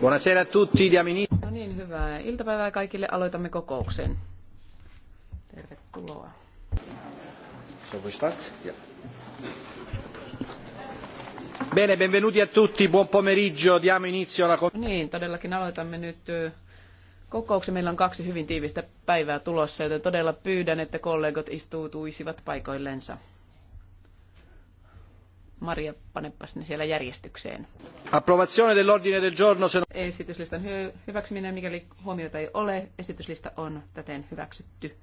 Buonasera a tutti, No niin, hyvää iltapäivää kaikille. Aloitamme kokouksen. Tervetuloa. So we start? Yeah. Bene, benvenuti a tutti, buon pomeriggio, diamo inizio alla... No niin, todellakin aloitamme nyt kokouksen. Meillä on kaksi hyvin tiivistä päivää tulossa, joten todella pyydän, että kollegot istuutuisivat paikoillensa. Maria, panepas ne siellä järjestykseen. Approvazione dell'ordine del giorno. Se... No- Esityslistan hy- hyväksyminen, mikäli huomiota ei ole. Esityslista on täten hyväksytty.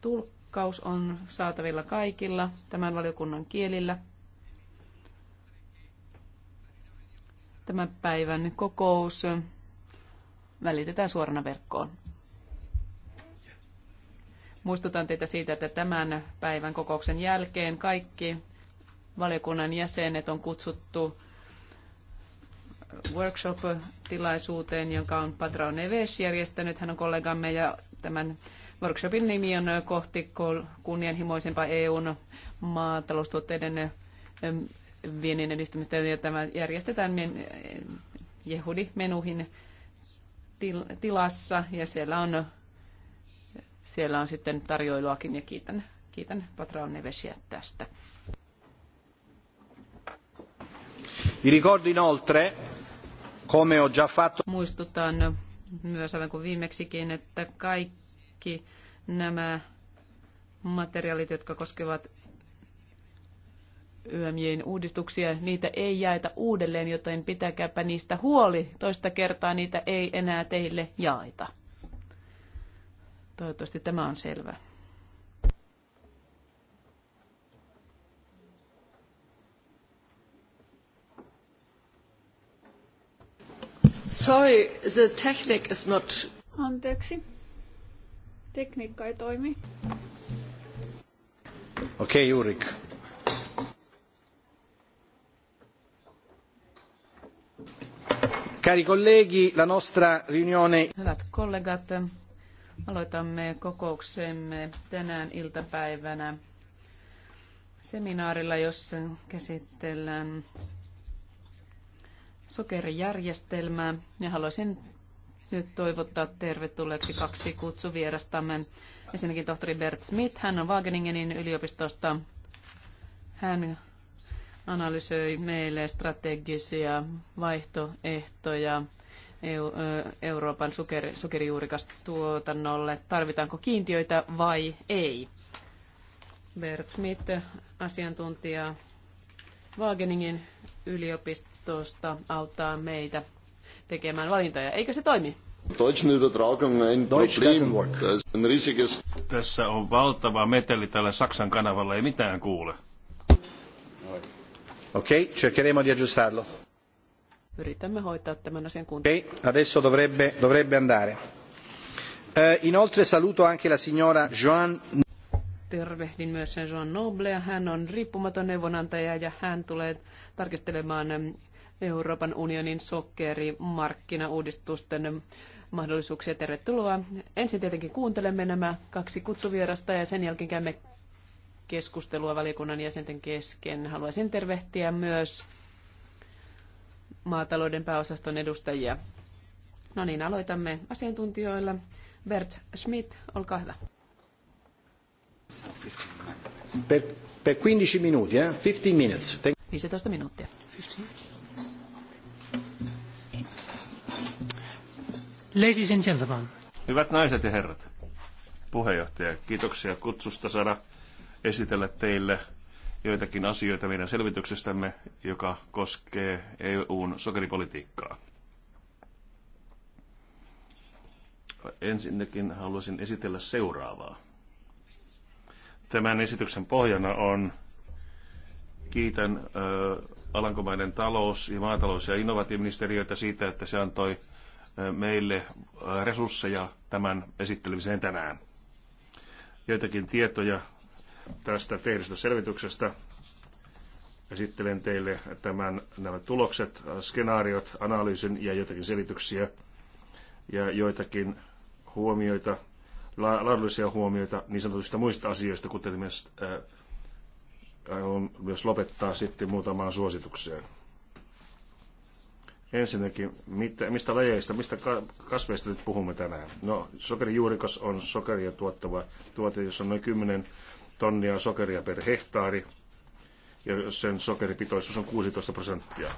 Tulkkaus on saatavilla kaikilla tämän valiokunnan kielillä. Tämän päivän kokous välitetään suorana verkkoon. Muistutan teitä siitä, että tämän päivän kokouksen jälkeen kaikki valiokunnan jäsenet on kutsuttu workshop-tilaisuuteen, jonka on Patra Neves järjestänyt. Hän on kollegamme ja tämän workshopin nimi on kohti kunnianhimoisempaa EUn maataloustuotteiden viennin edistämistä. Ja tämä järjestetään Jehudi Menuhin tilassa ja siellä on siellä on sitten tarjoiluakin ja kiitän, kiitän Patraon Nevesiä tästä. Muistutan myös aivan kuin viimeksikin, että kaikki nämä materiaalit, jotka koskevat YMJn uudistuksia, niitä ei jaeta uudelleen, joten pitäkääpä niistä huoli. Toista kertaa niitä ei enää teille jaeta. Toivottavasti tämä on selvä. Sorry, the technique is not... Anteeksi. Tekniikka ei toimi. Okei, okay, Jurik. Cari colleghi, la nostra riunione... Hyvät kollegat, Aloitamme kokouksemme tänään iltapäivänä seminaarilla, jossa käsitellään sokerijärjestelmää. Ja haluaisin nyt toivottaa tervetulleeksi kaksi kutsuvierastamme. Ensinnäkin tohtori Bert Smith, hän on Wageningenin yliopistosta. Hän analysoi meille strategisia vaihtoehtoja Euroopan sokeri, sokerijuurikastuotannolle, tarvitaanko kiintiöitä vai ei. Bert Smith, asiantuntija Wageningen yliopistosta, auttaa meitä tekemään valintoja. Eikö se toimi? Tässä on valtava meteli tällä Saksan kanavalla, ei mitään kuule. Okei, okay, cercheremo di aggiustarlo yritämme hoitaa tämän asian kuntoon. Eh, inoltre saluto anche la signora Joan Tervehdin myös sen Joan Noblea. Hän on riippumaton neuvonantaja ja hän tulee tarkistelemaan Euroopan unionin sokerimarkkinauudistusten mahdollisuuksia. Tervetuloa. Ensin tietenkin kuuntelemme nämä kaksi kutsuvierasta ja sen jälkeen käymme keskustelua valiokunnan jäsenten kesken. Haluaisin tervehtiä myös maatalouden pääosaston edustajia. No niin, aloitamme asiantuntijoilla. Bert Schmidt, olkaa hyvä. Per, per 15 minuuttia, 15 minutes. 15 minuuttia. Ladies and gentlemen. Hyvät naiset ja herrat, puheenjohtaja, kiitoksia kutsusta saada esitellä teille joitakin asioita meidän selvityksestämme, joka koskee EUn sokeripolitiikkaa. Ensinnäkin haluaisin esitellä seuraavaa. Tämän esityksen pohjana on kiitän Alankomaiden talous- ja maatalous- ja innovatiiviministeriötä siitä, että se antoi meille resursseja tämän esittelemiseen tänään. Joitakin tietoja tästä tehdystä selvityksestä. Esittelen teille tämän, nämä tulokset, skenaariot, analyysin ja jotakin selityksiä ja joitakin huomioita, la- laadullisia huomioita niin sanotuista muista asioista, kuten myös, äh, on myös lopettaa sitten muutamaan suositukseen ensinnäkin, mitä, mistä lajeista, mistä kasveista nyt puhumme tänään? No, sokerijuurikas on sokeria tuottava tuote, jossa on noin 10 tonnia sokeria per hehtaari, ja sen sokeripitoisuus on 16 prosenttia.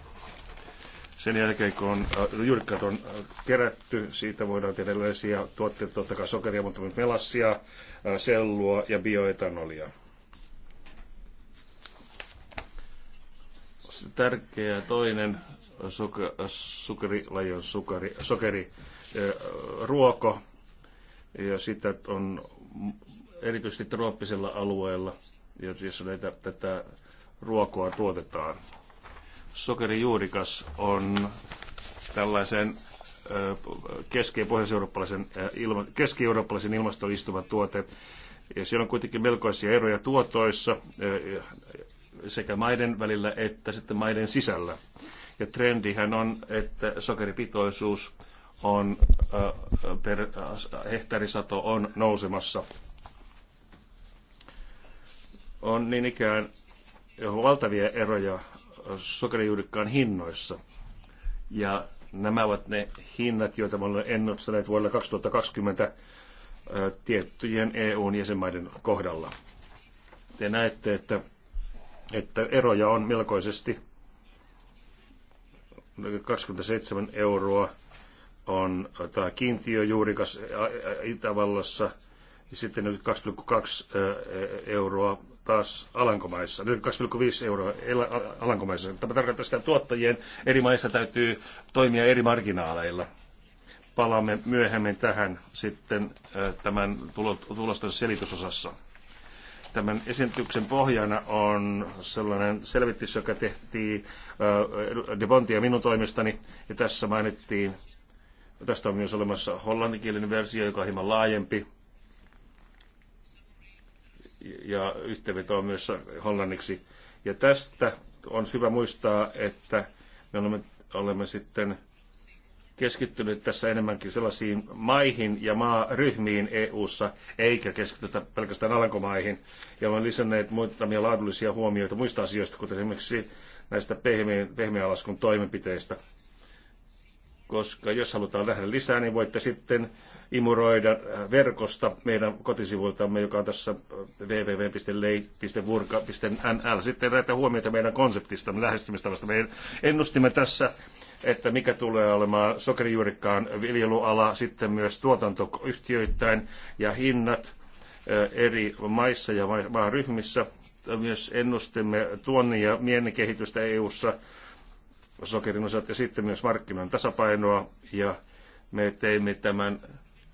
Sen jälkeen, kun jyrkkät on äh, äh, kerätty, siitä voidaan tehdä erilaisia tuotteita, totta kai sokeria, mutta myös melassia, äh, sellua ja bioetanolia. Tärkeä toinen suke, sukerilaji on sukeri, sokeri, ruoko, ja sitä on erityisesti trooppisella alueella, jossa näitä, tätä ruokoa tuotetaan. Sokerijuurikas on tällaisen keski- ja pohjois-eurooppalaisen, keski-eurooppalaisen istuva tuote. Ja siellä on kuitenkin melkoisia eroja tuotoissa sekä maiden välillä että sitten maiden sisällä. Ja trendihän on, että sokeripitoisuus on per hehtaarisato on nousemassa on niin ikään valtavia eroja sokerijuurikkaan hinnoissa. Ja nämä ovat ne hinnat, joita me olemme ennustaneet vuodelle 2020 tiettyjen EUn jäsenmaiden kohdalla. Te näette, että, että eroja on melkoisesti 27 euroa on tämä juurikas Itävallassa, ja sitten 2,2 euroa taas Alankomaissa, 2,5 euroa Alankomaissa. Tämä tarkoittaa sitä, että tuottajien eri maissa täytyy toimia eri marginaaleilla. Palaamme myöhemmin tähän sitten tämän tulosten selitysosassa. Tämän esityksen pohjana on sellainen selvitys, joka tehtiin De Bontia minun toimestani, ja tässä mainittiin, tästä on myös olemassa hollanninkielinen versio, joka on hieman laajempi, ja yhteenveto on myös hollanniksi. Ja tästä on hyvä muistaa, että me olemme, olemme sitten keskittyneet tässä enemmänkin sellaisiin maihin ja maaryhmiin EU-ssa, eikä keskitytä pelkästään alankomaihin. Ja olemme lisänneet muutamia laadullisia huomioita muista asioista, kuten esimerkiksi näistä pehmeän, laskun toimenpiteistä koska jos halutaan nähdä lisää, niin voitte sitten imuroida äh, verkosta meidän kotisivuiltamme, joka on tässä äh, www.lei.vurka.nl. Sitten näitä huomioita meidän konseptista, lähestymistavasta. Me ennustimme tässä, että mikä tulee olemaan sokerijuurikkaan viljeluala, sitten myös tuotantoyhtiöittäin ja hinnat äh, eri maissa ja maaryhmissä. Myös ennustimme tuonnin ja mielen kehitystä EU-ssa sokerin osalta ja sitten myös markkinoiden tasapainoa ja me teimme tämän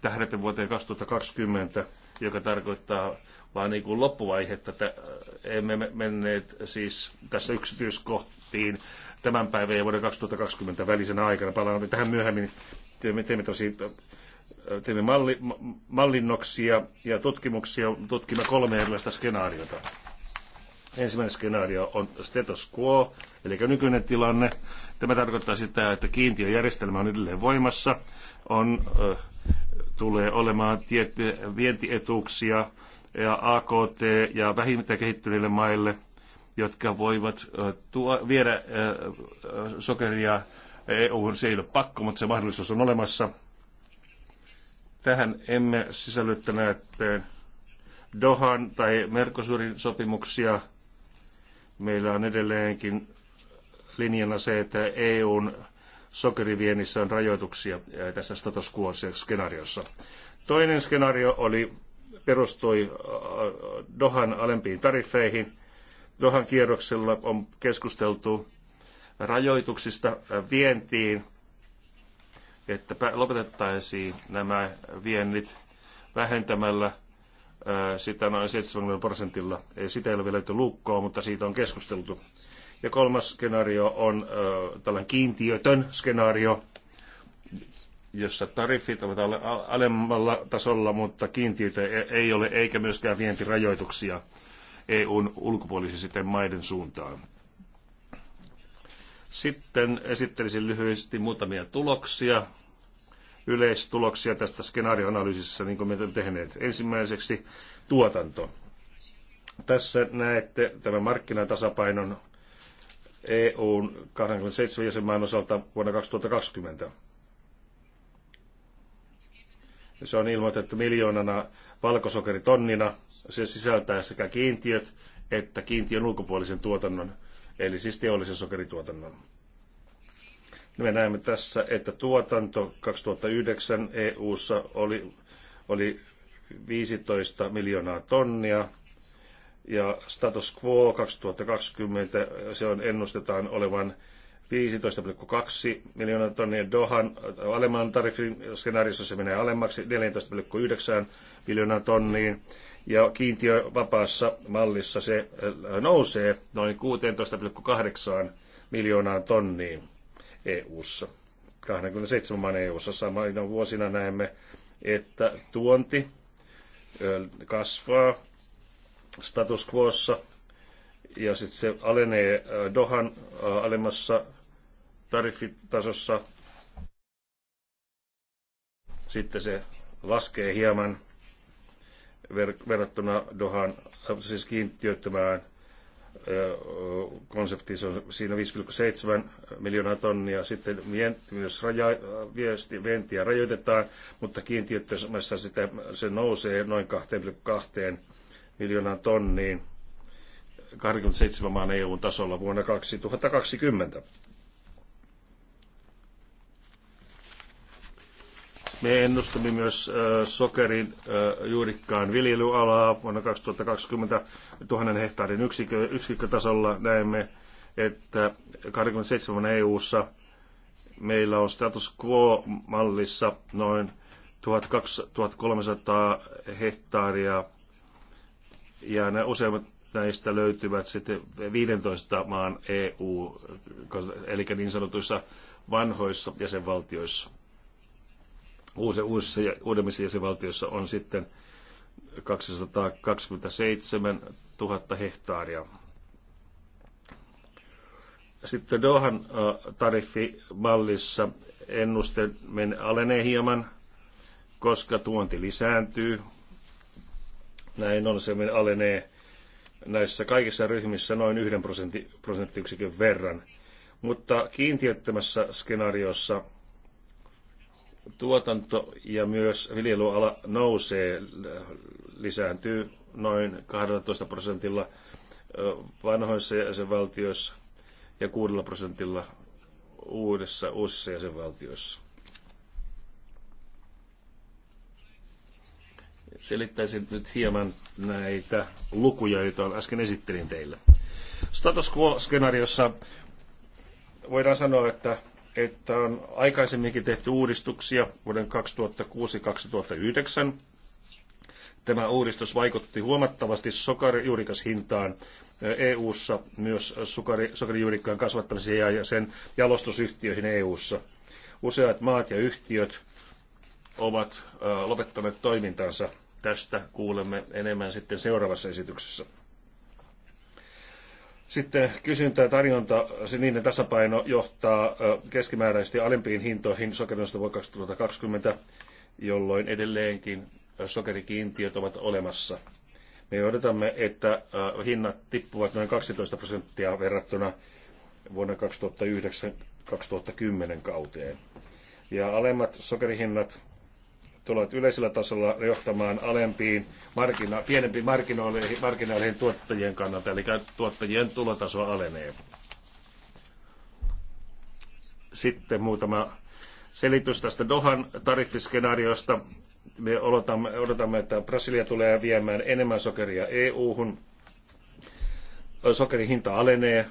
tähdäten vuoteen 2020, joka tarkoittaa vaan niin kuin loppuvaihetta, että äh, emme menneet siis tässä yksityiskohtiin tämän päivän ja vuoden 2020 välisenä aikana. Palaamme tähän myöhemmin. Teemme, teemme, äh, teemme malli, mallinnoksia ja tutkimuksia, tutkimme kolme erilaista skenaariota. Ensimmäinen skenaario on status quo, eli nykyinen tilanne. Tämä tarkoittaa sitä, että kiintiöjärjestelmä on edelleen voimassa, on, äh, tulee olemaan tiettyjä vientietuuksia ja AKT ja vähintään kehittyneille maille, jotka voivat äh, tuo, viedä äh, sokeria EU-hun. Se ei ole pakko, mutta se mahdollisuus on olemassa. Tähän emme sisällyttäneet Dohan tai Mercosurin sopimuksia – Meillä on edelleenkin linjana se, että EUn sokeriviennissä on rajoituksia tässä status quo-skenaariossa. Toinen skenaario oli, perustui Dohan alempiin tariffeihin. Dohan kierroksella on keskusteltu rajoituksista vientiin, että lopetettaisiin nämä viennit vähentämällä sitä noin 70 prosentilla. Sitä ei ole vielä löytynyt lukkoa, mutta siitä on keskusteltu. Ja kolmas skenaario on tällainen kiintiötön skenaario, jossa tariffit ovat alemmalla tasolla, mutta kiintiöitä e, ei ole eikä myöskään vientirajoituksia EUn ulkopuolisisten maiden suuntaan. Sitten esittelisin lyhyesti muutamia tuloksia yleistuloksia tästä skenaarioanalyysissä, niin kuin me olemme tehneet. Ensimmäiseksi tuotanto. Tässä näette tämän markkinatasapainon EUn 27 jäsenmaan osalta vuonna 2020. Se on ilmoitettu miljoonana valkosokeritonnina. Se sisältää sekä kiintiöt että kiintiön ulkopuolisen tuotannon, eli siis teollisen sokerituotannon. Me näemme tässä, että tuotanto 2009 EU:ssa oli, oli 15 miljoonaa tonnia ja status quo 2020 se on ennustetaan olevan 15,2 miljoonaa tonnia. Dohan alemman tarifin skenaariossa se menee alemmaksi 14,9 miljoonaa tonniin. Ja kiintiövapaassa mallissa se äh, nousee noin 16,8 miljoonaan tonniin. EU-ssa. 27 maan EU-ssa samana vuosina näemme, että tuonti kasvaa status quoossa ja sitten se alenee Dohan alemmassa tariffitasossa. Sitten se laskee hieman verrattuna Dohan, siis kiintiöittämään konsepti, se on siinä 5,7 miljoonaa tonnia. Sitten myös raja, viesti, vientiä rajoitetaan, mutta kiintiöttömässä sitä, se nousee noin 2,2 miljoonaan tonniin 27 maan eu tasolla vuonna 2020. Me ennustamme myös sokerin juurikkaan viljelyalaa vuonna 2020 000 hehtaarin yksikö, yksikkötasolla. Näemme, että 27 EU-ssa meillä on status quo-mallissa noin 1300 hehtaaria ja nämä useimmat näistä löytyvät sitten 15 maan EU, eli niin sanotuissa vanhoissa jäsenvaltioissa uusissa ja uudemmissa jäsenvaltioissa on sitten 227 000 hehtaaria. Sitten Dohan tariffimallissa ennuste alenee hieman, koska tuonti lisääntyy. Näin on, se alenee näissä kaikissa ryhmissä noin yhden prosentti, prosenttiyksikön verran. Mutta kiintiöttömässä skenaariossa – tuotanto ja myös viljelyala nousee, lisääntyy noin 12 prosentilla vanhoissa jäsenvaltioissa ja 6 prosentilla uudessa, uusissa jäsenvaltioissa. Selittäisin nyt hieman näitä lukuja, joita äsken esittelin teille. Status quo-skenaariossa voidaan sanoa, että että on aikaisemminkin tehty uudistuksia vuoden 2006-2009. Tämä uudistus vaikutti huomattavasti sokarijuurikashintaan EU-ssa, eh, e myös sokarijuurikkaan kasvattamiseen ja sen jalostusyhtiöihin EU-ssa. Useat maat ja yhtiöt ovat eh, lopettaneet toimintansa. Tästä kuulemme enemmän sitten seuraavassa esityksessä. Sitten kysyntä ja tarjonta, se niiden tasapaino johtaa keskimääräisesti alempiin hintoihin sokerinosta vuonna 2020, jolloin edelleenkin sokerikiintiöt ovat olemassa. Me odotamme, että hinnat tippuvat noin 12 prosenttia verrattuna vuonna 2009-2010 kauteen. Ja alemmat sokerihinnat tulevat yleisellä tasolla johtamaan alempiin markkino- pienempiin markkinoihin, markkinoihin tuottajien kannalta, eli tuottajien tulotaso alenee. Sitten muutama selitys tästä Dohan tariffiskenaariosta. Me odotamme, odotamme, että Brasilia tulee viemään enemmän sokeria EU-hun. Sokerin hinta alenee,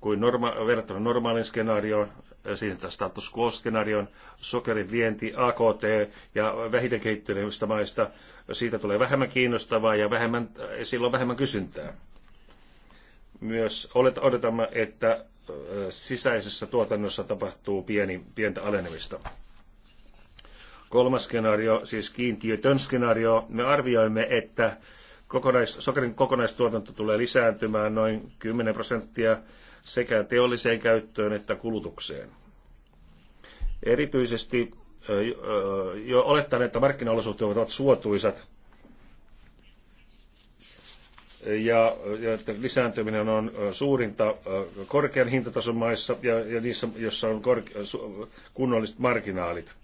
kuin norma- verrattuna normaaliin skenaarioon siis status quo-skenaarion, sokerin vienti, AKT ja vähiten kehittyneistä maista, siitä tulee vähemmän kiinnostavaa ja vähemmän, eh, silloin vähemmän kysyntää. Myös odotamme, että eh, sisäisessä tuotannossa tapahtuu pieni, pientä alenemista. Kolmas skenaario, siis kiintiötön skenaario, me arvioimme, että kokonais, sokerin kokonaistuotanto tulee lisääntymään noin 10 prosenttia sekä teolliseen käyttöön että kulutukseen. Erityisesti jo olettaen, että markkinaolosuhteet ovat suotuisat ja, että lisääntyminen on suurinta korkean hintatason maissa ja, niissä, joissa on kunnolliset marginaalit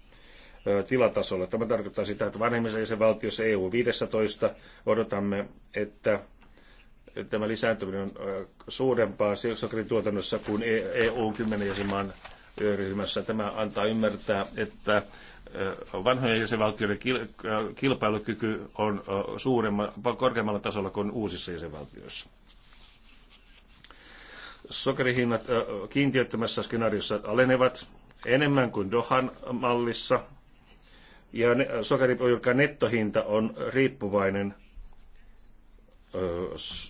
tilatasolla. Tämä tarkoittaa sitä, että vanhemmissa jäsenvaltioissa EU 15 odotamme, että tämä lisääntyminen on suurempaa sokerin tuotannossa kuin EUn e 10 jäsenmaan ryhmässä. Tämä antaa ymmärtää, että vanhojen jäsenvaltioiden kilpailukyky on korkeammalla tasolla kuin uusissa jäsenvaltioissa. Sokerihinnat kiintiöttömässä skenaariossa alenevat enemmän kuin Dohan mallissa, ja sokeripojurkan nettohinta on riippuvainen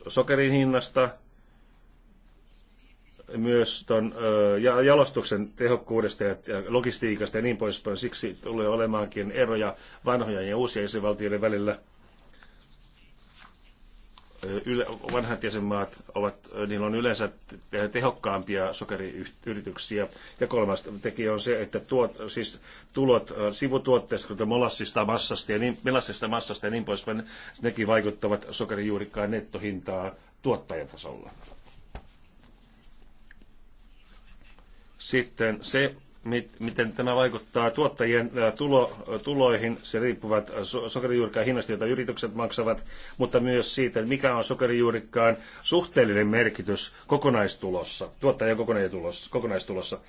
sokerin hinnasta, myös ton jalostuksen tehokkuudesta ja logistiikasta ja niin poispäin. Siksi tulee olemaankin eroja vanhojen ja uusien jäsenvaltioiden välillä vanhat jäsenmaat ovat, niillä on yleensä tehokkaampia sokeriyrityksiä. Ja kolmas tekijä on se, että tuot, siis tulot sivutuotteista, kuten molassista massasta ja niin, molassista massasta ja niin poispäin, nekin vaikuttavat sokerijuurikkaan nettohintaa tuottajatasolla. Sitten se, miten tämä vaikuttaa tuottajien tulo, tuloihin. Se riippuvat so, sokerijuurikkaan hinnasta, jota yritykset maksavat, mutta myös siitä, mikä on sokerijuurikkaan suhteellinen merkitys kokonaistulossa, tuottajien kokonaistulossa. kokonaistulossa.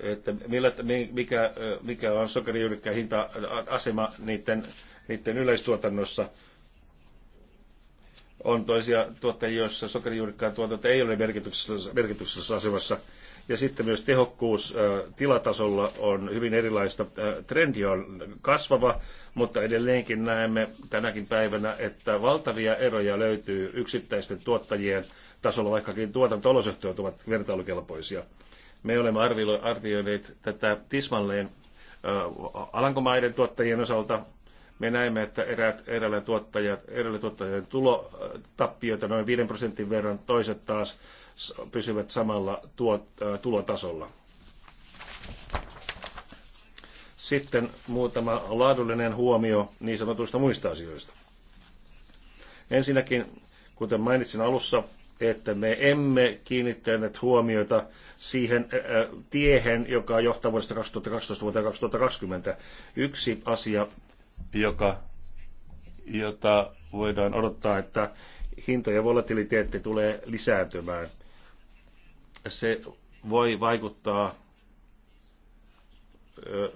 että millä, mikä, mikä on sokerijuurikkaan hinta-asema niiden, niiden yleistuotannossa on toisia tuottajia, joissa sokerijuurikkaan tuotanto ei ole merkityksellisessä, merkityksessä asemassa. Ja sitten myös tehokkuus tilatasolla on hyvin erilaista. Trendi on kasvava, mutta edelleenkin näemme tänäkin päivänä, että valtavia eroja löytyy yksittäisten tuottajien tasolla, vaikkakin tuotanto-olosuhteet ovat vertailukelpoisia. Me olemme arvioineet tätä tismalleen Alankomaiden tuottajien osalta me näemme, että eräät eräiden tuottajat, eräiden tuottajien tulotappioita äh, noin 5 prosentin verran, toiset taas pysyvät samalla tuot, äh, tulotasolla. Sitten muutama laadullinen huomio niin sanotuista muista asioista. Ensinnäkin, kuten mainitsin alussa, että me emme kiinnittäneet huomiota siihen äh, äh, tiehen, joka johtaa vuodesta 2012 vuoteen 2020. Yksi asia joka, jota voidaan odottaa, että ja volatiliteetti tulee lisääntymään. Se voi vaikuttaa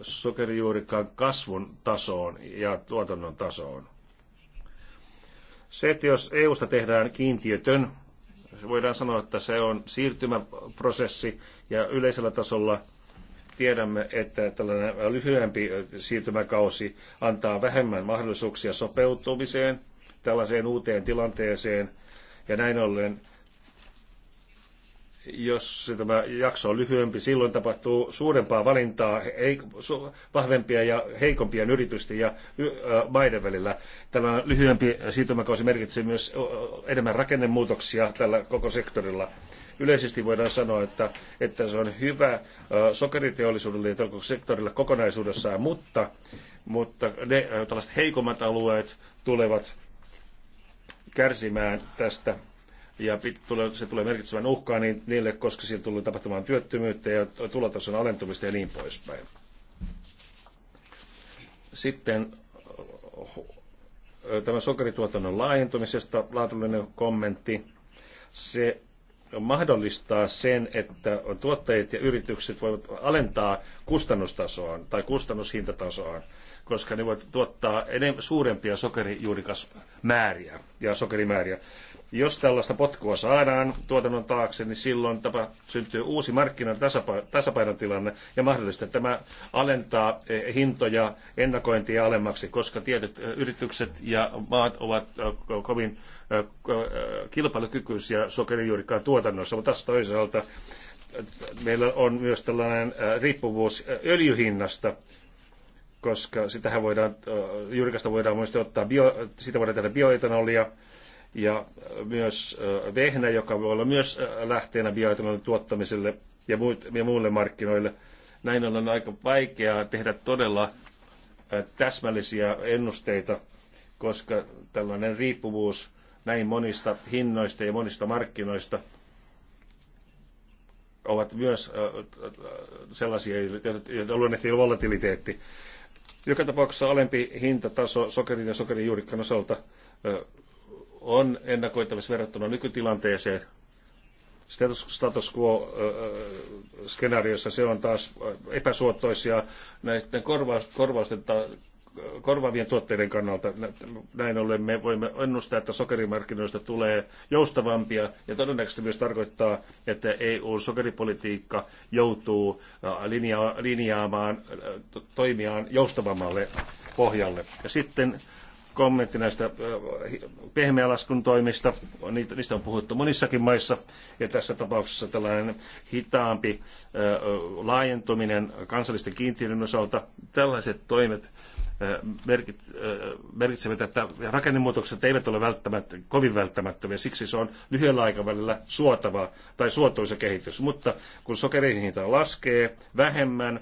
sokerijuurikan kasvun tasoon ja tuotannon tasoon. Se, että jos EUsta tehdään kiintiötön, voidaan sanoa, että se on siirtymäprosessi ja yleisellä tasolla – Tiedämme, että tällainen lyhyempi siirtymäkausi antaa vähemmän mahdollisuuksia sopeutumiseen tällaiseen uuteen tilanteeseen ja näin ollen jos tämä jakso on lyhyempi, silloin tapahtuu suurempaa valintaa vahvempia ja heikompia yritysten ja maiden välillä. Tämä lyhyempi siirtymäkausi merkitsee myös enemmän rakennemuutoksia tällä koko sektorilla. Yleisesti voidaan sanoa, että, että se on hyvä sokeriteollisuudelle ja sektorilla kokonaisuudessaan, mutta, mutta ne tällaiset heikommat alueet tulevat kärsimään tästä ja se tulee merkitsemään uhkaa niin niille, koska siellä tulee tapahtumaan työttömyyttä ja tulotason alentumista ja niin poispäin. Sitten tämä sokerituotannon laajentumisesta laadullinen kommentti. Se mahdollistaa sen, että tuottajat ja yritykset voivat alentaa kustannustasoaan tai kustannushintatasoaan, koska ne voivat tuottaa suurempia sokerijuurikasmääriä ja sokerimääriä. Jos tällaista potkua saadaan tuotannon taakse, niin silloin tapa, syntyy uusi markkinan tasapainotilanne ja mahdollisesti tämä alentaa eh, hintoja ennakointia alemmaksi, koska tietyt eh, yritykset ja maat ovat eh, kovin kilpailukykyisiä sokerijuurikkaan tuotannossa, mutta taas toisaalta meillä on myös tällainen riippuvuus öljyhinnasta, koska sitähän voidaan, juurikasta voidaan muistaa ottaa, bio, sitä voidaan tehdä bioetanolia, ja äh, myös äh, vehnä, joka voi olla myös äh, lähteenä bioetanolin tuottamiselle ja, muut, ja muille markkinoille. Näin on aika vaikeaa tehdä todella täsmällisiä ennusteita, koska tällainen riippuvuus näin monista hinnoista ja monista markkinoista ovat myös sellaisia, joita luonnehtii volatiliteetti. Joka tapauksessa alempi hintataso sokerin ja sokerijuurikkaan osalta on ennakoitavissa verrattuna nykytilanteeseen. Status, status quo-skenaariossa se on taas epäsuottoisia näiden korvausten korvaavien tuotteiden kannalta. Näin ollen me voimme ennustaa, että sokerimarkkinoista tulee joustavampia ja todennäköisesti myös tarkoittaa, että EU-sokeripolitiikka joutuu linja- linjaamaan toimiaan joustavammalle pohjalle. Ja sitten kommentti näistä äh, pehmeälaskun toimista. Niistä on puhuttu monissakin maissa ja tässä tapauksessa tällainen hitaampi äh, laajentuminen kansallisten kiintiöiden osalta. Tällaiset toimet äh, merkitsevät, että rakennemuutokset eivät ole välttämättä, kovin välttämättömiä, siksi se on lyhyellä aikavälillä suotava tai suotuisa kehitys. Mutta kun sokerin hinta laskee vähemmän,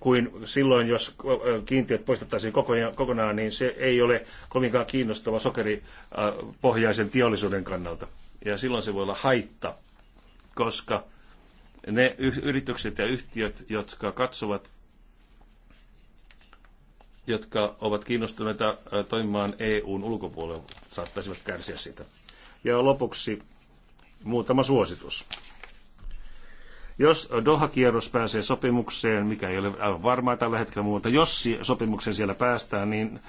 kuin silloin, jos kiintiöt poistettaisiin kokonaan, niin se ei ole kovinkaan kiinnostava sokeripohjaisen teollisuuden kannalta. Ja silloin se voi olla haitta, koska ne yritykset ja yhtiöt, jotka katsovat, jotka ovat kiinnostuneita toimimaan EUn ulkopuolella, saattaisivat kärsiä sitä. Ja lopuksi muutama suositus. Jos Doha-kierros pääsee sopimukseen, mikä ei ole aivan varmaa tällä hetkellä, mutta jos sopimukseen siellä päästään, niin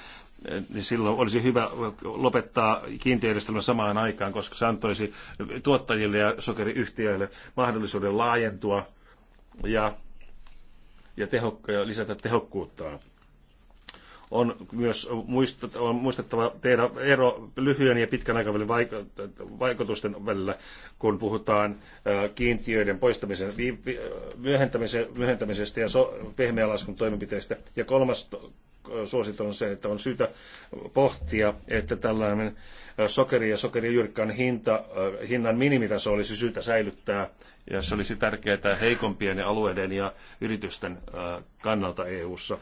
niin silloin olisi hyvä lopettaa kiintiöjärjestelmä samaan aikaan, koska se antoisi tuottajille ja sokeriyhtiöille mahdollisuuden laajentua ja, ja, tehokka, ja lisätä tehokkuuttaan on myös muistettava tehdä ero lyhyen ja pitkän aikavälin vaikutusten välillä, kun puhutaan kiintiöiden poistamisen myöhentämisestä ja pehmeän laskun toimenpiteistä. Ja kolmas suositus on se, että on syytä pohtia, että tällainen sokeri ja sokerijyrkkän hinta, hinnan minimitaso olisi syytä säilyttää, ja se olisi tärkeää heikompien alueiden ja yritysten kannalta EU-ssa.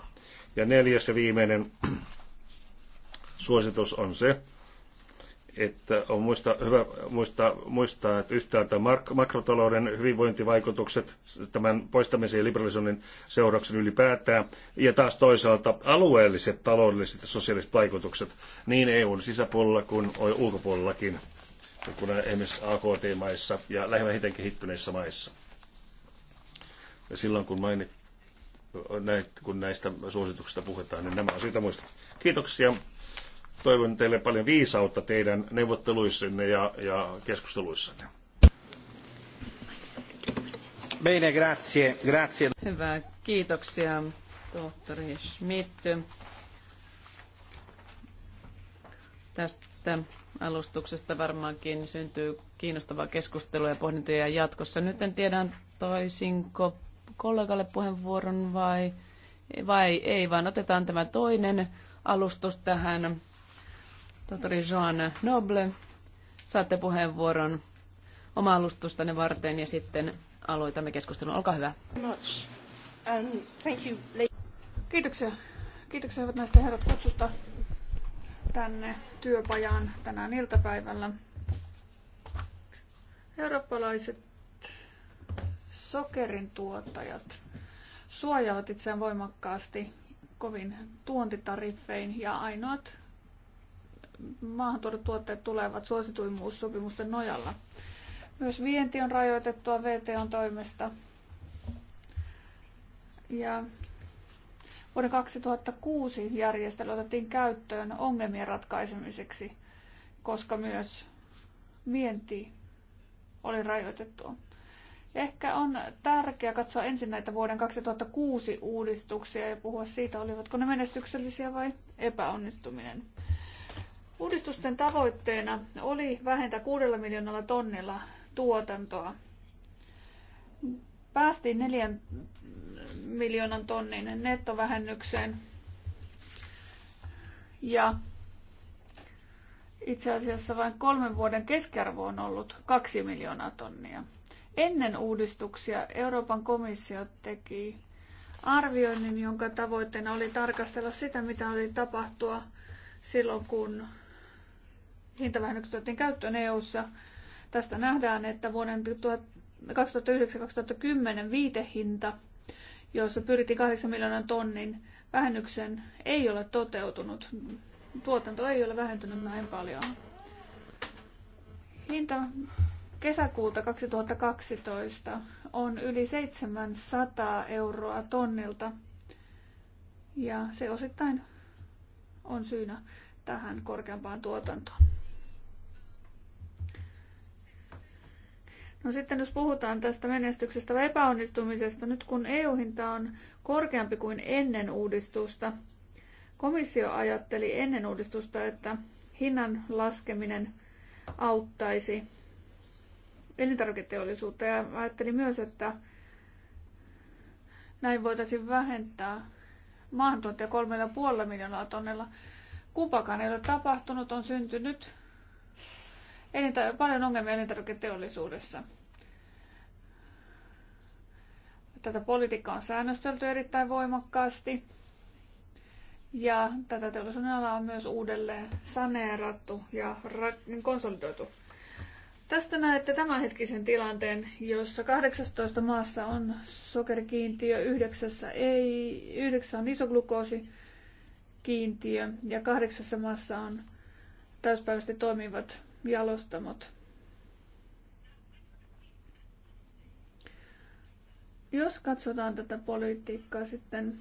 Ja neljäs ja viimeinen suositus on se, että on muista, hyvä muistaa, muistaa että yhtäältä mark, makrotalouden hyvinvointivaikutukset tämän poistamisen ja liberalisoinnin seurauksen ylipäätään, ja taas toisaalta alueelliset taloudelliset ja sosiaaliset vaikutukset niin EUn sisäpuolella kuin ulkopuolellakin, kun esimerkiksi AKT-maissa ja lähimmän kehittyneissä maissa. Ja silloin kun mainittiin kun näistä suosituksista puhutaan, niin nämä on syytä muistaa. Kiitoksia. Toivon teille paljon viisautta teidän neuvotteluissanne ja, ja keskusteluissanne. Bene, grazie, grazie. Hyvä, kiitoksia tohtori Schmidt tästä alustuksesta varmaankin syntyy kiinnostavaa keskustelua ja pohdintoja jatkossa. Nyt en tiedä, toisinko kollegalle puheenvuoron vai, vai ei, vaan otetaan tämä toinen alustus tähän. Tohtori Joan Noble, saatte puheenvuoron oma alustustanne varten ja sitten aloitamme keskustelun. Olkaa hyvä. Kiitoksia. Kiitoksia hyvät näistä herrat kutsusta tänne työpajaan tänään iltapäivällä. Eurooppalaiset sokerin tuottajat suojaavat itseään voimakkaasti kovin tuontitariffein ja ainoat maahantuodut tuotteet tulevat suosituimmuussopimusten nojalla. Myös vienti on rajoitettua VTOn toimesta. Ja vuoden 2006 järjestely otettiin käyttöön ongelmien ratkaisemiseksi, koska myös vienti oli rajoitettua. Ehkä on tärkeää katsoa ensin näitä vuoden 2006 uudistuksia ja puhua siitä, olivatko ne menestyksellisiä vai epäonnistuminen. Uudistusten tavoitteena oli vähentää 6 miljoonalla tonnilla tuotantoa. Päästiin 4 miljoonan tonnin nettovähennykseen ja itse asiassa vain kolmen vuoden keskiarvo on ollut 2 miljoonaa tonnia. Ennen uudistuksia Euroopan komissio teki arvioinnin, jonka tavoitteena oli tarkastella sitä, mitä oli tapahtua silloin, kun hintavähennykset otettiin käyttöön EU-ssa. Tästä nähdään, että vuoden 2009-2010 viitehinta, jossa pyrittiin 8 miljoonan tonnin vähennyksen, ei ole toteutunut. Tuotanto ei ole vähentynyt näin paljon. Hinta kesäkuuta 2012 on yli 700 euroa tonnilta. Ja se osittain on syynä tähän korkeampaan tuotantoon. No sitten jos puhutaan tästä menestyksestä vai epäonnistumisesta, nyt kun EU-hinta on korkeampi kuin ennen uudistusta, komissio ajatteli ennen uudistusta, että hinnan laskeminen auttaisi elintarviketeollisuutta ja ajattelin myös, että näin voitaisiin vähentää maahantuontia kolmella puolella miljoonaa tonnella. Kumpakaan ei ole tapahtunut, on syntynyt elintä- paljon ongelmia elintarviketeollisuudessa. Tätä politiikkaa on säännöstelty erittäin voimakkaasti. Ja tätä teollisuuden alaa on myös uudelleen saneerattu ja konsolidoitu. Tästä näette tämänhetkisen tilanteen, jossa 18 maassa on sokerikiintiö, 9 ei, 9 on isoglukoosikiintiö ja kahdeksassa maassa on täyspäiväisesti toimivat jalostamot. Jos katsotaan tätä politiikkaa sitten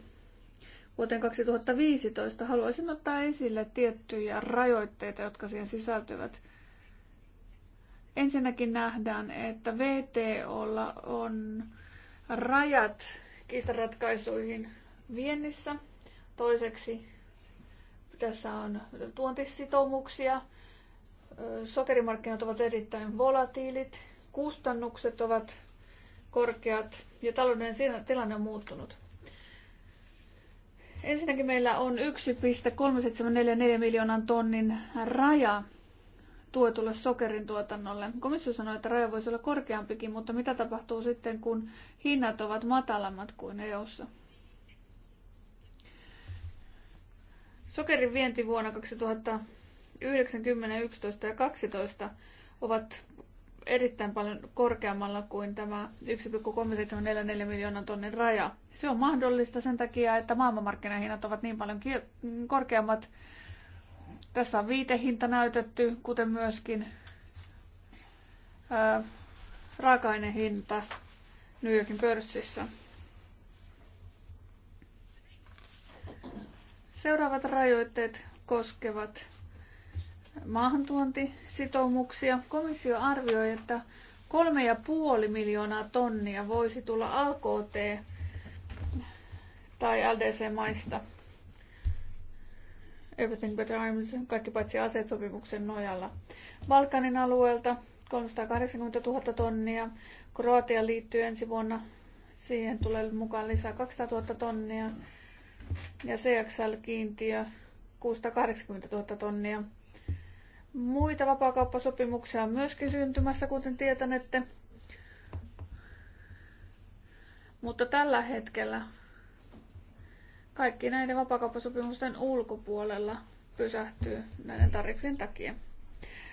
vuoteen 2015, haluaisin ottaa esille tiettyjä rajoitteita, jotka siihen sisältyvät – Ensinnäkin nähdään, että VTOlla on rajat kiistaratkaisuihin viennissä. Toiseksi tässä on tuontisitoumuksia. Sokerimarkkinat ovat erittäin volatiilit. Kustannukset ovat korkeat ja talouden tilanne on muuttunut. Ensinnäkin meillä on 1,3744 miljoonan tonnin raja tuetulle sokerin tuotannolle. Komissio sanoi, että raja voisi olla korkeampikin, mutta mitä tapahtuu sitten, kun hinnat ovat matalammat kuin EU:ssa? Sokerin vienti vuonna 2019, 11 ja 12 ovat erittäin paljon korkeammalla kuin tämä 1,374 miljoonan tonnin raja. Se on mahdollista sen takia, että maailmanmarkkinahinnat ovat niin paljon korkeammat tässä on viitehinta näytetty, kuten myöskin raaka-ainehinta New Yorkin pörssissä. Seuraavat rajoitteet koskevat maahantuontisitoumuksia. Komissio arvioi, että 3,5 miljoonaa tonnia voisi tulla AKT- tai LDC-maista – Everything But Arms, kaikki paitsi aseet sopimuksen nojalla. Balkanin alueelta 380 000 tonnia. Kroatia liittyy ensi vuonna. Siihen tulee mukaan lisää 200 000 tonnia. Ja CXL-kiintiö 680 000 tonnia. Muita vapaakauppasopimuksia on myöskin syntymässä, kuten tietänette. Mutta tällä hetkellä kaikki näiden vapakauppasopimusten ulkopuolella pysähtyy näiden tariffien takia.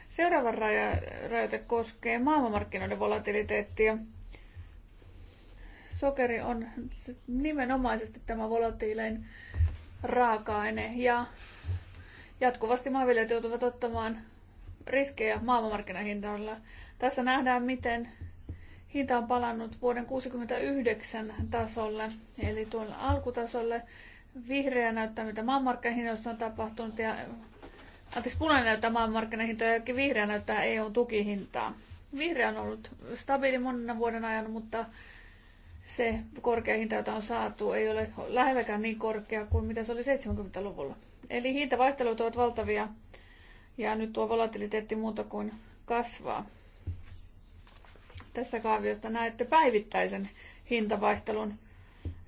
Seuraava raja, rajoite koskee maailmanmarkkinoiden volatiliteettia. Sokeri on nimenomaisesti tämä volatiilein raaka-aine ja jatkuvasti maanviljelijät joutuvat ottamaan riskejä maailmanmarkkinahintoilla. Tässä nähdään, miten hinta on palannut vuoden 1969 tasolle, eli tuon alkutasolle, Vihreä näyttää, mitä maanmarkkinahinnoissa on tapahtunut ja Anteeksi, punainen näyttää maanmarkkinahintoja ja vihreä näyttää eu tukihintaa. Vihreä on ollut stabiili monena vuoden ajan, mutta se korkea hinta, jota on saatu, ei ole lähelläkään niin korkea kuin mitä se oli 70-luvulla. Eli hintavaihtelut ovat valtavia ja nyt tuo volatiliteetti muuta kuin kasvaa. Tästä kaaviosta näette päivittäisen hintavaihtelun.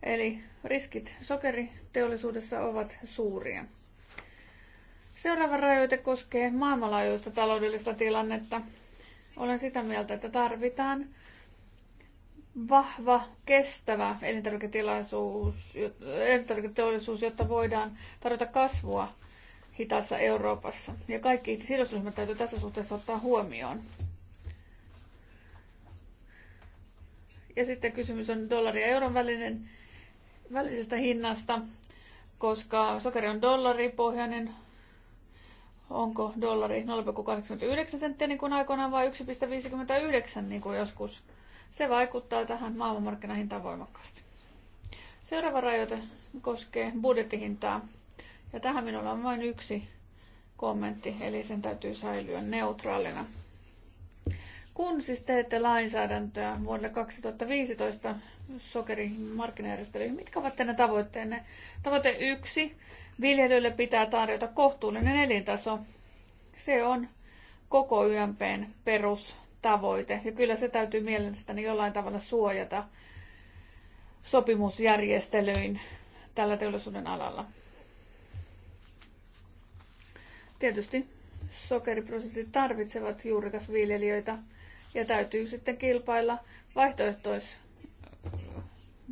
Eli riskit sokeri teollisuudessa ovat suuria. Seuraava rajoite koskee maailmanlaajuista taloudellista tilannetta. Olen sitä mieltä, että tarvitaan vahva, kestävä elintarviketeollisuus, jotta voidaan tarjota kasvua hitaassa Euroopassa. Ja kaikki sidosryhmät täytyy tässä suhteessa ottaa huomioon. Ja sitten kysymys on dollari ja euron välinen, välisestä hinnasta koska sokeri on dollaripohjainen, onko dollari 0,89 senttiä niin kuin aikoinaan vai 1,59 niin kuin joskus. Se vaikuttaa tähän maailmanmarkkinahintaan voimakkaasti. Seuraava rajoite koskee budjettihintaa. Ja tähän minulla on vain yksi kommentti, eli sen täytyy säilyä neutraalina. Kun siis teette lainsäädäntöä vuodelle 2015 markkinajärjestelyihin, mitkä ovat teidän tavoitteenne? Tavoite yksi, viljelijöille pitää tarjota kohtuullinen elintaso. Se on koko YMPn perustavoite. Ja kyllä se täytyy mielestäni jollain tavalla suojata sopimusjärjestelyin tällä teollisuuden alalla. Tietysti sokeriprosessit tarvitsevat juurikasviljelijöitä ja täytyy sitten kilpailla vaihtoehtois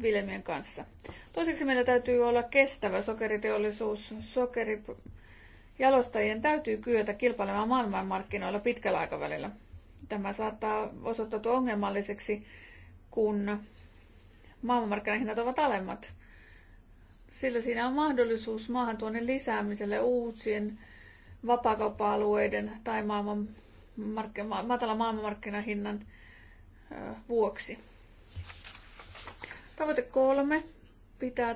viljelmien kanssa. Toiseksi meillä täytyy olla kestävä sokeriteollisuus. Sokerijalostajien täytyy kyetä kilpailemaan maailmanmarkkinoilla pitkällä aikavälillä. Tämä saattaa osoittautua ongelmalliseksi, kun maailmanmarkkinahinnat ovat alemmat. Sillä siinä on mahdollisuus maahantuonnin lisäämiselle uusien vapaakauppa-alueiden tai maailman matala maailmanmarkkinahinnan vuoksi. Tavoite kolme pitää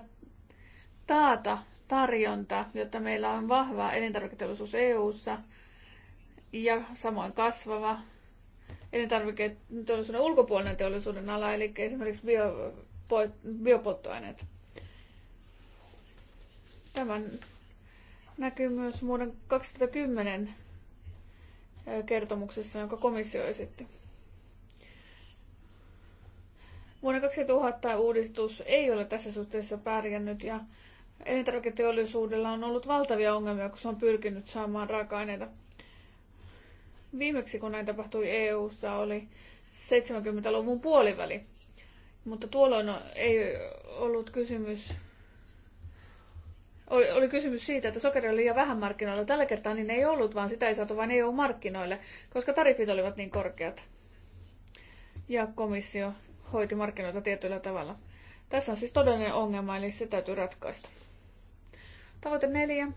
taata tarjonta, jotta meillä on vahva elintarviketeollisuus EU:ssa ja samoin kasvava elintarviketeollisuuden ulkopuolinen teollisuuden ala, eli esimerkiksi bio, biopolttoaineet. Tämän näkyy myös vuoden 2010 kertomuksessa, jonka komissio esitti. Vuonna 2000 uudistus ei ole tässä suhteessa pärjännyt ja elintarviketeollisuudella on ollut valtavia ongelmia, kun se on pyrkinyt saamaan raaka-aineita. Viimeksi kun näin tapahtui EU-ssa oli 70-luvun puoliväli, mutta tuolloin ei ollut kysymys oli, oli kysymys siitä, että sokeri oli liian vähän markkinoilla. Tällä kertaa niin ei ollut, vaan sitä ei saatu vain EU-markkinoille, koska tarifit olivat niin korkeat. Ja komissio hoiti markkinoita tietyllä tavalla. Tässä on siis todellinen ongelma, eli se täytyy ratkaista. Tavoite neljä.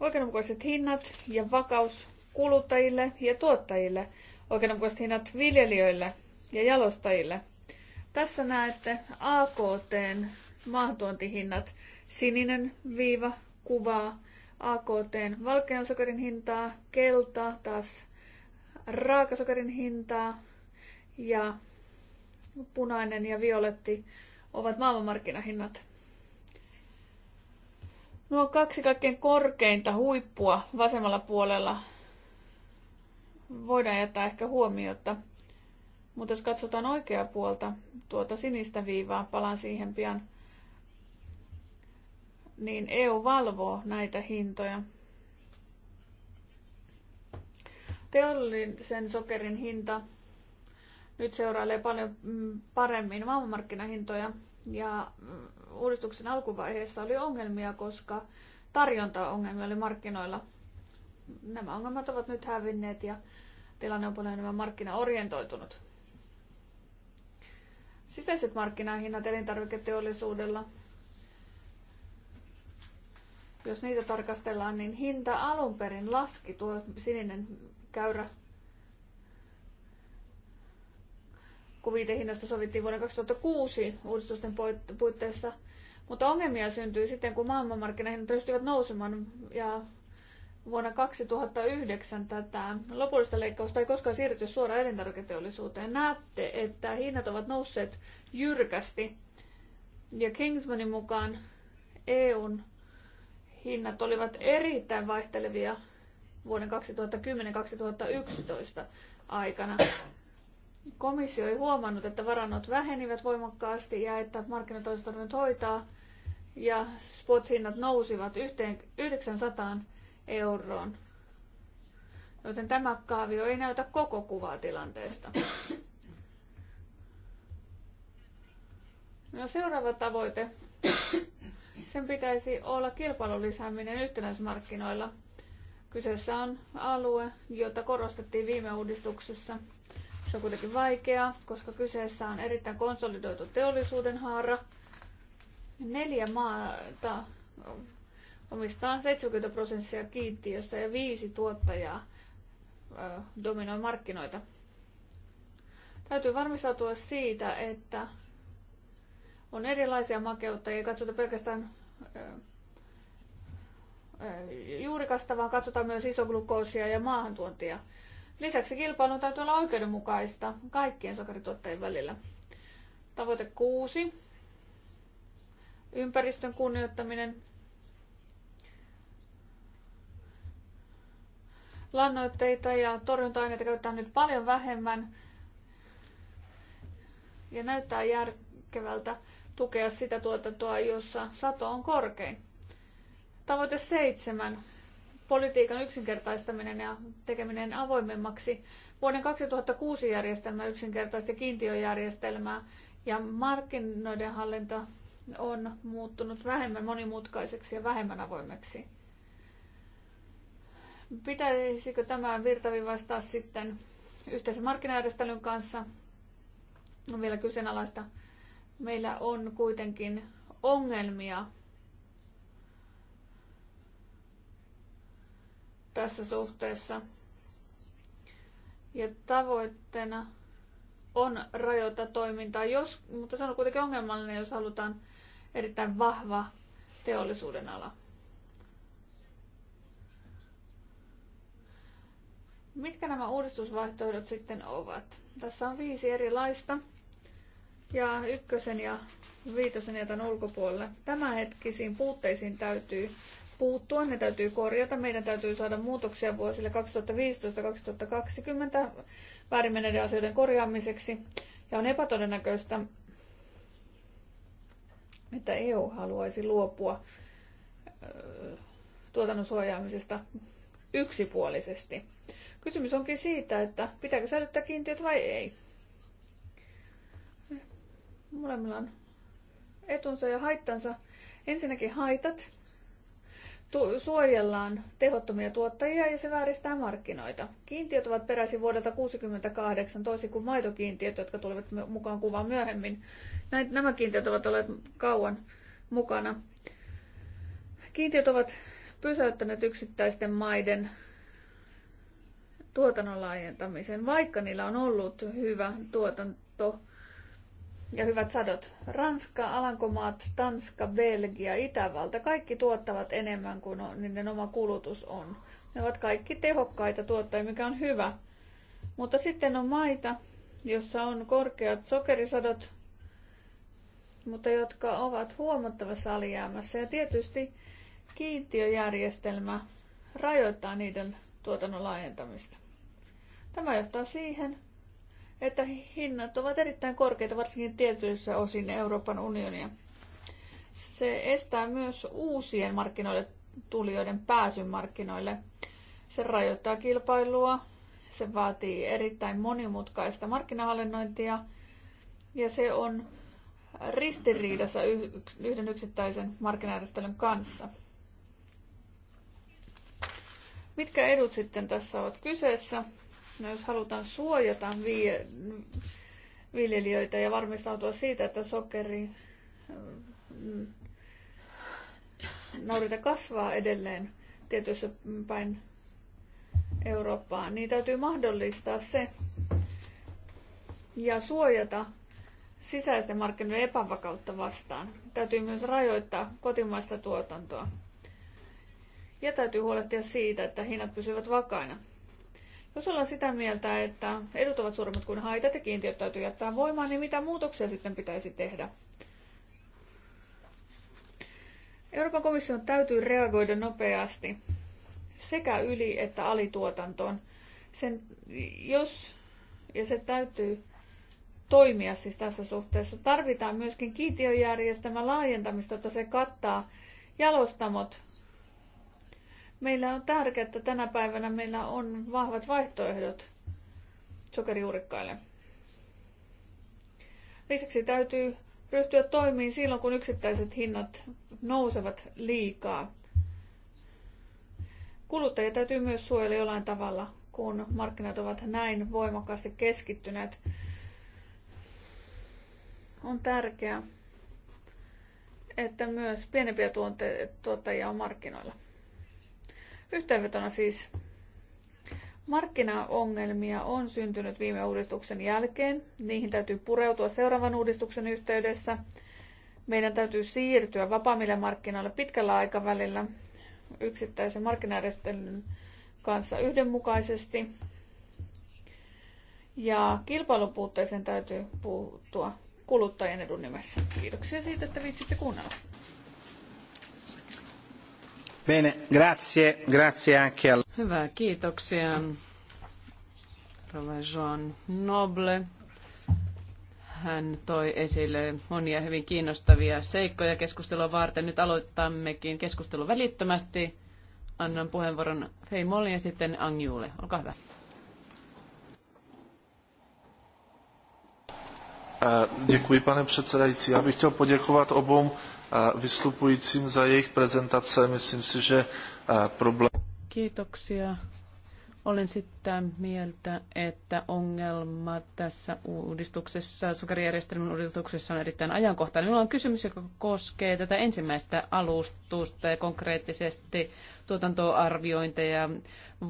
Oikeudenmukaiset hinnat ja vakaus kuluttajille ja tuottajille. Oikeudenmukaiset hinnat viljelijöille ja jalostajille. Tässä näette AKTn maahantuontihinnat. Sininen viiva kuvaa AKT valkean sokerin hintaa, kelta taas raakasokerin hintaa ja punainen ja violetti ovat maailmanmarkkinahinnat. Nuo kaksi kaikkein korkeinta huippua vasemmalla puolella voidaan jättää ehkä huomiota. Mutta jos katsotaan oikeaa puolta, tuota sinistä viivaa, palaan siihen pian, niin EU valvoo näitä hintoja. Teollisen sokerin hinta nyt seurailee paljon paremmin maailmanmarkkinahintoja ja uudistuksen alkuvaiheessa oli ongelmia, koska tarjontaongelmia oli markkinoilla. Nämä ongelmat ovat nyt hävinneet ja tilanne on paljon enemmän markkinaorientoitunut. Sisäiset markkinahinnat elintarviketeollisuudella jos niitä tarkastellaan, niin hinta alun perin laski, tuo sininen käyrä kun viitehinnasta sovittiin vuonna 2006 uudistusten puitteissa. Mutta ongelmia syntyi sitten, kun maailmanmarkkinahinnat ryhtyivät nousemaan ja vuonna 2009 tätä lopullista leikkausta ei koskaan siirrytty suoraan elintarviketeollisuuteen. Näette, että hinnat ovat nousseet jyrkästi ja Kingsmanin mukaan EUn hinnat olivat erittäin vaihtelevia vuoden 2010-2011 aikana. Komissio ei huomannut, että varannot vähenivät voimakkaasti ja että markkinat olisi tarvinnut hoitaa ja spot-hinnat nousivat yhteen 900 euroon. Joten tämä kaavio ei näytä koko kuvaa tilanteesta. No seuraava tavoite sen pitäisi olla kilpailun lisääminen yhtenäismarkkinoilla. Kyseessä on alue, jota korostettiin viime uudistuksessa. Se on kuitenkin vaikeaa, koska kyseessä on erittäin konsolidoitu teollisuuden haara. Neljä maata omistaa 70 prosenttia kiintiöstä ja viisi tuottajaa dominoi markkinoita. Täytyy varmistautua siitä, että on erilaisia makeutta, ei katsota pelkästään juurikasta, vaan katsotaan myös isoglukoosia ja maahantuontia. Lisäksi kilpailun täytyy olla oikeudenmukaista kaikkien sokerituottajien välillä. Tavoite 6. Ympäristön kunnioittaminen. Lannoitteita ja torjunta-aineita käytetään nyt paljon vähemmän ja näyttää järkevältä tukea sitä tuotantoa, jossa sato on korkein. Tavoite seitsemän. Politiikan yksinkertaistaminen ja tekeminen avoimemmaksi. Vuoden 2006 järjestelmä yksinkertaisesti kiintiöjärjestelmää ja markkinoiden hallinta on muuttunut vähemmän monimutkaiseksi ja vähemmän avoimeksi. Pitäisikö tämä virtavivaistaa sitten yhteisen markkinajärjestelyn kanssa? On vielä kyseenalaista meillä on kuitenkin ongelmia tässä suhteessa. Ja tavoitteena on rajoittaa toimintaa, jos, mutta se on kuitenkin ongelmallinen, jos halutaan erittäin vahva teollisuuden ala. Mitkä nämä uudistusvaihtoehdot sitten ovat? Tässä on viisi erilaista ja ykkösen ja viitosen jätän ulkopuolelle. Tämänhetkisiin puutteisiin täytyy puuttua, ne täytyy korjata. Meidän täytyy saada muutoksia vuosille 2015-2020 väärimeneiden asioiden korjaamiseksi. Ja on epätodennäköistä, että EU haluaisi luopua tuotannon suojaamisesta yksipuolisesti. Kysymys onkin siitä, että pitääkö säilyttää kiintiöt vai ei. Molemmilla on etunsa ja haittansa. Ensinnäkin haitat. Suojellaan tehottomia tuottajia ja se vääristää markkinoita. Kiintiöt ovat peräisin vuodelta 1968, toisin kuin maitokiintiöt, jotka tulivat mukaan kuvaan myöhemmin. Näin, nämä kiintiöt ovat olleet kauan mukana. Kiintiöt ovat pysäyttäneet yksittäisten maiden tuotannon laajentamisen, vaikka niillä on ollut hyvä tuotanto ja hyvät sadot. Ranska, Alankomaat, Tanska, Belgia, Itävalta, kaikki tuottavat enemmän kuin on, niiden oma kulutus on. Ne ovat kaikki tehokkaita tuottajia, mikä on hyvä. Mutta sitten on maita, jossa on korkeat sokerisadot, mutta jotka ovat huomattavassa alijäämässä. Ja tietysti kiintiöjärjestelmä rajoittaa niiden tuotannon laajentamista. Tämä johtaa siihen, että hinnat ovat erittäin korkeita, varsinkin tietyissä osin Euroopan unionia. Se estää myös uusien markkinoille tulijoiden pääsyn markkinoille. Se rajoittaa kilpailua, se vaatii erittäin monimutkaista markkinahallinnointia ja se on ristiriidassa yhden yksittäisen markkinajärjestelyn kanssa. Mitkä edut sitten tässä ovat kyseessä? No jos halutaan suojata viljelijöitä ja varmistautua siitä, että sokeri mm, naurita kasvaa edelleen tietyissä päin Eurooppaa, niin täytyy mahdollistaa se ja suojata sisäisten markkinoiden epävakautta vastaan. Täytyy myös rajoittaa kotimaista tuotantoa. Ja täytyy huolehtia siitä, että hinnat pysyvät vakaina. Jos ollaan sitä mieltä, että edut ovat suuremmat kuin haitat ja kiintiöt täytyy jättää voimaan, niin mitä muutoksia sitten pitäisi tehdä? Euroopan komission täytyy reagoida nopeasti sekä yli- että alituotantoon. Sen, jos, ja se täytyy toimia siis tässä suhteessa. Tarvitaan myöskin kiintiöjärjestelmän laajentamista, jotta se kattaa jalostamot Meillä on tärkeää, että tänä päivänä meillä on vahvat vaihtoehdot sokerijuurikkaille. Lisäksi täytyy ryhtyä toimiin silloin, kun yksittäiset hinnat nousevat liikaa. Kuluttajia täytyy myös suojella jollain tavalla, kun markkinat ovat näin voimakkaasti keskittyneet. On tärkeää, että myös pienempiä tuottajia on markkinoilla. Yhteenvetona siis markkinaongelmia on syntynyt viime uudistuksen jälkeen. Niihin täytyy pureutua seuraavan uudistuksen yhteydessä. Meidän täytyy siirtyä vapaammille markkinoille pitkällä aikavälillä yksittäisen markkinajärjestelyn kanssa yhdenmukaisesti. Ja puutteeseen täytyy puuttua kuluttajien edun nimessä. Kiitoksia siitä, että viitsitte kuunnella. Bene, grazie, grazie anche al... Hyvä, kiitoksia. Jean Noble. Hän toi esille monia hyvin kiinnostavia seikkoja keskustelua varten. Nyt aloittammekin keskustelun välittömästi. Annan puheenvuoron Fei Molli ja sitten Angjulle. Olkaa hyvä. Eh, děkuji, pane předsedající. Já bych chtěl poděkovat obou vystupujícím za jejich prezentace. Myslím si, že problém... Kiitoksia olen sitä mieltä, että ongelma tässä uudistuksessa, sokerijärjestelmän uudistuksessa on erittäin ajankohtainen. Minulla on kysymys, joka koskee tätä ensimmäistä alustusta ja konkreettisesti tuotantoarviointeja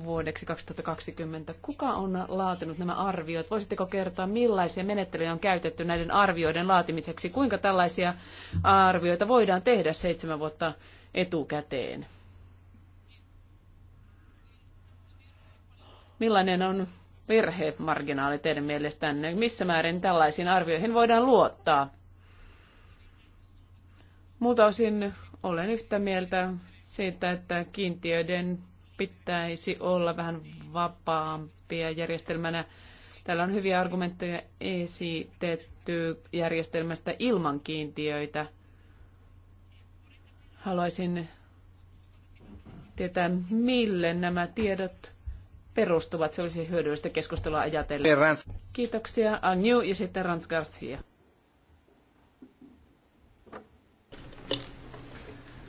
vuodeksi 2020. Kuka on laatinut nämä arviot? Voisitteko kertoa, millaisia menettelyjä on käytetty näiden arvioiden laatimiseksi? Kuinka tällaisia arvioita voidaan tehdä seitsemän vuotta etukäteen? Millainen on virhemarginaali teidän mielestänne? Missä määrin tällaisiin arvioihin voidaan luottaa? Muuta osin olen yhtä mieltä siitä, että kiintiöiden pitäisi olla vähän vapaampia järjestelmänä. Täällä on hyviä argumentteja esitetty järjestelmästä ilman kiintiöitä. Haluaisin tietää, mille nämä tiedot perustuvat. Se olisi hyödyllistä keskustelua ajatellen. Kiitoksia. Agnew ja sitten Rans Garcia.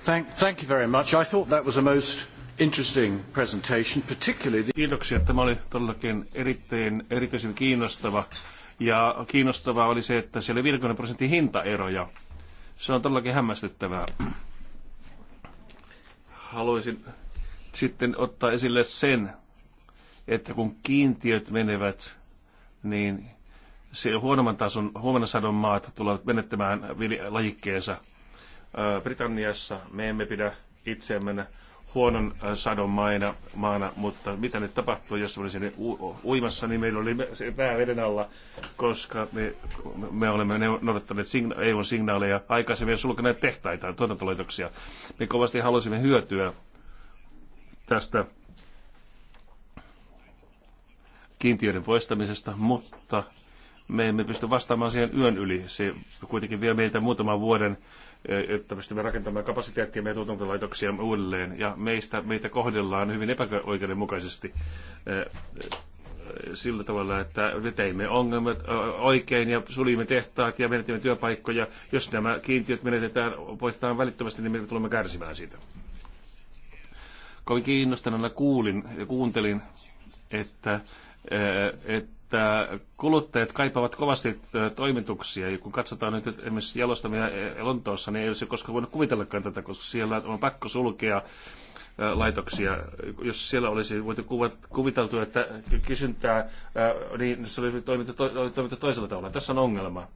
Thank, thank you very much. I thought that was a most interesting presentation, particularly the... Kiitoksia. Tämä oli todellakin erittäin, erityisen kiinnostava. Ja kiinnostavaa oli se, että siellä oli 50 prosentin hintaeroja. Se on todellakin hämmästyttävää. Haluaisin sitten ottaa esille sen, että kun kiintiöt menevät, niin se huonomman tason, huomenna sadon maat tulevat menettämään lajikkeensa. Britanniassa me emme pidä itseämme huonon sadon maina, maana, mutta mitä nyt tapahtuu, jos olisi niin uimassa, niin meillä oli pää veden alla, koska me, me olemme noudattaneet signa- EUn signaaleja aikaisemmin ja sulkeneet tehtaita ja tuotantolaitoksia. Me kovasti halusimme hyötyä tästä kiintiöiden poistamisesta, mutta me emme pysty vastaamaan siihen yön yli. Se kuitenkin vie meiltä muutaman vuoden, e, että pystymme rakentamaan kapasiteettia meidän tuotantolaitoksia uudelleen. Ja meistä, meitä kohdellaan hyvin epäoikeudenmukaisesti e, e, sillä tavalla, että me teimme ongelmat oikein ja sulimme tehtaat ja menetimme työpaikkoja. Jos nämä kiintiöt menetetään, poistetaan välittömästi, niin me tulemme kärsimään siitä. Kovin kiinnostuneena kuulin ja kuuntelin, että Eh, että kuluttajat kaipaavat kovasti eh, toimituksia. Ja kun katsotaan nyt että esimerkiksi jalostamia eh, Lontoossa, niin ei olisi koskaan voinut kuvitellakaan tätä, koska siellä on pakko sulkea laitoksia. Jos siellä olisi voitu kuviteltu, että kysyntää, niin se olisi toimittu, toimittu toisella tavalla. Tässä on ongelma.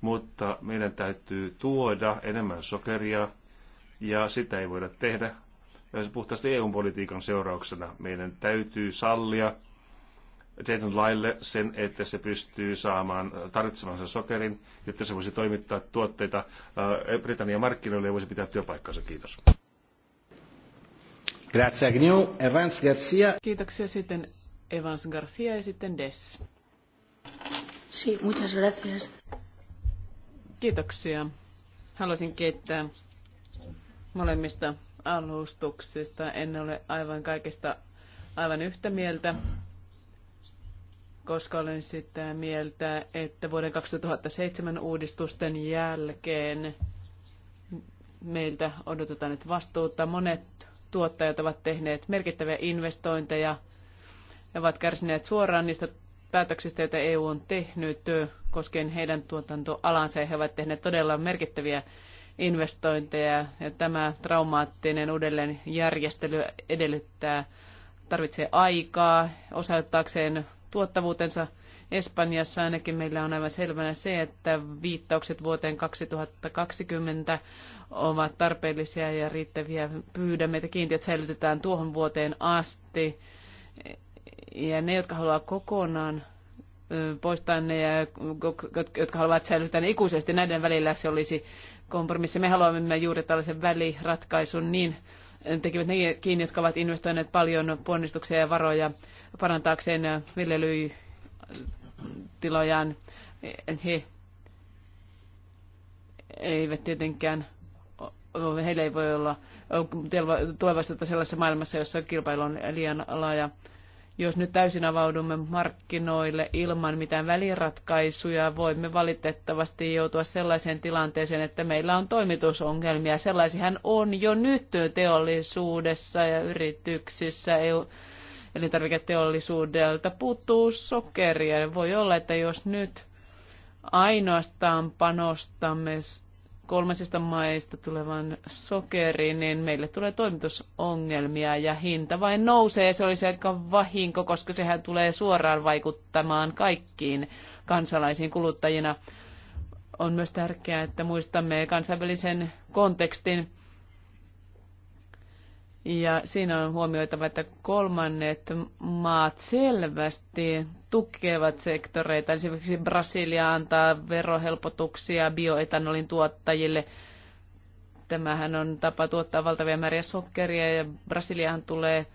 Mutta meidän täytyy tuoda enemmän sokeria, ja sitä ei voida tehdä puhtaasti EU-politiikan seurauksena. Meidän täytyy sallia tehnyt laille sen, että se pystyy saamaan tarvitsemansa sokerin, jotta se voisi toimittaa tuotteita Britannian markkinoille ja voisi pitää työpaikkansa. Kiitos. Grazie Agnew, Evans Garcia. Kiitoksia sitten Evans Garcia ja sitten Des. Sí, muchas gracias. Kiitoksia. Haluaisin kiittää molemmista alustuksista. En ole aivan kaikesta aivan yhtä mieltä koska olen sitä mieltä, että vuoden 2007 uudistusten jälkeen meiltä odotetaan nyt vastuuta. Monet tuottajat ovat tehneet merkittäviä investointeja ja ovat kärsineet suoraan niistä päätöksistä, joita EU on tehnyt koskien heidän tuotantoalansa. He ovat tehneet todella merkittäviä investointeja ja tämä traumaattinen uudelleenjärjestely edellyttää tarvitsee aikaa osoittaakseen tuottavuutensa Espanjassa ainakin meillä on aivan selvänä se, että viittaukset vuoteen 2020 ovat tarpeellisia ja riittäviä. Pyydämme, että kiintiöt säilytetään tuohon vuoteen asti. Ja ne, jotka haluaa kokonaan poistaa ne, ja, jotka haluavat säilyttää ne ikuisesti, näiden välillä se olisi kompromissi. Me haluamme juuri tällaisen väliratkaisun niin tekivät ne kiinni, jotka ovat investoineet paljon ponnistuksia ja varoja parantaakseen viljelytilojaan. He eivät tietenkään, heillä ei voi olla tulevaisuutta sellaisessa maailmassa, jossa kilpailu on liian laaja. Jos nyt täysin avaudumme markkinoille ilman mitään väliratkaisuja, voimme valitettavasti joutua sellaiseen tilanteeseen, että meillä on toimitusongelmia. Sellaisihan on jo nyt teollisuudessa ja yrityksissä elintarviketeollisuudelta puuttuu sokeria. Voi olla, että jos nyt ainoastaan panostamme kolmesista maista tulevan sokeriin, niin meille tulee toimitusongelmia ja hinta vain nousee. Se olisi aika vahinko, koska sehän tulee suoraan vaikuttamaan kaikkiin kansalaisiin kuluttajina. On myös tärkeää, että muistamme kansainvälisen kontekstin ja siinä on huomioitava, että kolmannet maat selvästi tukevat sektoreita. Esimerkiksi Brasilia antaa verohelpotuksia bioetanolin tuottajille. Tämähän on tapa tuottaa valtavia määriä sokeria ja Brasiliahan tulee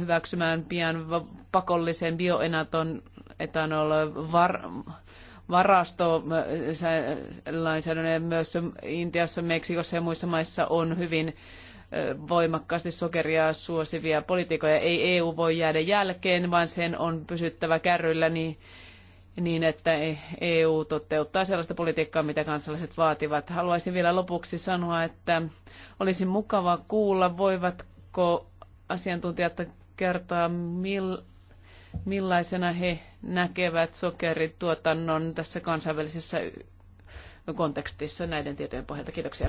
hyväksymään pian pakollisen bioenaton etanol var, äh, lainsäädännön myös Intiassa, Meksikossa ja muissa maissa on hyvin voimakkaasti sokeria suosivia politiikoja. Ei EU voi jäädä jälkeen, vaan sen on pysyttävä kärryillä niin, niin että EU e toteuttaa sellaista politiikkaa, mitä kansalaiset vaativat. Haluaisin vielä lopuksi sanoa, että olisi mukava kuulla, voivatko asiantuntijat kertoa, mil, millaisena he näkevät sokerituotannon tässä kansainvälisessä kontekstissa näiden tietojen pohjalta. Kiitoksia.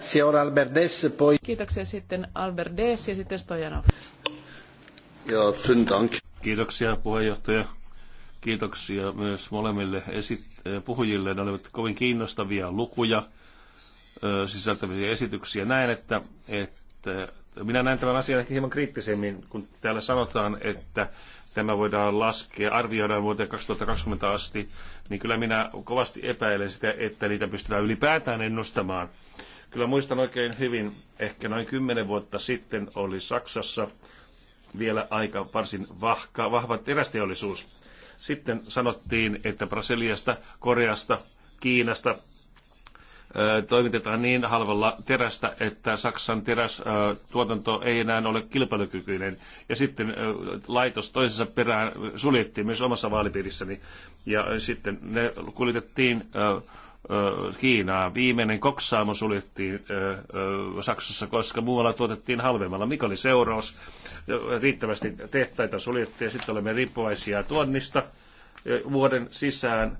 Kiitoksia sitten Alberdes ja sitten Stojanov. Ja, Kiitoksia puheenjohtaja. Kiitoksia myös molemmille esit- eh, puhujille. Ne olivat kovin kiinnostavia lukuja, eh, sisältäviä esityksiä. Näen, että, että minä näen tämän asian ehkä hieman kriittisemmin, kun täällä sanotaan, että tämä voidaan laskea, arvioida vuoteen 2020 asti, niin kyllä minä kovasti epäilen sitä, että niitä pystytään ylipäätään ennustamaan. Kyllä muistan oikein hyvin, ehkä noin kymmenen vuotta sitten oli Saksassa vielä aika varsin vahka, vahva terästeollisuus. Sitten sanottiin, että Brasiliasta, Koreasta, Kiinasta toimitetaan niin halvalla terästä, että Saksan terästuotanto ei enää ole kilpailukykyinen. Ja sitten laitos toisensa perään suljettiin myös omassa vaalipiirissäni. Ja sitten ne kuljetettiin Kiinaa. Viimeinen koksaamo suljettiin Saksassa, koska muualla tuotettiin halvemmalla. Mikä oli seuraus? Riittävästi tehtaita suljettiin ja sitten olemme riippuvaisia tuonnista vuoden sisään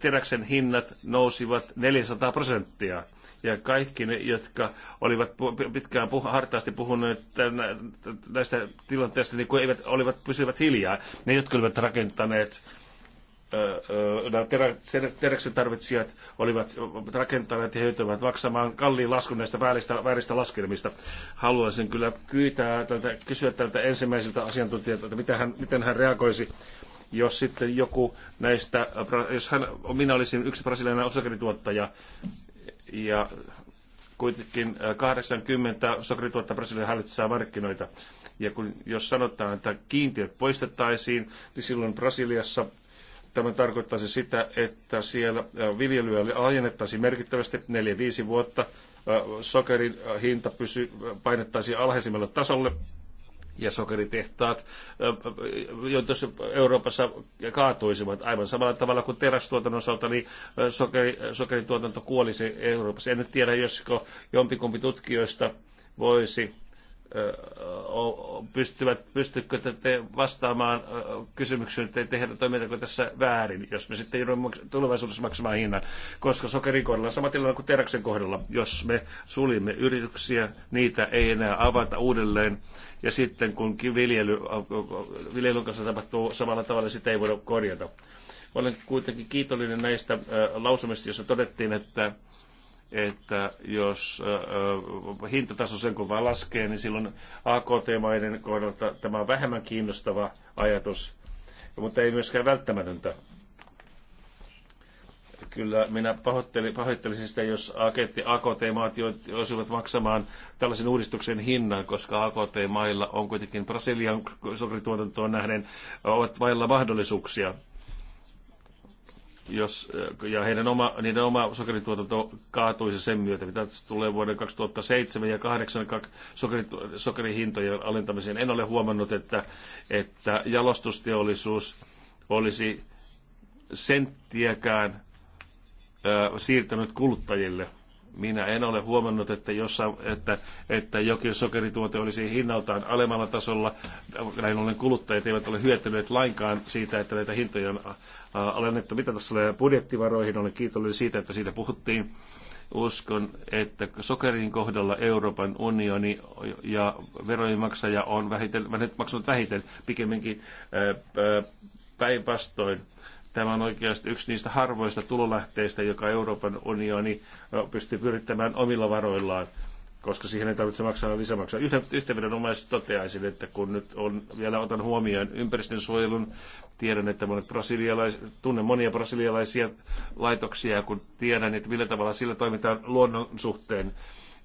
teräksen hinnat nousivat 400 prosenttia. Ja kaikki ne, jotka olivat pitkään puh- hartaasti puhuneet näistä tilanteista, niin kuin eivät, olivat, pysyvät hiljaa. Ne, jotka olivat rakentaneet teräksen tarvitsijat olivat rakentaneet ja hyötyvät maksamaan kalliin laskun näistä vääristä, vääristä laskelmista. Haluaisin kyllä kyytää tältä, kysyä tältä ensimmäiseltä asiantuntijalta, että miten hän, miten hän reagoisi jos sitten joku näistä, jos hän, minä olisin yksi brasilialainen osakerituottaja ja kuitenkin 80 äh, sokerituotta Brasilia hallitsee markkinoita. Ja kun, jos sanotaan, että kiintiöt poistettaisiin, niin silloin Brasiliassa tämä tarkoittaisi sitä, että siellä äh, viljelyä laajennettaisiin merkittävästi 4-5 vuotta. Äh, sokerin hinta pysy, painettaisiin alhaisimmalle tasolle ja sokeritehtaat, joita Euroopassa kaatuisivat aivan samalla tavalla kuin terästuotannon osalta, niin sokeri, sokerituotanto kuolisi Euroopassa. En nyt tiedä, josko jompikumpi tutkijoista voisi pystyvät, pystytkö te vastaamaan kysymykseen, että tehdä toimintako tässä väärin, jos me sitten joudumme tulevaisuudessa maksamaan hinnan. Koska sokerin kohdalla sama tilanne kuin teräksen kohdalla, jos me sulimme yrityksiä, niitä ei enää avata uudelleen. Ja sitten kun viljely, viljelyn kanssa tapahtuu samalla tavalla, niin sitä ei voida korjata. Olen kuitenkin kiitollinen näistä lausumista, joissa todettiin, että että jos hintataso sen kun vaan laskee, niin silloin AKT-maiden kohdalta tämä on vähemmän kiinnostava ajatus, mutta ei myöskään välttämätöntä. Kyllä minä pahoittelisin, pahoittelisin sitä, jos AKT-maat joisivat maksamaan tällaisen uudistuksen hinnan, koska AKT-mailla on kuitenkin Brasilian sokerituotantoon nähden ovat vailla mahdollisuuksia jos, ja heidän oma, niiden oma sokerituotanto kaatuisi sen myötä, mitä tulee vuoden 2007 ja 2008 sokeri, sokerihintojen alentamiseen. En ole huomannut, että, että jalostusteollisuus olisi senttiäkään ö, siirtänyt kuluttajille. Minä en ole huomannut, että, jossa, että, että jokin sokerituote olisi hinnaltaan alemmalla tasolla. Näin ollen kuluttajat eivät ole hyötyneet lainkaan siitä, että näitä hintoja on Äh, alennettu. Mitä tässä tulee budjettivaroihin, olen kiitollinen siitä, että siitä puhuttiin. Uskon, että sokerin kohdalla Euroopan unioni ja verojen maksaja on vähiten, maksanut vähiten, pikemminkin äh, äh, päinvastoin. Tämä on oikeasti yksi niistä harvoista tulolähteistä, joka Euroopan unioni pystyy pyrittämään omilla varoillaan koska siihen ei tarvitse maksaa lisämaksua. Yhteenvedonomaisesti toteaisin, että kun nyt on, vielä otan huomioon ympäristönsuojelun, tiedän, että monet brasilialais, tunnen monia brasilialaisia laitoksia, kun tiedän, että millä tavalla sillä toimitaan luonnon suhteen,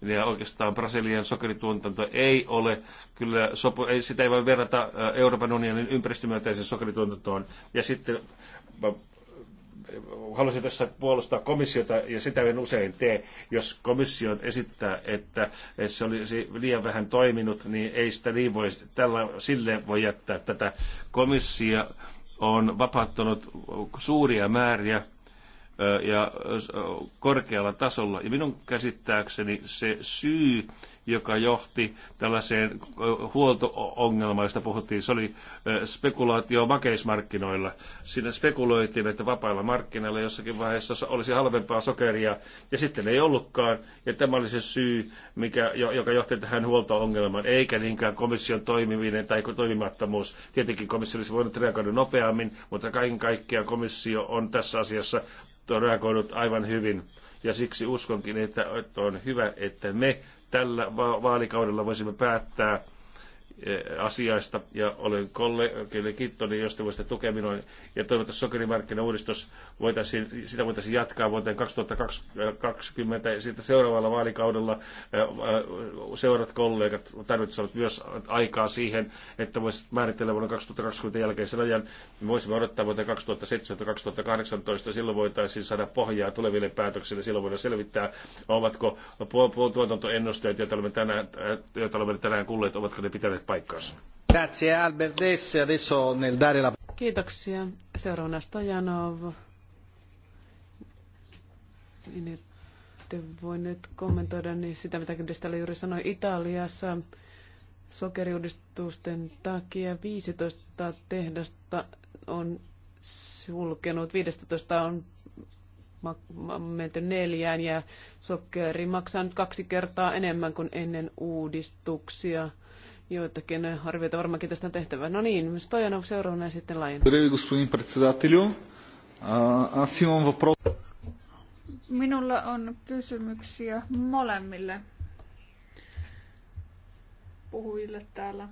ja oikeastaan Brasilian sokerituotanto ei ole, kyllä sopu, ei, sitä ei voi verrata Euroopan unionin ympäristömyönteisen sokerituotantoon. Ja sitten haluaisin tässä puolustaa komissiota, ja sitä en usein tee. Jos komissio esittää, että, että se olisi liian vähän toiminut, niin ei sitä niin voi, tällä, sille voi jättää tätä. Komissio on vapauttanut suuria määriä ja korkealla tasolla. Ja minun käsittääkseni se syy, joka johti tällaiseen huoltoongelmaan, josta puhuttiin, se oli spekulaatio makeismarkkinoilla. Siinä spekuloitiin, että vapailla markkinoilla jossakin vaiheessa olisi halvempaa sokeria, ja sitten ei ollutkaan. Ja tämä oli se syy, mikä, joka johti tähän huoltoongelmaan, eikä niinkään komission toimiminen tai toimimattomuus. Tietenkin komissio olisi voinut reagoida nopeammin, mutta kaiken kaikkiaan komissio on tässä asiassa on reagoinut aivan hyvin. Ja siksi uskonkin, että on hyvä, että me tällä vaalikaudella voisimme päättää Eh, asiaista ja olen kollegille kiittoni, jos te voisitte tukea minua ja toivottavasti sokerimarkkinauudistus voitaisiin, sitä voitaisiin jatkaa vuoteen 2020 ja sitten seuraavalla vaalikaudella eh, seurat kollegat tarvitsevat myös aikaa siihen, että voisi määritellä vuonna 2020 jälkeisen ajan. Me voisimme odottaa vuoteen 2017-2018, silloin voitaisiin saada pohjaa tuleville päätöksille, silloin voidaan selvittää, ovatko tuotantoennusteet, joita olemme tänään, joita olemme tänään kuulleet, ovatko ne pitäneet paikkaansa. Kiitoksia. Seuraavana Stojanov. Niin, että voin nyt kommentoida niin sitä, mitä Kristalla juuri sanoi Italiassa. Sokeriudistusten takia 15 tehdasta on sulkenut, 15 on menty neljään ja sokeri maksaa nyt kaksi kertaa enemmän kuin ennen uudistuksia – joitakin harvioita varmaankin tästä tehtävää. No niin, Stojanov seuraavana ja sitten Lain. Minulla on kysymyksiä molemmille puhujille täällä.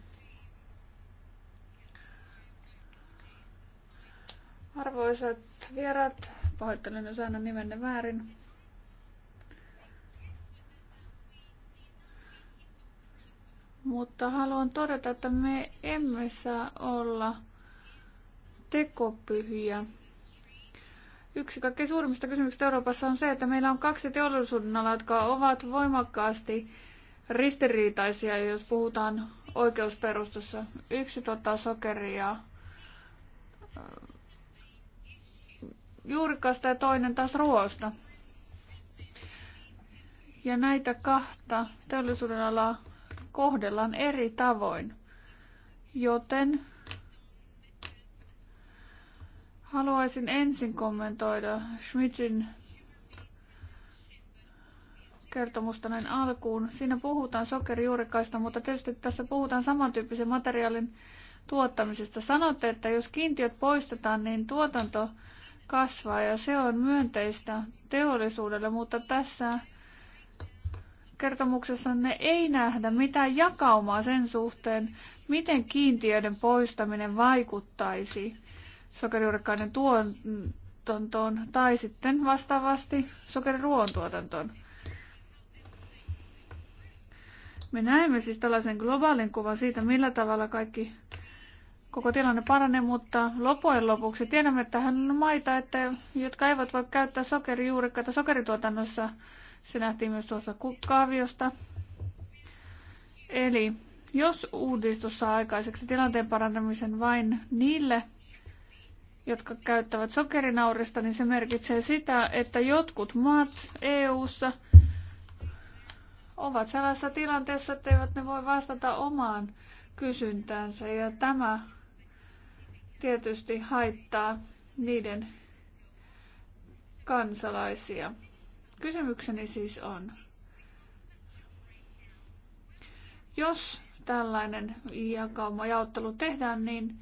Arvoisat vierat, pahoittelen jos aina nimenne väärin. Mutta haluan todeta, että me emme saa olla tekopyhiä. Yksi kaikkein suurimmista kysymyksistä Euroopassa on se, että meillä on kaksi alaa, jotka ovat voimakkaasti ristiriitaisia, jos puhutaan oikeusperustossa. Yksi tota, sokeria juurikasta ja toinen taas ruoasta. Ja näitä kahta alaa kohdellaan eri tavoin. Joten haluaisin ensin kommentoida Schmidtin kertomusta näin alkuun. Siinä puhutaan sokerijuurikaista, mutta tietysti tässä puhutaan samantyyppisen materiaalin tuottamisesta. Sanotte, että jos kiintiöt poistetaan, niin tuotanto kasvaa ja se on myönteistä teollisuudelle, mutta tässä kertomuksessanne ei nähdä mitään jakaumaa sen suhteen, miten kiintiöiden poistaminen vaikuttaisi sokerijuurikkaiden tuotantoon tai sitten vastaavasti sokeriruoan tuotantoon. Me näemme siis tällaisen globaalin kuvan siitä, millä tavalla kaikki koko tilanne paranee, mutta lopujen lopuksi tiedämme, että hän on maita, että, jotka eivät voi käyttää sokerijuurikkaita sokerituotannossa se nähtiin myös tuossa kaaviosta. Eli jos uudistus saa aikaiseksi tilanteen parantamisen vain niille, jotka käyttävät sokerinaurista, niin se merkitsee sitä, että jotkut maat EU:ssa ovat sellaisessa tilanteessa, että eivät ne voi vastata omaan kysyntäänsä. Ja tämä tietysti haittaa niiden kansalaisia. Kysymykseni siis on, jos tällainen jakauma jaottelu tehdään, niin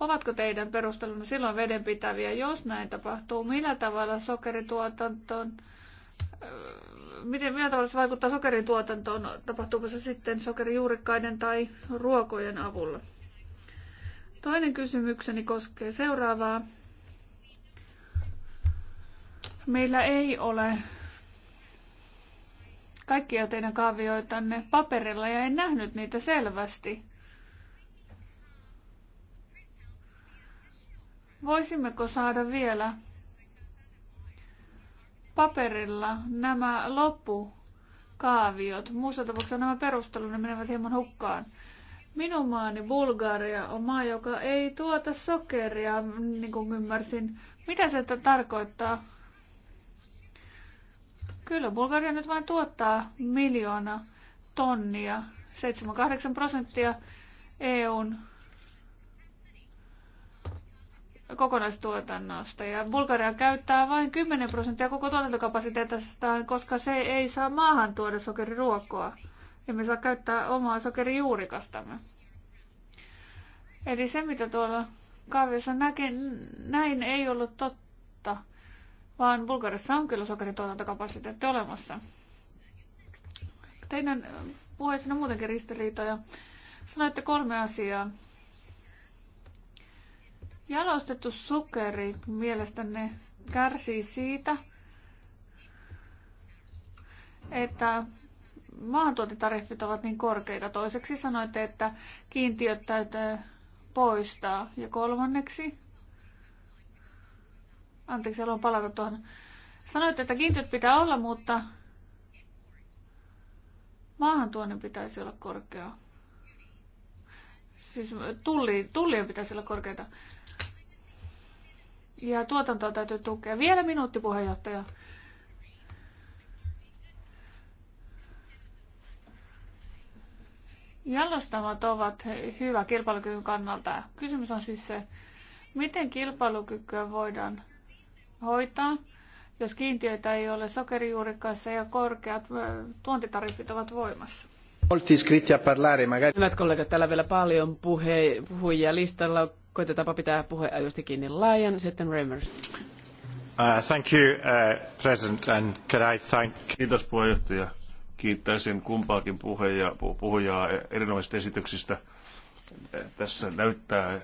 ovatko teidän perusteluna silloin vedenpitäviä, jos näin tapahtuu? Millä tavalla sokerituotantoon, äh, miten, millä tavalla se vaikuttaa sokerituotantoon? Tapahtuuko se sitten sokerijuurikkaiden tai ruokojen avulla? Toinen kysymykseni koskee seuraavaa. Meillä ei ole kaikkia teidän kaavioitanne paperilla ja en nähnyt niitä selvästi. Voisimmeko saada vielä paperilla nämä loppukaaviot? Muussa tapauksessa nämä perustelut menevät hieman hukkaan. Minun maani Bulgaria on maa, joka ei tuota sokeria, niin kuin ymmärsin. Mitä se tarkoittaa? Kyllä, Bulgaria nyt vain tuottaa miljoona tonnia, 7-8 prosenttia EUn kokonaistuotannosta. Ja Bulgaria käyttää vain 10 prosenttia koko tuotantokapasiteetistaan, koska se ei saa maahan tuoda sokeriruokoa. me saa käyttää omaa sokerijuurikastamme. Eli se, mitä tuolla kaaviossa näin ei ollut totta vaan Bulgarissa on kyllä sokerituotantokapasiteetti olemassa. Teidän puheessanne muutenkin ristiriitoja. Sanoitte kolme asiaa. Jalostettu sokeri mielestäni kärsii siitä, että maahantuotitariffit ovat niin korkeita. Toiseksi sanoitte, että kiintiöt täytyy poistaa. Ja kolmanneksi Anteeksi, haluan palata tuohon. Sanoit, että kiintiöt pitää olla, mutta maahantuonnin pitäisi olla korkea. Siis tulli, tullien pitäisi olla korkeita. Ja tuotantoa täytyy tukea. Vielä minuutti, puheenjohtaja. Jalostamat ovat hyvä kilpailukyvyn kannalta. Kysymys on siis se, miten kilpailukykyä voidaan hoitaa. Jos kiintiöitä ei ole sokerijuurikassa ja korkeat tuontitariffit ovat voimassa. Hyvät kollegat, täällä vielä paljon puhe, puhujia listalla. Koitetaanpa pitää ajoista kiinni laajan, sitten Reimers. Uh, thank you, uh, President, and could I thank... Kiitos puheenjohtaja. Kiittäisin kumpaakin puhujaa erinomaisista esityksistä. Tässä näyttää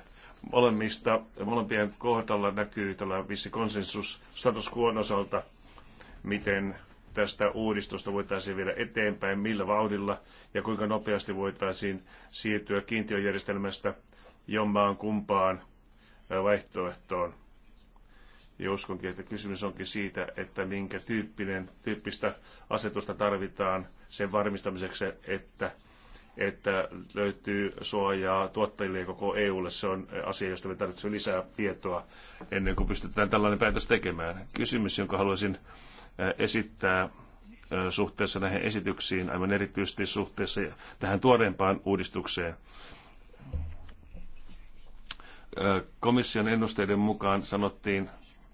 molemmista, molempien kohdalla näkyy tällä vissi konsensus status quo osalta, miten tästä uudistusta voitaisiin viedä eteenpäin, millä vauhdilla ja kuinka nopeasti voitaisiin siirtyä kiintiöjärjestelmästä jommaan kumpaan vaihtoehtoon. Ja uskonkin, että kysymys onkin siitä, että minkä tyyppinen, tyyppistä asetusta tarvitaan sen varmistamiseksi, että että löytyy suojaa tuottajille ja koko EUlle. Se on asia, josta me tarvitsemme lisää tietoa ennen kuin pystytään tällainen päätös tekemään. Kysymys, jonka haluaisin äh, esittää äh, suhteessa näihin esityksiin, aivan erityisesti suhteessa tähän tuoreempaan uudistukseen. Äh, komission ennusteiden mukaan sanottiin,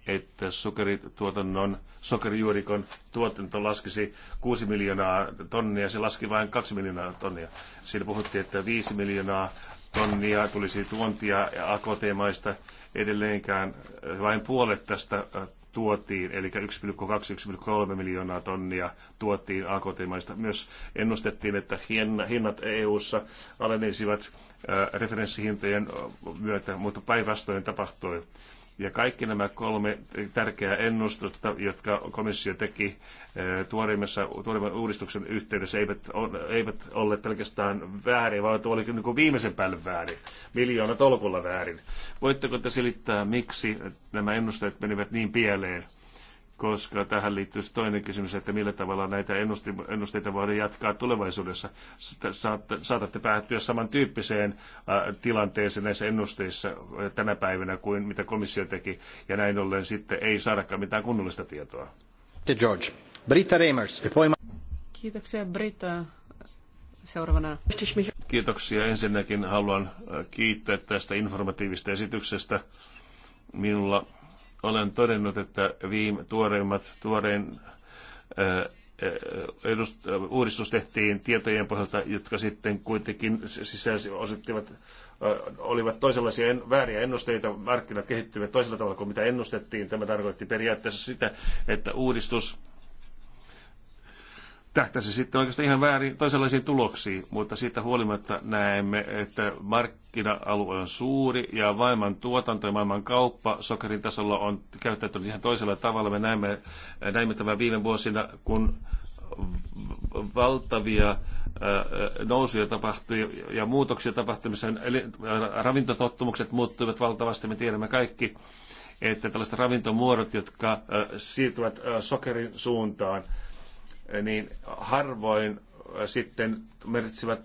että sokerituotannon, sokerijuurikon tuotanto laskisi 6 miljoonaa tonnia, se laski vain 2 miljoonaa tonnia. Siinä puhuttiin, että 5 miljoonaa tonnia tulisi tuontia AKT-maista edelleenkään vain puolet tästä äh, tuotiin, eli 1,2-1,3 miljoonaa tonnia tuotiin AKT-maista. Myös ennustettiin, että hinnat EU-ssa alenisivat äh, referenssihintojen myötä, mutta päinvastoin tapahtui. Ja kaikki nämä kolme tärkeää ennustusta, jotka komissio teki eh, tuoreimmassa, tuoreimman uudistuksen yhteydessä, eivät, eivät olleet pelkästään väärin, vaan oli niin kuin viimeisen päälle väärin, miljoona tolkulla väärin. Voitteko te selittää, miksi nämä ennusteet menivät niin pieleen? koska tähän liittyy toinen kysymys, että millä tavalla näitä ennusteita voidaan jatkaa tulevaisuudessa. Saatatte päätyä samantyyppiseen äh, tilanteeseen näissä ennusteissa äh, tänä päivänä kuin mitä komissio teki, ja näin ollen sitten ei saadakaan mitään kunnollista tietoa. George. Britta Reimers. Kiitoksia Britta. Seuraavana. Kiitoksia. Ensinnäkin haluan äh, kiittää tästä informatiivisesta esityksestä. Minulla olen todennut, että viime tuoreimmat, tuorein ää, edust, uudistus tehtiin tietojen pohjalta, jotka sitten kuitenkin sisälsi osittivat olivat toisenlaisia en, vääriä ennusteita, markkinat kehittyivät toisella tavalla kuin mitä ennustettiin. Tämä tarkoitti periaatteessa sitä, että uudistus Tähtäisi sitten oikeastaan ihan väärin toisenlaisiin tuloksiin, mutta siitä huolimatta näemme, että markkina-alue on suuri ja maailman tuotanto ja maailman kauppa sokerin tasolla on käyttäytynyt ihan toisella tavalla. Me näemme, näemme tämän viime vuosina, kun valtavia äh, nousuja tapahtui ja muutoksia tapahtumissa. Äh, ravintotottumukset muuttuivat valtavasti, me tiedämme kaikki, että tällaiset ravintomuodot, jotka äh, siirtyvät sokerin suuntaan, niin harvoin äh, sitten merkitsevät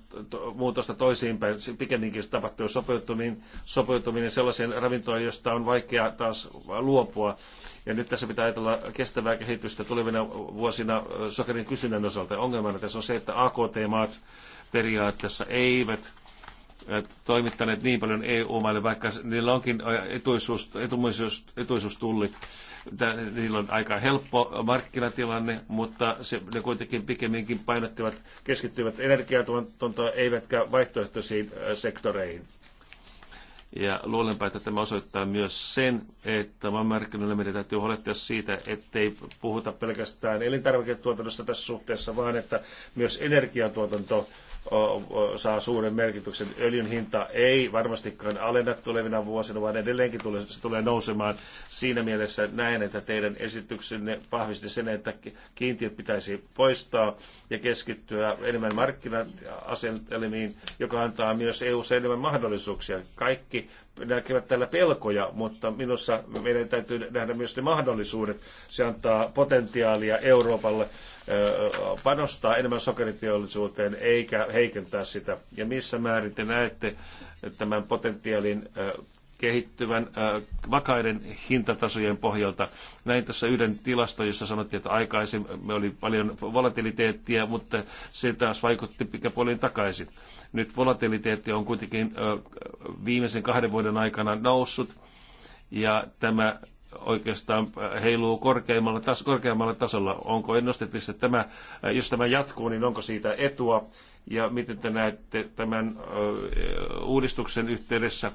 muutosta toisiinpäin. Pikemminkin tapahtuu sopeutuminen, sopeutuminen sellaiseen ravintoon, josta on vaikea taas luopua. Ja nyt tässä pitää ajatella kestävää kehitystä tulevina vuosina äh, sokerin kysynnän osalta. Ongelmana tässä on se, että AKT-maat periaatteessa eivät toimittaneet niin paljon EU-maille, vaikka niillä onkin etuisuus, etuisuus, etuisuustullit. Niillä on aika helppo markkinatilanne, mutta se, ne kuitenkin pikemminkin painottivat, keskittyvät energiatuontoon eivätkä vaihtoehtoisiin sektoreihin. Ja luulenpa, että tämä osoittaa myös sen, että maailmanmarkkinoilla meidän täytyy huolehtia siitä, ettei puhuta pelkästään elintarviketuotannosta tässä suhteessa, vaan että myös energiatuotanto saa suuren merkityksen. Öljyn hinta ei varmastikaan alenna tulevina vuosina, vaan edelleenkin tulee, se tulee nousemaan. Siinä mielessä näen, että teidän esityksenne vahvisti sen, että kiintiöt pitäisi poistaa ja keskittyä enemmän markkina joka antaa myös EU enemmän mahdollisuuksia. Kaikki näkevät tällä pelkoja, mutta minussa meidän täytyy nähdä myös ne mahdollisuudet. Se antaa potentiaalia Euroopalle panostaa enemmän sokeriteollisuuteen eikä heikentää sitä. Ja missä määrin te näette tämän potentiaalin kehittyvän vakaiden hintatasojen pohjalta. Näin tässä yhden tilasto, jossa sanottiin, että aikaisemmin oli paljon volatiliteettia, mutta se taas vaikutti pikapuoliin takaisin. Nyt volatiliteetti on kuitenkin viimeisen kahden vuoden aikana noussut ja tämä oikeastaan äh, heiluu korkeammalla, tas, korkeammalla tasolla. Onko ennustettavissa tämä, äh, jos tämä jatkuu, niin onko siitä etua? Ja miten te näette tämän uudistuksen yhteydessä,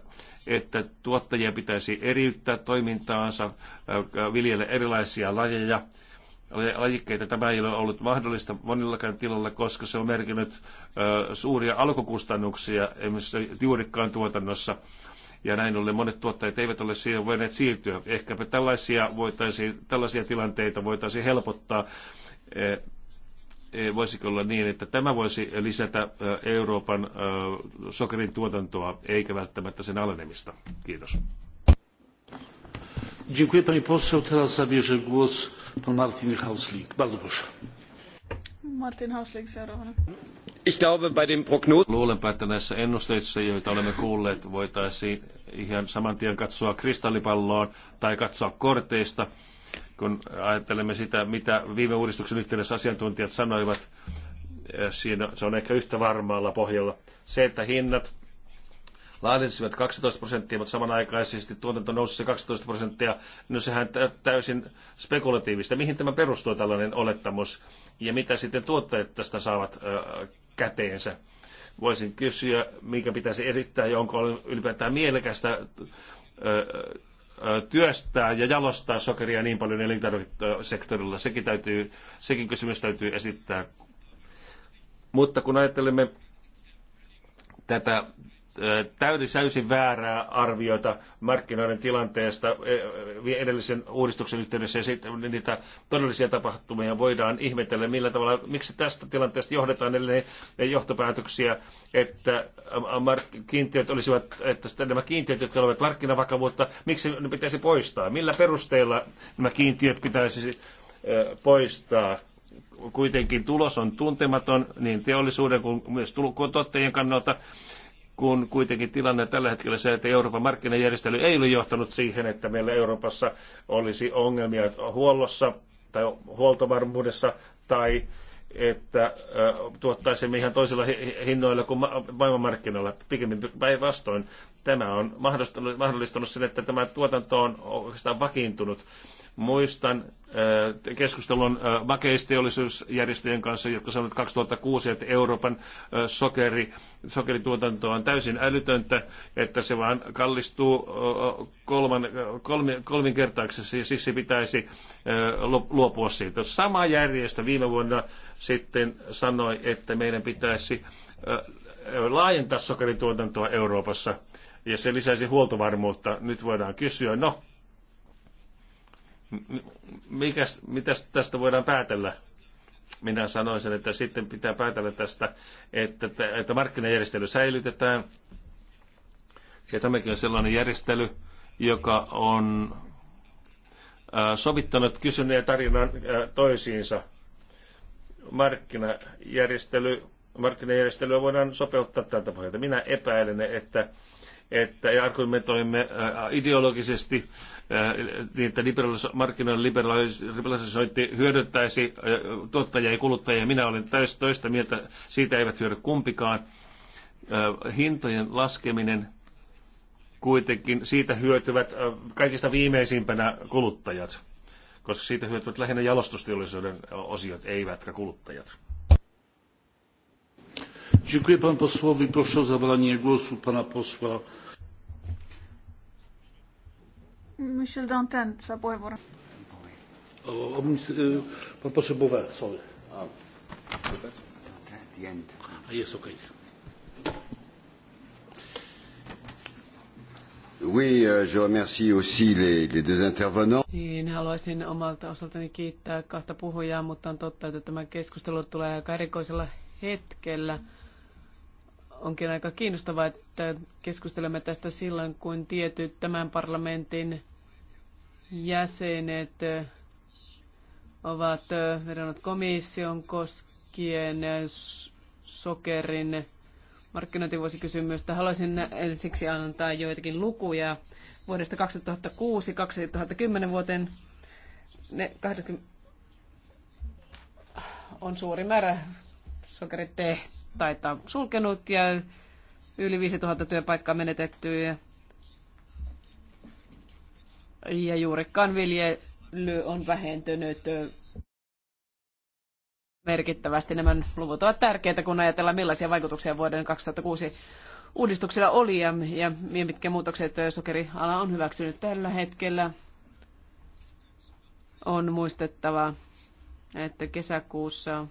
että tuottajia pitäisi eriyttää toimintaansa, äh, viljellä erilaisia lajeja, lajikkeita. Tämä ei ole ollut mahdollista monillakaan tilalla, koska se on merkinnyt suuria alkukustannuksia esimerkiksi juurikkaan tuotannossa ja näin ollen monet tuottajat eivät ole siihen voineet siirtyä. Ehkäpä tällaisia, voitaisiin, tällaisia tilanteita voitaisiin helpottaa eh, eh, voisiko olla niin, että tämä voisi lisätä eh, Euroopan sokerin tuotantoa eikä välttämättä sen alenemista. Kiitos. Dziękuję pani poseł. Teraz zabierze głos pan Martin Hauslik. Bardzo proszę. Martin Hausling seuraavana. Ich glaube, bei den Prognosen... Luulenpa, että näissä ennusteissa, joita olemme kuulleet, voitaisiin ihan saman tien katsoa kristallipalloon tai katsoa korteista, kun ajattelemme sitä, mitä viime uudistuksen yhteydessä asiantuntijat sanoivat. Eh, siinä se on ehkä yhtä varmaalla pohjalla. Se, että hinnat laajensivat 12 prosenttia, mutta samanaikaisesti tuotanto nousi se 12 prosenttia. No sehän täysin spekulatiivista. Mihin tämä perustuu tällainen olettamus ja mitä sitten tuottajat tästä saavat ö, käteensä? Voisin kysyä, mikä pitäisi esittää ja onko ylipäätään mielekästä työstää ja jalostaa sokeria niin paljon elintarvikesektorilla. Sekin, täytyy, sekin kysymys täytyy esittää. Mutta kun ajattelemme tätä täysin, täysin väärää arviota markkinoiden tilanteesta edellisen uudistuksen yhteydessä ja sitten niitä todellisia tapahtumia voidaan ihmetellä, millä tavalla, miksi tästä tilanteesta johdetaan edelleen johtopäätöksiä, että kiintiöt olisivat, että nämä kiintiöt, jotka olivat markkinavakavuutta, miksi ne pitäisi poistaa, millä perusteella nämä kiintiöt pitäisi poistaa kuitenkin tulos on tuntematon niin teollisuuden kuin myös tuottajien kannalta kun kuitenkin tilanne tällä hetkellä se, että Euroopan markkinajärjestely ei ole johtanut siihen, että meillä Euroopassa olisi ongelmia huollossa tai huoltovarmuudessa tai että tuottaisimme ihan toisilla hinnoilla kuin maailmanmarkkinoilla. Pikemmin päinvastoin tämä on mahdollistanut sen, että tämä tuotanto on oikeastaan vakiintunut Muistan äh, keskustelun äh, makeisteollisuusjärjestöjen kanssa, jotka sanoivat 2006, että Euroopan äh, sokeri, sokerituotanto on täysin älytöntä, että se vaan kallistuu kolman, kolmi, kolminkertaiseksi ja siis, siis se pitäisi luopua siitä. Sama järjestö viime vuonna sitten sanoi, että meidän pitäisi laajentaa sokerituotantoa Euroopassa ja se lisäisi huoltovarmuutta. Nyt voidaan kysyä, no mikäs, mitäs tästä voidaan päätellä? Minä sanoisin, että sitten pitää päätellä tästä, että, että markkinajärjestely säilytetään. Ja tämäkin on sellainen järjestely, joka on sovittanut kysynnän ja tarinan toisiinsa. Markkinajärjestely, markkinajärjestelyä voidaan sopeuttaa tältä pohjalta. Minä epäilen, että että argumentoimme äh, ideologisesti, äh, niin että markkinoiden liberalisointi hyödyttäisi äh, tuottajia ja kuluttajia. Minä olen täys toista mieltä, siitä eivät hyödy kumpikaan. Hintojen laskeminen kuitenkin, siitä hyötyvät kaikista viimeisimpänä kuluttajat, koska siitä hyötyvät lähinnä jalostusteollisuuden osiot, eivätkä kuluttajat. Dziękuję panu posłowi. Proszę o zabranie głosu pana posła. Michel Dantin, Pan poseł sorry. Jest Oui, euh, je remercie aussi les, les deux intervenants. Niin, haluaisin omalta osaltani kiittää kahta puhujaa, mutta on totta, että tämä keskustelu tulee aika erikoisella hetkellä. Mm Onkin aika kiinnostavaa, että keskustelemme tästä silloin, kun tietyt tämän parlamentin jäsenet ovat vedonneet komission koskien sokerin markkinointivuosikysymystä. Haluaisin ensiksi antaa joitakin lukuja vuodesta 2006-2010 vuoteen. Ne 80 on suuri määrä sokeritehtaita tehtaita sulkenut ja yli 5000 työpaikkaa menetetty ja, ja juurikaan viljely on vähentynyt merkittävästi. Nämä luvut ovat tärkeitä, kun ajatellaan millaisia vaikutuksia vuoden 2006 uudistuksella oli ja, ja mitkä muutokset sokeriala on hyväksynyt tällä hetkellä. On muistettava, että kesäkuussa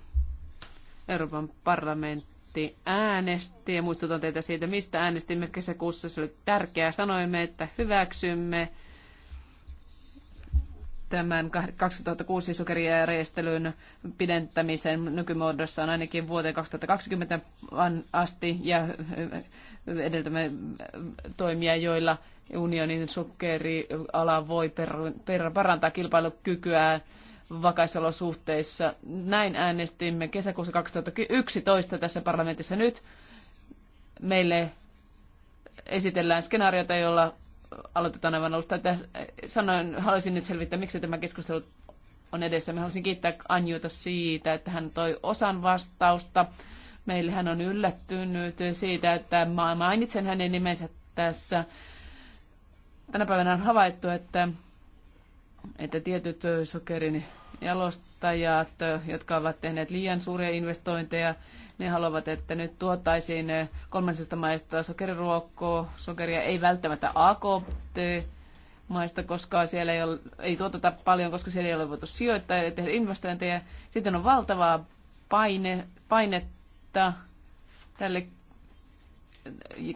Euroopan parlamentti valitettavasti äänesti. Ja muistutan teitä siitä, mistä äänestimme kesäkuussa. Se oli tärkeää. Sanoimme, että hyväksymme tämän 2006 sokerijärjestelyn pidentämisen nykymuodossa on ainakin vuoteen 2020 asti ja edeltämme toimia, joilla unionin sokeriala voi per, per, parantaa kilpailukykyään vakaisolosuhteissa. Näin äänestimme kesäkuussa 2011 tässä parlamentissa nyt. Meille esitellään skenaariota, jolla aloitetaan aivan alusta. Sanoin, haluaisin nyt selvittää, miksi tämä keskustelu on edessä. Mä haluaisin kiittää Anjuta siitä, että hän toi osan vastausta. Meille hän on yllättynyt siitä, että mainitsen hänen nimensä tässä. Tänä päivänä on havaittu, että että tietyt sokerin jalostajat, jotka ovat tehneet liian suuria investointeja, ne haluavat, että nyt tuottaisiin kolmansista maista sokeriruokkoa. Sokeria ei välttämättä AKT maista, koska siellä ei, ole, ei tuoteta paljon, koska siellä ei ole voitu sijoittaa ja tehdä investointeja. Sitten on valtavaa paine, painetta tälle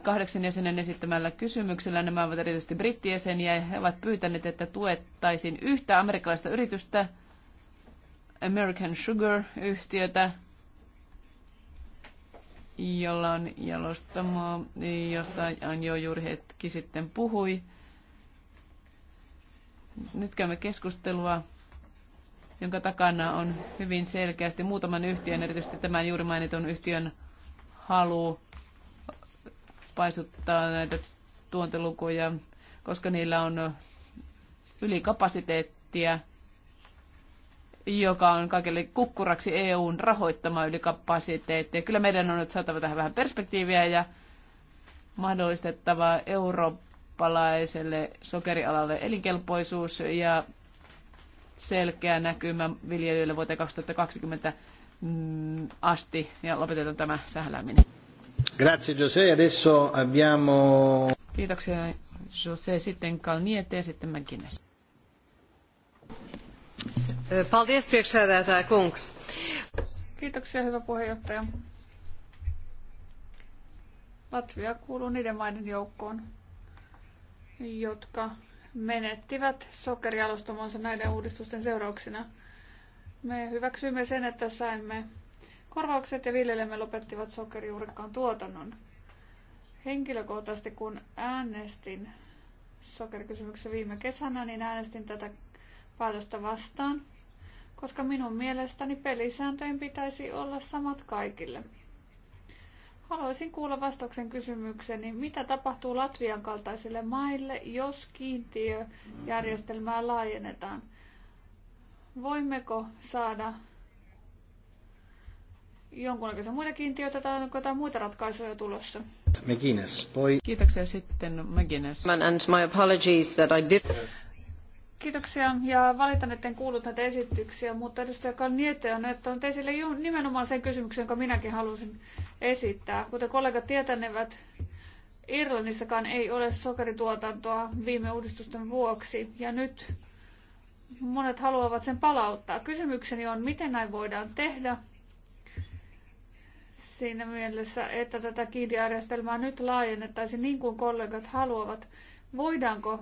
kahdeksan jäsenen esittämällä kysymyksellä. Nämä ovat erityisesti brittijäseniä ja he ovat pyytäneet, että tuettaisiin yhtä amerikkalaista yritystä, American Sugar-yhtiötä, jolla on jalostamo, josta jo juuri hetki sitten puhui. Nyt käymme keskustelua, jonka takana on hyvin selkeästi muutaman yhtiön, erityisesti tämän juuri mainitun yhtiön halu paisuttaa näitä tuontilukuja, koska niillä on ylikapasiteettia, joka on kaikille kukkuraksi EUn rahoittama ylikapasiteetti. Ja kyllä meidän on nyt saatava tähän vähän perspektiiviä ja mahdollistettava eurooppalaiselle sokerialalle elinkelpoisuus ja selkeä näkymä viljelijöille vuoteen 2020 mm, asti ja lopetetaan tämä sähläminen. Grazie José. Adesso abbiamo... Kiitoksia José. Sitten Kalniete ja sitten McGuinness. Paldies priekšsēdētāja kungs. Kiitoksia hyvä puheenjohtaja. Latvia kuuluu niiden maiden joukkoon, jotka menettivät sokerialustamonsa näiden uudistusten seurauksena. Me hyväksymme sen, että saimme korvaukset ja viljelemme lopettivat sokerijuurikkaan tuotannon. Henkilökohtaisesti kun äänestin sokerikysymyksessä viime kesänä, niin äänestin tätä päätöstä vastaan, koska minun mielestäni pelisääntöjen pitäisi olla samat kaikille. Haluaisin kuulla vastauksen kysymykseni, mitä tapahtuu Latvian kaltaisille maille, jos kiintiöjärjestelmää laajennetaan? Voimmeko saada jonkunnäköisiä muita kiintiöitä tai onko jotain muita ratkaisuja tulossa? McGuinness, boy. Kiitoksia sitten McGuinness. And my apologies that I did... Kiitoksia ja valitan, en kuullut näitä esityksiä, mutta edustaja Kalniete on ottanut esille nimenomaan sen kysymyksen, jonka minäkin halusin esittää. Kuten kollegat tietänevät, Irlannissakaan ei ole sokerituotantoa viime uudistusten vuoksi ja nyt monet haluavat sen palauttaa. Kysymykseni on, miten näin voidaan tehdä siinä mielessä, että tätä kiidijärjestelmää nyt laajennettaisiin niin kuin kollegat haluavat. Voidaanko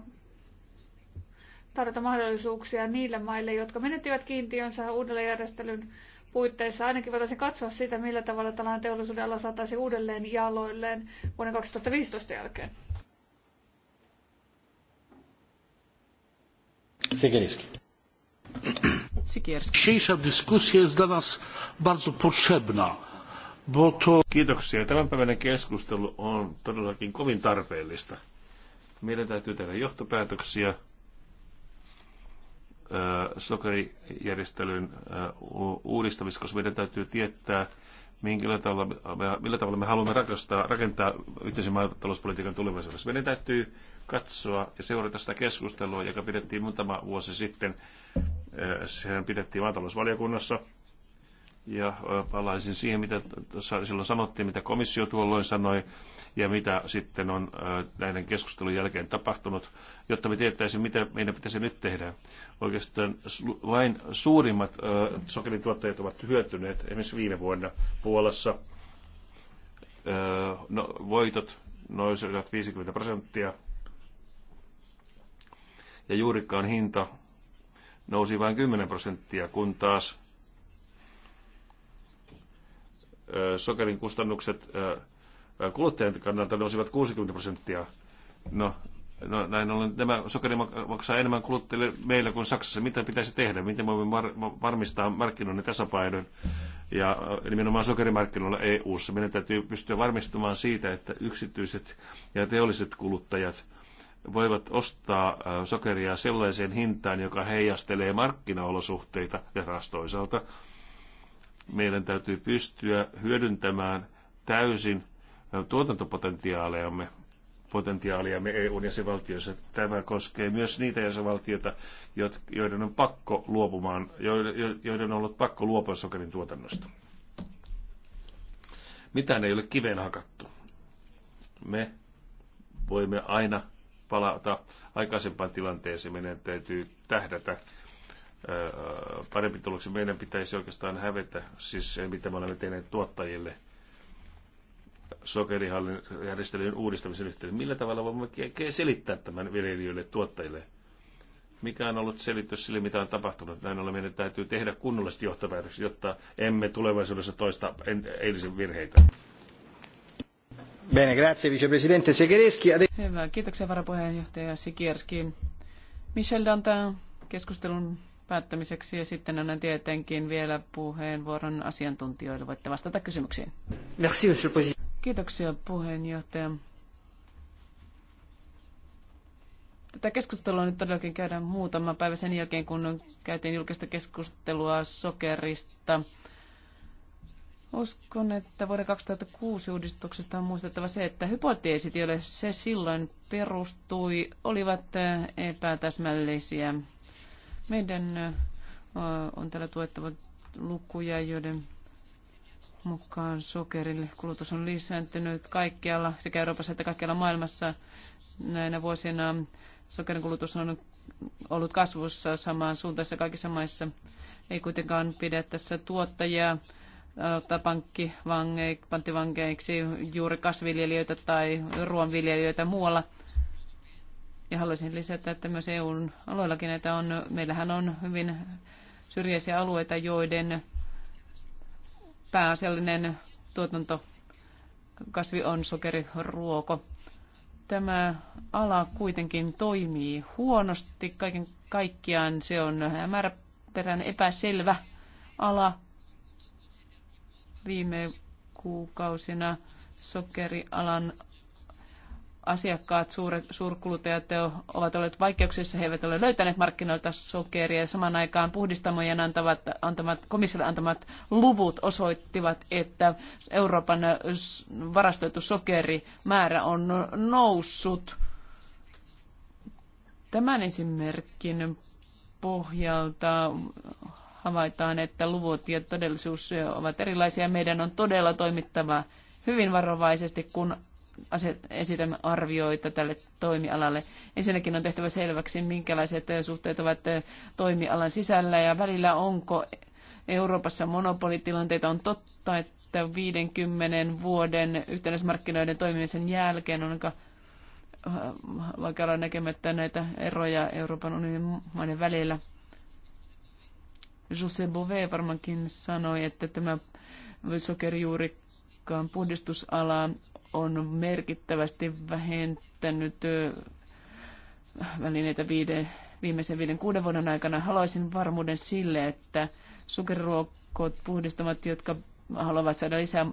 tarjota mahdollisuuksia niille maille, jotka menettivät kiintiönsä uudelleen järjestelyn puitteissa. Ainakin voitaisiin katsoa sitä, millä tavalla tällainen teollisuuden ala saataisiin uudelleen jaloilleen vuoden 2015 jälkeen. Sikierski. Dzisiejsza dyskusja jest dla nas bardzo potrzebna. Kiitoksia. Tämänpäiväinen keskustelu on todellakin kovin tarpeellista. Meidän täytyy tehdä johtopäätöksiä sokerijärjestelyn uudistamista, koska meidän täytyy tietää, millä tavalla, me, millä tavalla me haluamme rakentaa, rakentaa yhteisen maatalouspolitiikan tulevaisuudessa. Meidän täytyy katsoa ja seurata sitä keskustelua, joka pidettiin muutama vuosi sitten. Sehän pidettiin maatalousvaliokunnassa ja palaisin siihen, mitä silloin sanottiin, mitä komissio tuolloin sanoi ja mitä sitten on näiden keskustelun jälkeen tapahtunut, jotta me tietäisimme, mitä meidän pitäisi nyt tehdä. Oikeastaan vain suurimmat sokerin tuottajat ovat hyötyneet esimerkiksi viime vuonna Puolassa. No, voitot nousivat 50 prosenttia ja juurikkaan hinta nousi vain 10 prosenttia, kun taas sokerin kustannukset kuluttajien kannalta nousivat 60 prosenttia. No, no näin ollen nämä sokeri maksaa enemmän kuluttajille meillä kuin Saksassa. Mitä pitäisi tehdä? Miten voimme varmistaa markkinoinnin tasapainon? Ja nimenomaan sokerimarkkinoilla EU-ssa meidän täytyy pystyä varmistumaan siitä, että yksityiset ja teolliset kuluttajat voivat ostaa sokeria sellaiseen hintaan, joka heijastelee markkinaolosuhteita ja taas toisaalta meidän täytyy pystyä hyödyntämään täysin tuotantopotentiaaliamme potentiaaliamme EUn jäsenvaltioissa. Tämä koskee myös niitä jäsenvaltioita, joiden on pakko luopumaan, joiden on ollut pakko luopua sokerin tuotannosta. Mitään ei ole kiveen hakattu. Me voimme aina palata aikaisempaan tilanteeseen. Meidän täytyy tähdätä parempi tuloksi. Meidän pitäisi oikeastaan hävetä, siis mitä me olemme tehneet tuottajille sokerihallin järjestelyjen uudistamisen yhteydessä. Millä tavalla voimme selittää tämän viljelijöille tuottajille? Mikä on ollut selitys sille, mitä on tapahtunut? Näin ollen meidän täytyy tehdä kunnollisesti johtopäätöksiä, jotta emme tulevaisuudessa toista eilisen virheitä. Bene, grazie vicepresidente Sekereski. Hyvä, kiitoksia varapuheenjohtaja Sekereski, Michel Dantin keskustelun päättämiseksi ja sitten annan tietenkin vielä puheenvuoron asiantuntijoille. Voitte vastata kysymyksiin. Merci, Kiitoksia puheenjohtaja. Tätä keskustelua nyt todellakin käydään muutama päivä sen jälkeen, kun käytiin julkista keskustelua sokerista. Uskon, että vuoden 2006 uudistuksesta on muistettava se, että hypoteesit, joille se silloin perustui, olivat epätäsmällisiä meidän on täällä tuettava lukuja, joiden mukaan sokerille kulutus on lisääntynyt kaikkialla, sekä Euroopassa että kaikkialla maailmassa. Näinä vuosina sokerin kulutus on ollut kasvussa samaan suuntaan kaikissa maissa. Ei kuitenkaan pidä tässä tuottajia tai pankkivangeiksi, juuri kasviljelijöitä tai ruoanviljelijöitä muualla – ja haluaisin lisätä, että myös EUn alueellakin näitä on, meillähän on hyvin syrjäisiä alueita, joiden pääasiallinen tuotantokasvi on sokeriruoko. Tämä ala kuitenkin toimii huonosti kaiken kaikkiaan. Se on määräperän epäselvä ala. Viime kuukausina sokerialan asiakkaat, suuret, suurkuluttajat ovat olleet vaikeuksissa, he eivät ole löytäneet markkinoilta sokeria ja saman aikaan puhdistamojen antavat, antamat, komissiolle antamat luvut osoittivat, että Euroopan varastoitu sokerimäärä on noussut. Tämän esimerkin pohjalta havaitaan, että luvut ja todellisuus ovat erilaisia. Meidän on todella toimittava hyvin varovaisesti, kun esitämme arvioita tälle toimialalle. Ensinnäkin on tehtävä selväksi, minkälaiset suhteet ovat toimialan sisällä ja välillä onko Euroopassa monopolitilanteita. On totta, että 50 vuoden yhtenäismarkkinoiden toimimisen jälkeen on aika äh, vaikka olla näkemättä näitä eroja Euroopan unionin maiden välillä. José Bové varmaankin sanoi, että tämä sokerijuurikkaan puhdistusala on merkittävästi vähentänyt välineitä viide, viimeisen viiden kuuden vuoden aikana. Haluaisin varmuuden sille, että sokeriruokot puhdistamat, jotka haluavat saada lisää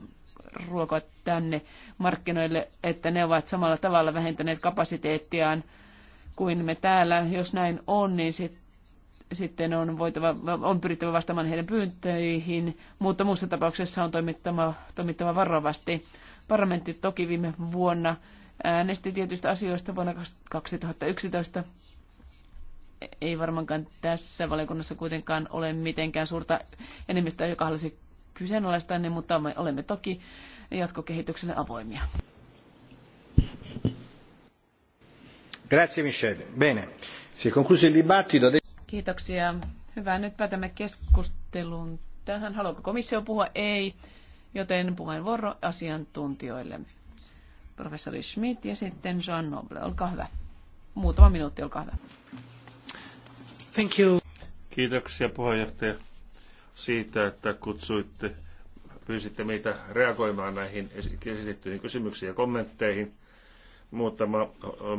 ruokaa tänne markkinoille, että ne ovat samalla tavalla vähentäneet kapasiteettiaan kuin me täällä. Jos näin on, niin sit, sitten on, voitava, on pyrittävä vastaamaan heidän pyyntöihin, mutta muussa tapauksessa on toimittava, toimittava varovasti. Parlamentti toki viime vuonna äänesti tietyistä asioista vuonna 2011. Ei varmaankaan tässä valiokunnassa kuitenkaan ole mitenkään suurta enemmistöä, joka haluaisi kyseenalaistaa ne, mutta me olemme toki jatkokehitykselle avoimia. Grazie Michelle. Bene. Si concluso il dibattito. Kiitoksia. Hyvä. Nyt päätämme keskustelun tähän. Haluaako komissio puhua? Ei joten puheenvuoro asiantuntijoille. Professori Schmidt ja sitten Jean Noble, olkaa hyvä. Muutama minuutti, olkaa hyvä. Thank you. Kiitoksia puheenjohtaja siitä, että kutsuitte, pyysitte meitä reagoimaan näihin esitettyihin kysymyksiin ja kommentteihin. Muutama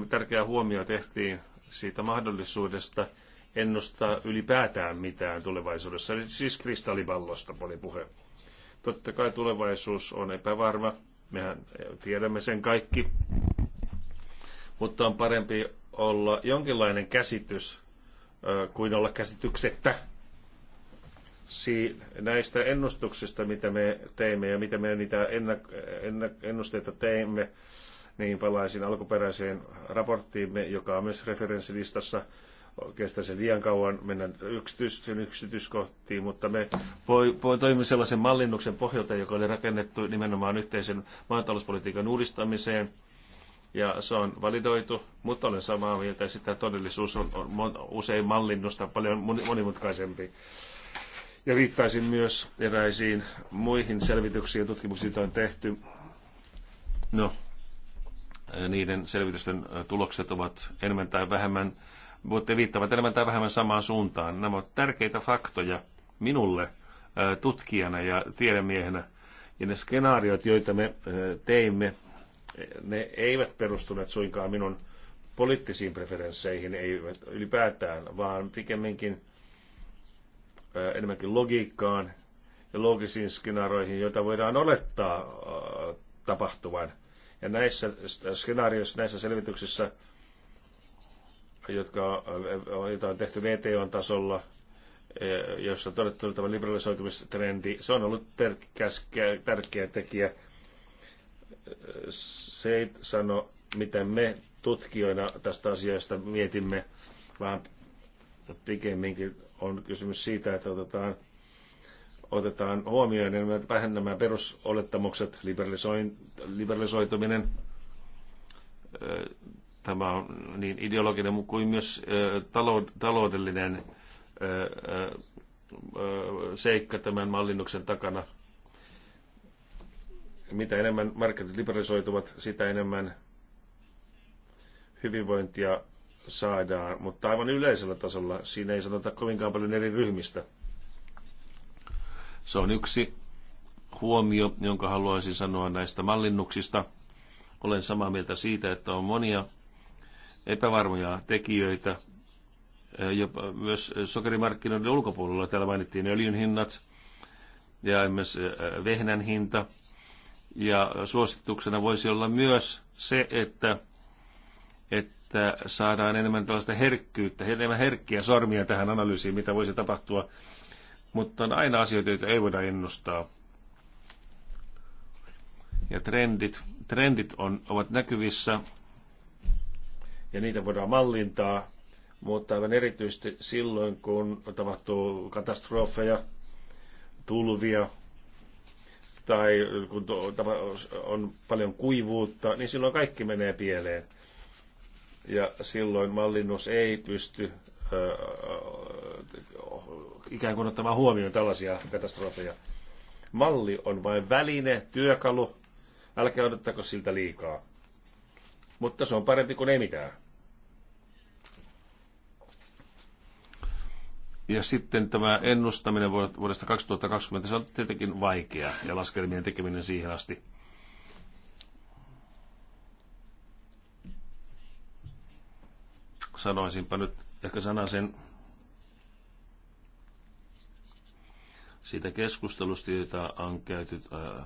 tärkeä huomio tehtiin siitä mahdollisuudesta ennustaa ylipäätään mitään tulevaisuudessa, siis kristallipallosta oli puhe Totta kai tulevaisuus on epävarma, mehän tiedämme sen kaikki, mutta on parempi olla jonkinlainen käsitys kuin olla käsityksettä näistä ennustuksista, mitä me teimme ja mitä me niitä ennusteita teimme, niin palaisin alkuperäiseen raporttiimme, joka on myös referenssilistassa – Oikeastaan se liian kauan mennä yksityisten yksityiskohtiin, mutta me toimimme sellaisen mallinnuksen pohjalta, joka oli rakennettu nimenomaan yhteisen maatalouspolitiikan uudistamiseen. Ja se on validoitu, mutta olen samaa mieltä, että sitä todellisuus on, on usein mallinnusta paljon monimutkaisempi. Ja viittaisin myös eräisiin muihin selvityksiin ja tutkimuksiin, joita on tehty. No, niiden selvitysten tulokset ovat enemmän tai vähemmän mutta viittavat enemmän tai vähemmän samaan suuntaan. Nämä ovat tärkeitä faktoja minulle tutkijana ja tiedemiehenä. Ja ne skenaariot, joita me teimme, ne eivät perustuneet suinkaan minun poliittisiin preferensseihin ei ylipäätään, vaan pikemminkin enemmänkin logiikkaan ja loogisiin skenaarioihin, joita voidaan olettaa tapahtuvan. Ja näissä skenaarioissa, näissä selvityksissä jotka on tehty VTOn tasolla, e, jossa on todettu tämä liberalisoitumistrendi, se on ollut tärkeä tekijä. Se ei sano, miten me tutkijoina tästä asiasta mietimme, vaan pikemminkin on kysymys siitä, että otetaan, otetaan huomioon enemmän vähän nämä perusolettamukset, liberalisoin, liberalisoituminen, e, Tämä on niin ideologinen kuin myös taloudellinen seikka tämän mallinnuksen takana. Mitä enemmän markkinat liberalisoituvat, sitä enemmän hyvinvointia saadaan, mutta aivan yleisellä tasolla siinä ei sanota kovinkaan paljon eri ryhmistä. Se on yksi huomio, jonka haluaisin sanoa näistä mallinnuksista. Olen samaa mieltä siitä, että on monia epävarmoja tekijöitä, jopa myös sokerimarkkinoiden ulkopuolella. Täällä mainittiin öljyn hinnat ja myös vehnän hinta. Ja suosituksena voisi olla myös se, että, että saadaan enemmän tällaista herkkyyttä, enemmän herkkiä sormia tähän analyysiin, mitä voisi tapahtua. Mutta on aina asioita, joita ei voida ennustaa. Ja trendit, trendit on, ovat näkyvissä ja niitä voidaan mallintaa, mutta aivan erityisesti silloin, kun tapahtuu katastrofeja, tulvia tai kun on paljon kuivuutta, niin silloin kaikki menee pieleen. Ja silloin mallinnus ei pysty ikään kuin ottamaan huomioon tällaisia katastrofeja. Malli on vain väline, työkalu. Älkää odottako siltä liikaa. Mutta se on parempi kuin ei mitään. Ja sitten tämä ennustaminen vuodesta 2020, se on tietenkin vaikea ja laskelmien tekeminen siihen asti. Sanoisinpa nyt ehkä sanan sen siitä keskustelusta, jota on käyty äh,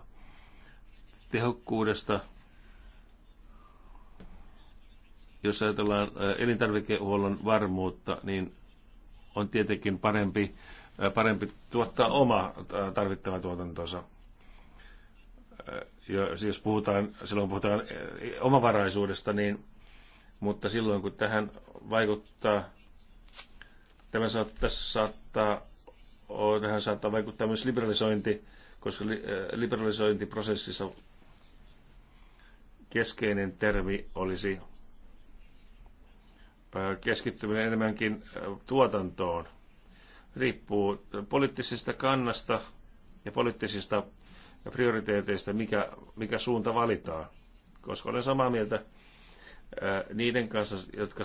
tehokkuudesta. Jos ajatellaan äh, elintarvikehuollon varmuutta, niin on tietenkin parempi, äh, parempi tuottaa oma äh, tarvittava tuotantonsa. Äh, ja siis puhutaan, silloin puhutaan omavaraisuudesta, niin, mutta silloin kun tähän vaikuttaa, tämä saattaa, saattaa, tähän saattaa vaikuttaa myös liberalisointi, koska liberalisointiprosessissa keskeinen termi olisi keskittyminen enemmänkin tuotantoon riippuu poliittisesta kannasta ja poliittisista prioriteeteista, mikä, mikä suunta valitaan. Koska olen samaa mieltä niiden kanssa, jotka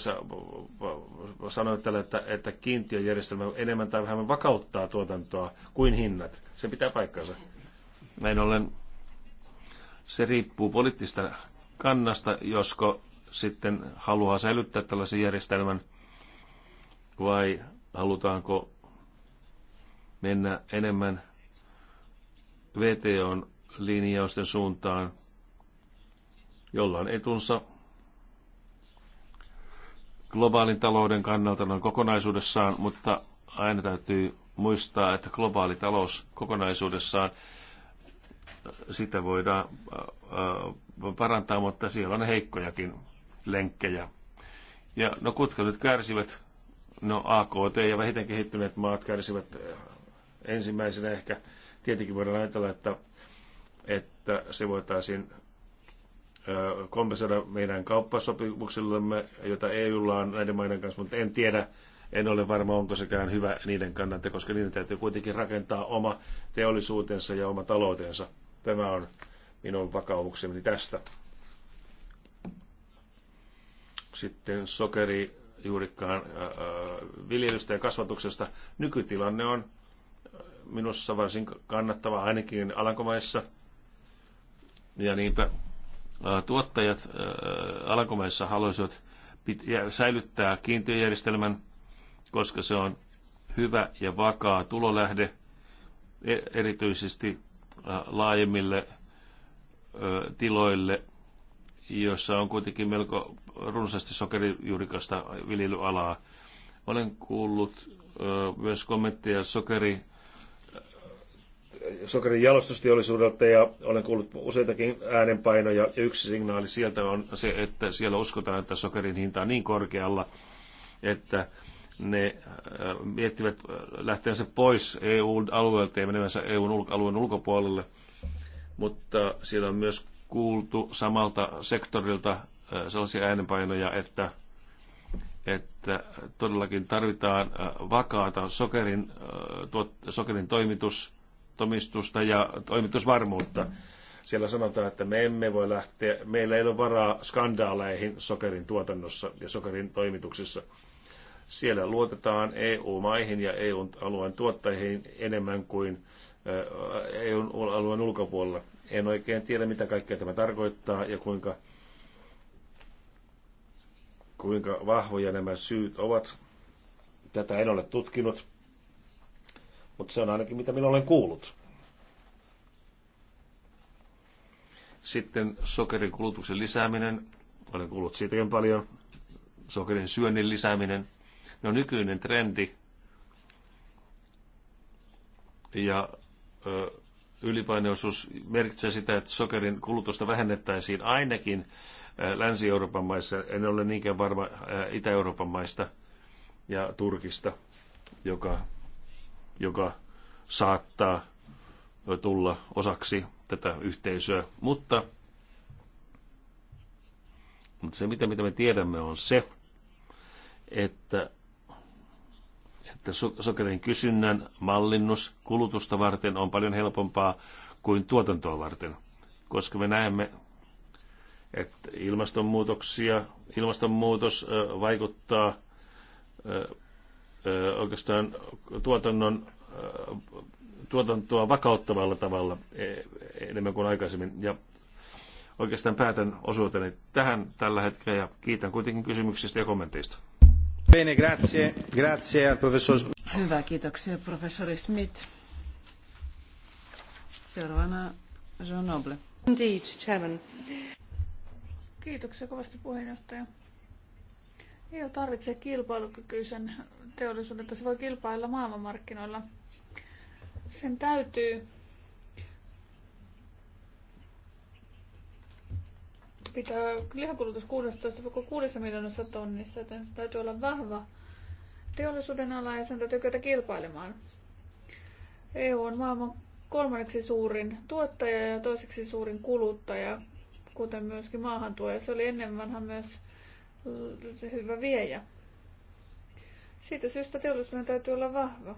sanoivat tällä, että, että kiintiöjärjestelmä enemmän tai vähemmän vakauttaa tuotantoa kuin hinnat. Se pitää paikkansa. Näin ollen se riippuu poliittista kannasta, josko sitten haluaa säilyttää tällaisen järjestelmän vai halutaanko mennä enemmän VTOn linjausten suuntaan, jolla on etunsa globaalin talouden kannalta noin kokonaisuudessaan, mutta aina täytyy muistaa, että globaali talous kokonaisuudessaan, sitä voidaan äh, äh, parantaa, mutta siellä on heikkojakin lenkkejä. Ja no kutka nyt kärsivät, no AKT ja vähiten kehittyneet maat kärsivät eh, ensimmäisenä ehkä. Tietenkin voidaan ajatella, että, että se voitaisiin eh, kompensoida meidän kauppasopimuksillemme, jota EUlla on näiden maiden kanssa, mutta en tiedä, en ole varma, onko sekään hyvä niiden kannalta, koska niiden täytyy kuitenkin rakentaa oma teollisuutensa ja oma taloutensa. Tämä on minun vakaumukseni tästä. Sitten sokeri juurikkaan äh, äh, viljelystä ja kasvatuksesta. Nykytilanne on äh, minussa varsin kannattava ainakin Alankomaissa. Ja niinpä tuottajat Alankomaissa haluaisivat säilyttää kiintiöjärjestelmän, koska se on hyvä ja vakaa tulolähde e-, erityisesti laajemmille tiloille, joissa on kuitenkin melko runsaasti sokerijuurikasta viljelyalaa. Olen kuullut myös kommentteja sokeri, sokerin jalostusteollisuudelta ja olen kuullut useitakin äänenpainoja. Yksi signaali sieltä on se, että siellä uskotaan, että sokerin hinta on niin korkealla, että ne miettivät lähteänsä pois EU-alueelta ja menevänsä EU-alueen ulkopuolelle. Mutta siellä on myös kuultu samalta sektorilta sellaisia äänenpainoja, että, että todellakin tarvitaan vakaata sokerin, tuot, sokerin toimitus, toimistusta ja toimitusvarmuutta. Siellä sanotaan, että me emme voi lähteä, meillä ei ole varaa skandaaleihin sokerin tuotannossa ja sokerin toimituksessa. Siellä luotetaan EU-maihin ja EU-alueen tuottajiin enemmän kuin eu alueen ulkopuolella. En oikein tiedä, mitä kaikkea tämä tarkoittaa ja kuinka kuinka vahvoja nämä syyt ovat. Tätä en ole tutkinut, mutta se on ainakin mitä minä olen kuullut. Sitten sokerin kulutuksen lisääminen. Olen kuullut siitäkin paljon. Sokerin syönnin lisääminen. No nykyinen trendi. Ja ö, ylipainoisuus merkitsee sitä, että sokerin kulutusta vähennettäisiin ainakin Äh, Länsi-Euroopan maissa. En ole niinkään varma äh, Itä-Euroopan maista ja Turkista, joka, joka saattaa tulla osaksi tätä yhteisöä. Mutta, mutta se, mitä, mitä me tiedämme, on se, että että sokerin kysynnän mallinnus kulutusta varten on paljon helpompaa kuin tuotantoa varten, koska me näemme että ilmastonmuutoksia, ilmastonmuutos vaikuttaa oikeastaan tuotannon, tuotantoa vakauttavalla tavalla e, enemmän kuin aikaisemmin. Ja oikeastaan päätän osuuteni tähän tällä hetkellä ja kiitän kuitenkin kysymyksistä ja kommenteista. Bene, grazie. Grazie al professor. Hyvä, kiitoksia professori Smith. Seuraavana Jean Noble. Indeed, Chairman. Kiitoksia kovasti puheenjohtaja. EU tarvitsee kilpailukykyisen teollisuuden, että se voi kilpailla maailmanmarkkinoilla. Sen täytyy pitää lihakulutus 16,6 miljoonassa tonnissa, joten se täytyy olla vahva teollisuuden ala ja sen täytyy kyetä kilpailemaan. EU on maailman kolmanneksi suurin tuottaja ja toiseksi suurin kuluttaja kuten myöskin maahantuoja. Se oli ennen vanhan myös hyvä viejä. Siitä syystä teollisuuden täytyy olla vahva.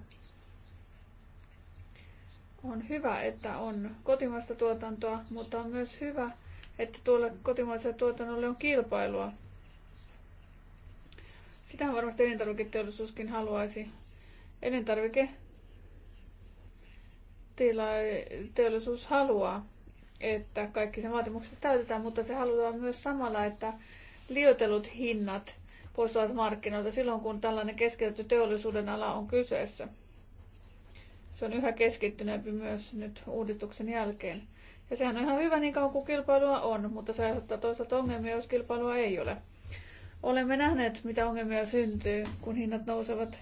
On hyvä, että on kotimaista tuotantoa, mutta on myös hyvä, että tuolle kotimaiselle tuotannolle on kilpailua. Sitä varmasti elintarviketeollisuuskin haluaisi. Elintarvike teollisuus haluaa että kaikki se vaatimukset täytetään, mutta se halutaan myös samalla, että liotelut hinnat poistuvat markkinoilta silloin, kun tällainen keskitetty teollisuuden ala on kyseessä. Se on yhä keskittyneempi myös nyt uudistuksen jälkeen. Ja sehän on ihan hyvä niin kauan kuin kilpailua on, mutta se aiheuttaa toisaalta ongelmia, jos kilpailua ei ole. Olemme nähneet, mitä ongelmia syntyy, kun hinnat nousevat.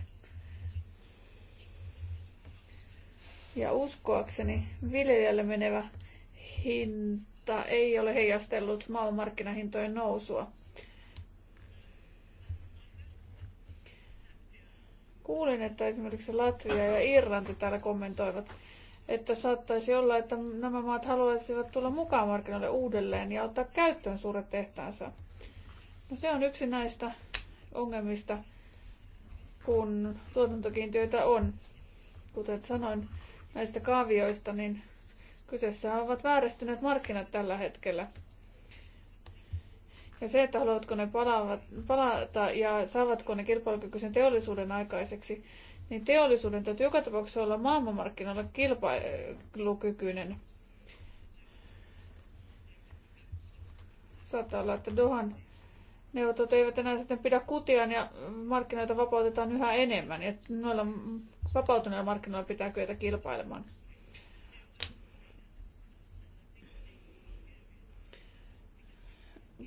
Ja uskoakseni viljelijälle menevä hinta ei ole heijastellut maailmanmarkkinahintojen nousua. Kuulin, että esimerkiksi Latvia ja Irlanti täällä kommentoivat, että saattaisi olla, että nämä maat haluaisivat tulla mukaan markkinoille uudelleen ja ottaa käyttöön suuret tehtäänsä. No se on yksi näistä ongelmista, kun tuotantokiintiöitä on. Kuten sanoin näistä kaavioista, niin Kyseessä ovat vääristyneet markkinat tällä hetkellä. Ja se, että haluatko ne palata ja saavatko ne kilpailukykyisen teollisuuden aikaiseksi, niin teollisuuden täytyy joka tapauksessa olla maailmanmarkkinoilla kilpailukykyinen. Saattaa olla, että Dohan neuvottelut eivät enää sitten pidä kutiaan ja markkinoita vapautetaan yhä enemmän. Ja noilla vapautuneilla markkinoilla pitää kyetä kilpailemaan.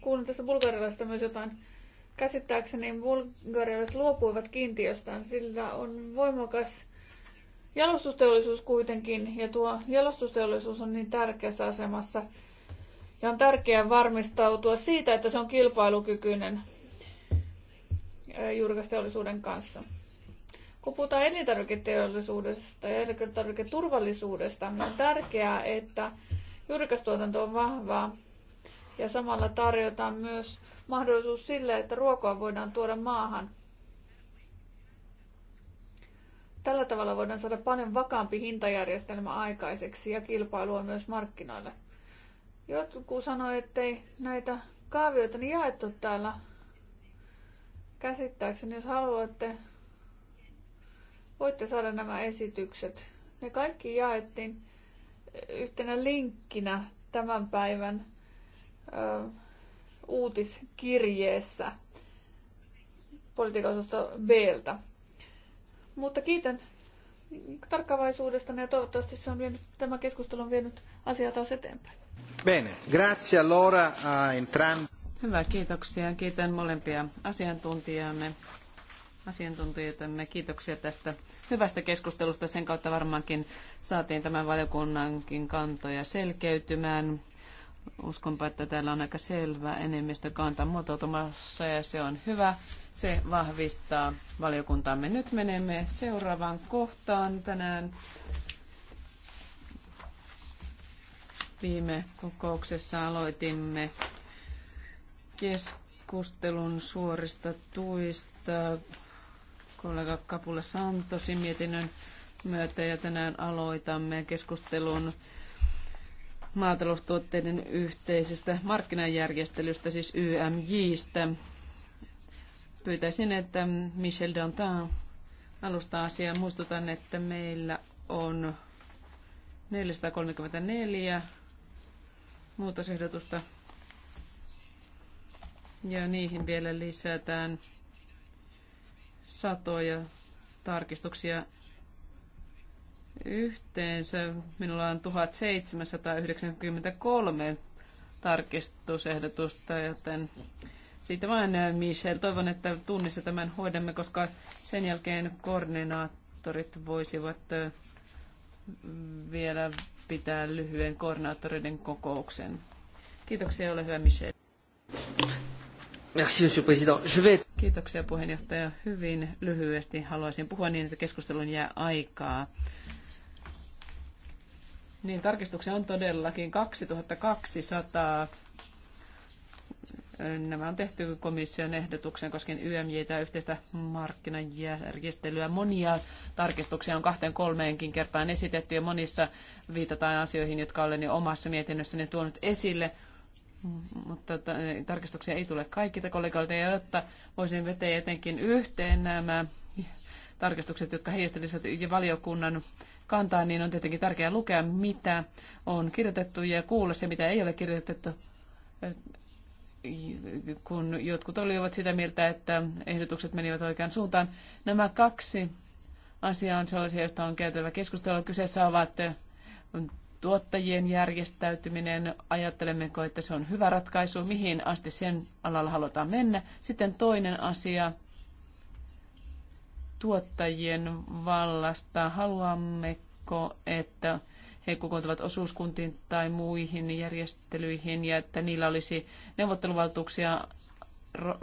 kuulin tässä bulgarilaisesta myös jotain. Käsittääkseni bulgarilaiset luopuivat kiintiöstään, sillä on voimakas jalostusteollisuus kuitenkin, ja tuo jalostusteollisuus on niin tärkeässä asemassa. Ja on tärkeää varmistautua siitä, että se on kilpailukykyinen juurikasteollisuuden kanssa. Kun puhutaan elintarviketeollisuudesta ja elintarviketurvallisuudesta, niin on tärkeää, että juurikastuotanto on vahvaa ja samalla tarjotaan myös mahdollisuus sille, että ruokaa voidaan tuoda maahan. Tällä tavalla voidaan saada paljon vakaampi hintajärjestelmä aikaiseksi ja kilpailua myös markkinoille. Jotkut sanoi, ettei näitä kaavioita niin jaettu täällä käsittääkseni, jos haluatte, voitte saada nämä esitykset. Ne kaikki jaettiin yhtenä linkkinä tämän päivän ö, uutiskirjeessä politiikaosasto Bltä. Mutta kiitän tarkkaavaisuudesta ja toivottavasti se on vienyt, tämä keskustelu on vienyt asiaa taas eteenpäin. Bene, grazie allora a entrambi. Hyvä, kiitoksia. Kiitän molempia asiantuntijamme asiantuntijoitamme. Kiitoksia tästä hyvästä keskustelusta. Sen kautta varmaankin saatiin tämän valiokunnankin kantoja selkeytymään. Uskonpa, että täällä on aika selvä enemmistö kanta muotoutumassa ja se on hyvä. Se vahvistaa Me Nyt menemme seuraavaan kohtaan tänään. Viime kokouksessa aloitimme keskustelun suorista tuista kollega Kapula Santosi mietinnön myötä ja tänään aloitamme keskustelun maataloustuotteiden yhteisestä markkinajärjestelystä, siis YMJstä. Pyytäisin, että Michel Dantin alustaa asiaa. Muistutan, että meillä on 434 muutosehdotusta. Ja niihin vielä lisätään satoja tarkistuksia Yhteensä minulla on 1793 tarkistusehdotusta, joten siitä vain äh, Michel. Toivon, että tunnissa tämän hoidamme, koska sen jälkeen koordinaattorit voisivat äh, vielä pitää lyhyen koordinaattoreiden kokouksen. Kiitoksia, ole hyvä Michel. Merci, monsieur président. Je vais... Kiitoksia puheenjohtaja. Hyvin lyhyesti haluaisin puhua niin, että keskustelun jää aikaa. Niin, tarkistuksia on todellakin 2200. Nämä on tehty komission ehdotuksen koskien YMJ ja yhteistä markkinajärjestelyä. Monia tarkistuksia on kahteen kolmeenkin kertaan esitetty ja monissa viitataan asioihin, jotka olen jo omassa mietinnössäni tuonut esille. Mutta tarkistuksia ei tule kaikilta kollegoilta, jotta voisin vetää jotenkin yhteen nämä tarkistukset, jotka heijastelisivat valiokunnan kantaa, niin on tietenkin tärkeää lukea, mitä on kirjoitettu ja kuulla se, mitä ei ole kirjoitettu. Kun jotkut olivat sitä mieltä, että ehdotukset menivät oikeaan suuntaan. Nämä kaksi asiaa on sellaisia, joista on käytävä keskustelua. Kyseessä ovat tuottajien järjestäytyminen, ajattelemmeko, että se on hyvä ratkaisu, mihin asti sen alalla halutaan mennä. Sitten toinen asia, tuottajien vallasta. Haluammeko, että he kokoontuvat osuuskuntiin tai muihin järjestelyihin ja että niillä olisi neuvotteluvaltuuksia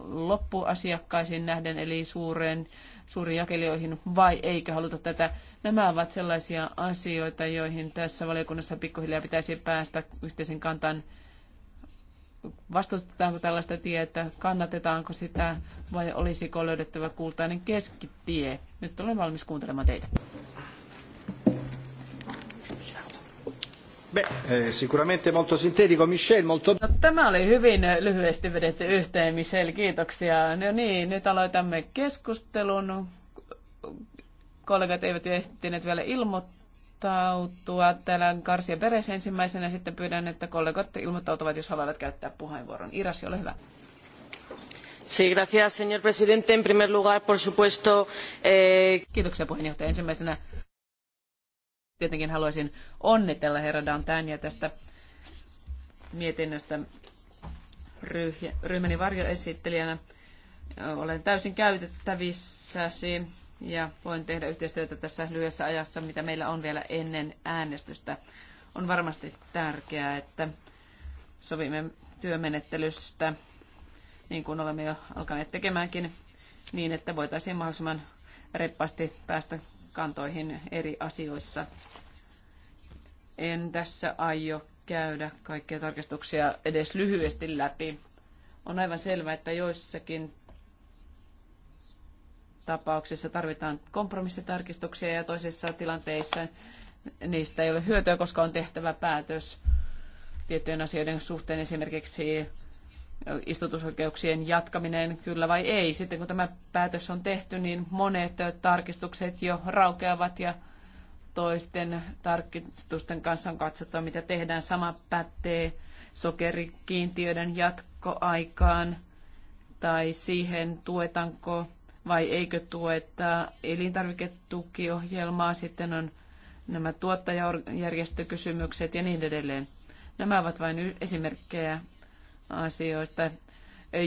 loppuasiakkaisiin nähden, eli suureen, suuriin jakelijoihin, vai eikö haluta tätä. Nämä ovat sellaisia asioita, joihin tässä valiokunnassa pikkuhiljaa pitäisi päästä yhteisen kantan vastustetaanko tällaista tietä, kannatetaanko sitä vai olisiko löydettävä kultainen keskitie. Nyt olen valmis kuuntelemaan teitä. Beh, eh, sicuramente molto sintetico, Michel, molto... No, tämä oli hyvin lyhyesti vedetty yhteen, Michel, kiitoksia. No niin, nyt aloitamme keskustelun. Kollegat eivät ehtineet vielä ilmoittaa ilmoittautua. Täällä Garcia Beres ensimmäisenä. Sitten pyydän, että kollegat ilmoittautuvat, jos haluavat käyttää puheenvuoron. Iras, ole hyvä. Sí, gracias, señor presidente. En primer lugar, por supuesto... Eh... Kiitoksia puheenjohtaja. Ensimmäisenä tietenkin haluaisin onnitella herra ja tästä mietinnöstä ryhmäni varjoesittelijänä. Olen täysin käytettävissäsi ja voin tehdä yhteistyötä tässä lyhyessä ajassa, mitä meillä on vielä ennen äänestystä. On varmasti tärkeää, että sovimme työmenettelystä, niin kuin olemme jo alkaneet tekemäänkin, niin että voitaisiin mahdollisimman reippaasti päästä kantoihin eri asioissa. En tässä aio käydä kaikkia tarkistuksia edes lyhyesti läpi. On aivan selvää, että joissakin tapauksessa tarvitaan kompromissitarkistuksia ja toisissa tilanteissa niistä ei ole hyötyä, koska on tehtävä päätös tiettyjen asioiden suhteen, esimerkiksi istutusoikeuksien jatkaminen, kyllä vai ei. Sitten kun tämä päätös on tehty, niin monet tarkistukset jo raukeavat ja toisten tarkistusten kanssa on katsottava, mitä tehdään. Sama pätee sokerikiintiöiden jatkoaikaan tai siihen, tuetaanko vai eikö että elintarviketukiohjelmaa, sitten on nämä tuottajajärjestökysymykset ja niin edelleen. Nämä ovat vain esimerkkejä asioista,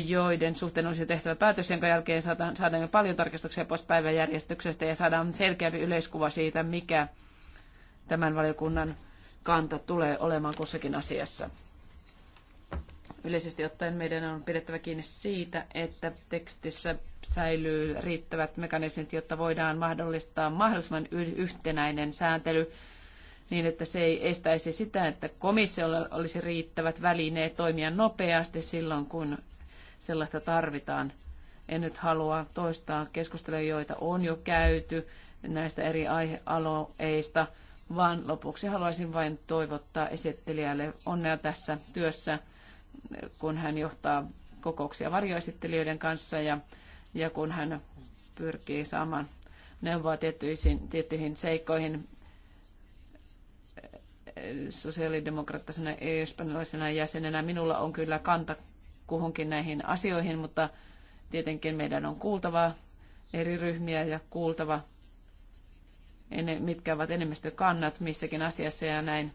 joiden suhteen olisi tehtävä päätös, jonka jälkeen saadaan, saadaan jo paljon tarkistuksia pois päiväjärjestyksestä ja saadaan selkeämpi yleiskuva siitä, mikä tämän valiokunnan kanta tulee olemaan kussakin asiassa. Yleisesti ottaen meidän on pidettävä kiinni siitä, että tekstissä säilyy riittävät mekanismit, jotta voidaan mahdollistaa mahdollisimman yhtenäinen sääntely niin, että se ei estäisi sitä, että komissiolla olisi riittävät välineet toimia nopeasti silloin, kun sellaista tarvitaan. En nyt halua toistaa keskusteluja, joita on jo käyty näistä eri aihealoeista, vaan lopuksi haluaisin vain toivottaa esittelijälle onnea tässä työssä kun hän johtaa kokouksia varjoesittelijöiden kanssa ja, ja kun hän pyrkii saamaan neuvoa tiettyihin, tiettyihin seikkoihin sosiaalidemokraattisena espanjalaisena jäsenenä. Minulla on kyllä kanta kuhunkin näihin asioihin, mutta tietenkin meidän on kuultava eri ryhmiä ja kuultava, mitkä ovat enemmistökannat missäkin asiassa ja näin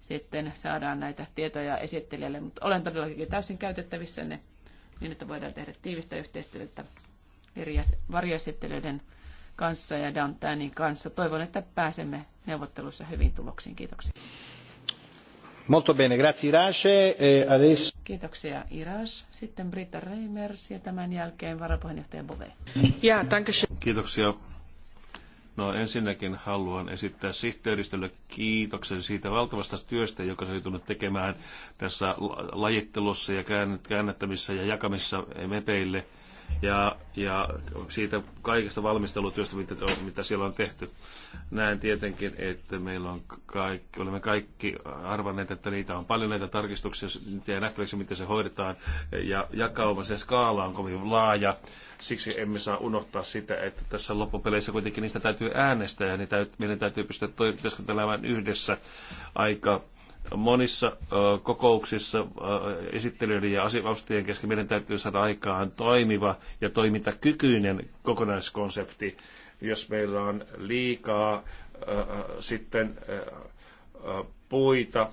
sitten saadaan näitä tietoja esittelijälle, mutta olen todellakin täysin käytettävissä ne, niin että voidaan tehdä tiivistä yhteistyötä eri varjoesittelijöiden kanssa ja Dantanin kanssa. Toivon, että pääsemme neuvotteluissa hyvin tuloksiin. Kiitoksia. Molto bene, grazie Irace. E adesso... Kiitoksia Iras. Sitten Britta Reimers ja tämän jälkeen varapuheenjohtaja Bove. Yeah, Kiitoksia No ensinnäkin haluan esittää sihteeristölle kiitoksen siitä valtavasta työstä, joka se on tekemään tässä lajittelussa ja käännettämissä ja jakamissa mepeille ja, ja siitä kaikesta valmistelutyöstä, mitä, mitä siellä on tehty. Näen tietenkin, että meillä on kaikki, olemme kaikki arvanneet, että niitä on paljon näitä tarkistuksia, ja nähtäväksi, miten se hoidetaan, ja jakauma, se skaala on kovin laaja. Siksi emme saa unohtaa sitä, että tässä loppupeleissä kuitenkin niistä täytyy äänestää, ja niitä, täytyy, meidän täytyy pystyä työskentelemään yhdessä aika monissa kokouksissa esittelijöiden ja asiakastien kesken meidän täytyy saada aikaan toimiva ja toimintakykyinen kokonaiskonsepti. Jos meillä on liikaa sitten puita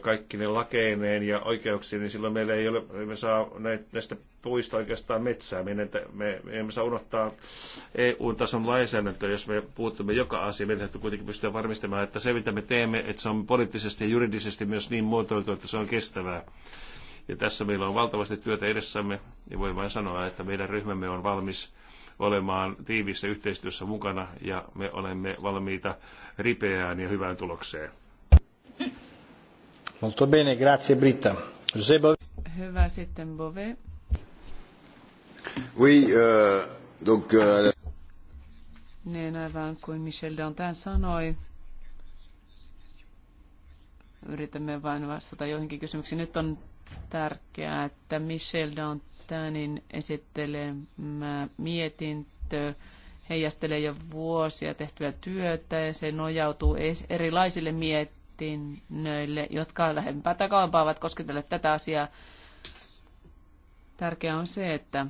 kaikki ne lakeineen ja oikeuksiin, niin silloin meillä ei ole, me saa näistä puista oikeastaan metsää. Me, me, me emme saa unohtaa EU-tason lainsäädäntöä, jos me puuttumme joka asia. Meidän täytyy kuitenkin pystyä varmistamaan, että se mitä me teemme, että se on poliittisesti ja juridisesti myös niin muotoiltu, että se on kestävää. Ja tässä meillä on valtavasti työtä edessämme, ja voin vain sanoa, että meidän ryhmämme on valmis olemaan tiiviissä yhteistyössä mukana, ja me olemme valmiita ripeään ja hyvään tulokseen. Molto bene, grazie Britta. Hyvä sitten bove. Oui, euh, donc, euh... Niin aivan kuin Michel Dantin sanoi, yritämme vain vastata joihinkin kysymyksiin. Nyt on tärkeää, että Michel Dantinin esittelemä mietintö heijastelee jo vuosia tehtyä työtä ja se nojautuu erilaisille miet- mietinnöille, jotka lähempää tai kauempaa ovat kosketelleet tätä asiaa. Tärkeää on se, että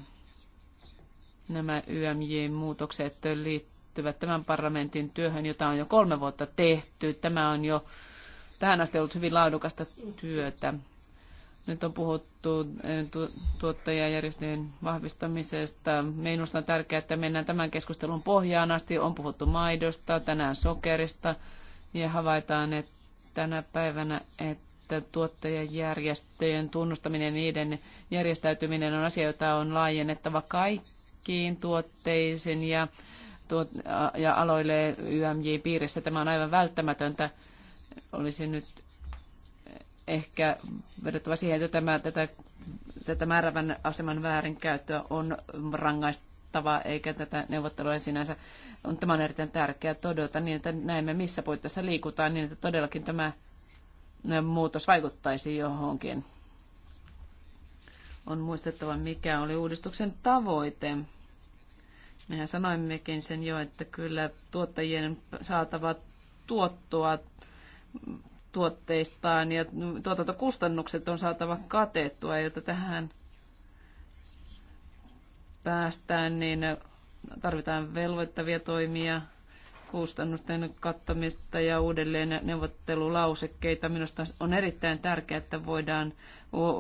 nämä YMJ-muutokset liittyvät tämän parlamentin työhön, jota on jo kolme vuotta tehty. Tämä on jo tähän asti ollut hyvin laadukasta työtä. Nyt on puhuttu eh, tuottajajärjestöjen vahvistamisesta. Minusta on tärkeää, että mennään tämän keskustelun pohjaan asti. On puhuttu maidosta, tänään sokerista ja havaitaan, että tänä päivänä, että tuottajajärjestöjen tunnustaminen ja niiden järjestäytyminen on asia, jota on laajennettava kaikkiin tuotteisiin ja, tuot, ja aloille YMJ-piirissä. Tämä on aivan välttämätöntä. Olisi nyt ehkä vedettävä siihen, että tämä, tätä, tätä määrävän aseman väärinkäyttöä on rangaistu kattava, eikä tätä neuvottelua sinänsä, on, tämä on erittäin tärkeää todeta niin, että näemme missä puitteissa liikutaan, niin että todellakin tämä muutos vaikuttaisi johonkin. On muistettava, mikä oli uudistuksen tavoite. Mehän sanoimmekin sen jo, että kyllä tuottajien saatava tuottoa tuotteistaan ja tuotantokustannukset on saatava katettua, jotta tähän päästään, niin tarvitaan velvoittavia toimia, kustannusten kattamista ja uudelleen neuvottelulausekkeita. Minusta on erittäin tärkeää, että voidaan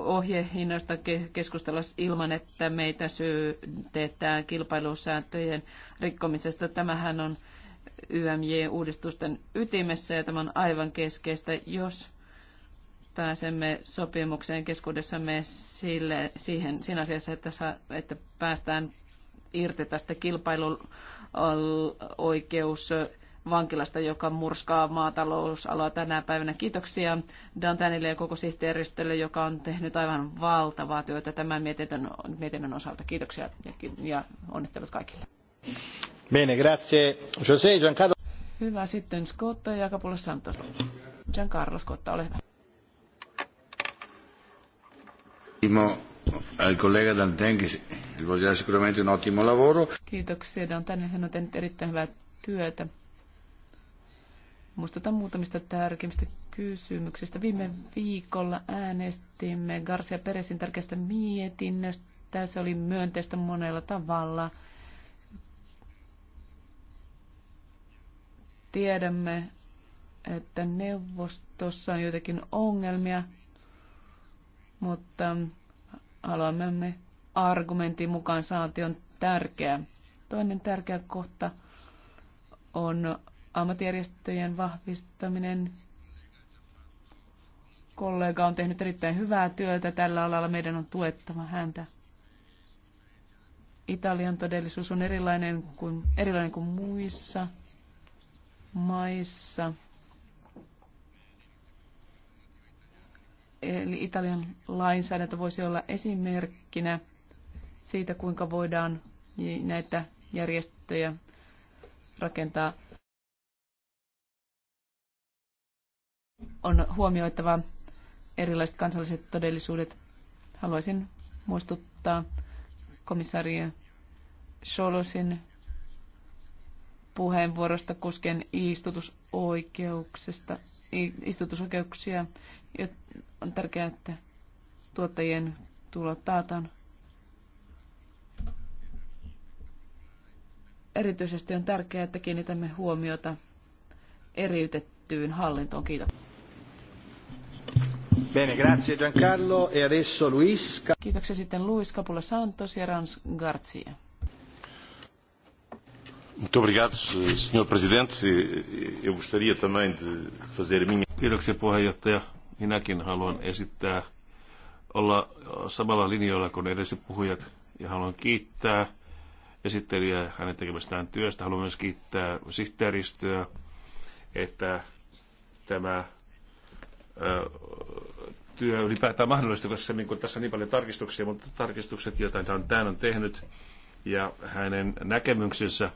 ohjehinnoista keskustella ilman, että meitä syytetään kilpailusääntöjen rikkomisesta. Tämähän on YMJ-uudistusten ytimessä ja tämä on aivan keskeistä, jos pääsemme sopimukseen keskuudessamme sille, siihen, siinä asiassa, että, sa, että päästään irti tästä kilpailuoikeusvankilasta, vankilasta, joka murskaa maatalousalaa tänä päivänä. Kiitoksia Dantanille ja koko sihteeristölle, joka on tehnyt aivan valtavaa työtä tämän mietinnön, mietinnön osalta. Kiitoksia ja, ja onnittelut kaikille. Bene, grazie. José Giancarlo. Hyvä. Sitten Scott ja Capola Santos. Giancarlo Scott ole hyvä. al eh, collega Danten, voi tehdä sicuramente un ottimo lavoro. Kiitoksia hän on tehnyt erittäin hyvää työtä. Muistutan muutamista tärkeimmistä kysymyksistä. Viime viikolla äänestimme Garcia Peresin tärkeästä mietinnöstä. Se oli myönteistä monella tavalla. Tiedämme, että neuvostossa on joitakin ongelmia – mutta haluamme me argumentin mukaan saati on tärkeä. Toinen tärkeä kohta on ammattijärjestöjen vahvistaminen. Kollega on tehnyt erittäin hyvää työtä tällä alalla. Meidän on tuettava häntä. Italian todellisuus on erilainen kuin, erilainen kuin muissa maissa. Eli Italian lainsäädäntö voisi olla esimerkkinä siitä, kuinka voidaan näitä järjestöjä rakentaa. On huomioitava erilaiset kansalliset todellisuudet. Haluaisin muistuttaa komissaari Solosin puheenvuorosta koskien istutusoikeuksesta istutusoikeuksia. On tärkeää, että tuottajien tulot taataan. Erityisesti on tärkeää, että kiinnitämme huomiota eriytettyyn hallintoon. Kiitos. Bene, grazie Giancarlo. E adesso Luis. Kiitoksia sitten Luis Capula Santos ja Rans Garcia. Muito obrigado, Sr. Presidente. E, e eu gostaria também de fazer minha... Kiitoksia puheenjohtaja. Minäkin haluan esittää olla samalla linjoilla kuin edelliset puhujat ja haluan kiittää esittelijää hänen tekemästään työstä. Haluan myös kiittää sihteeristöä, että tämä ö, työ ylipäätään mahdollista, koska se, kun tässä on niin, niin paljon tarkistuksia, mutta tarkistukset, joita hän tämän on tehnyt, ja hänen näkemyksensä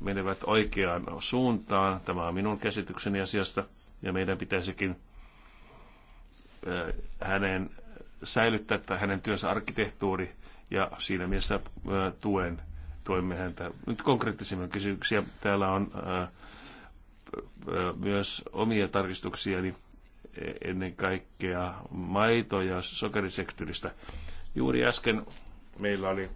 menevät oikeaan suuntaan. Tämä on minun käsitykseni asiasta ja meidän pitäisikin hänen säilyttää tai hänen työnsä arkkitehtuuri ja siinä mielessä tuen, tuemme häntä. Nyt konkreettisemmin kysymyksiä. Täällä on myös omia tarkistuksia, niin e, ennen kaikkea maito- ja sokerisektorista. Juuri äsken meillä oli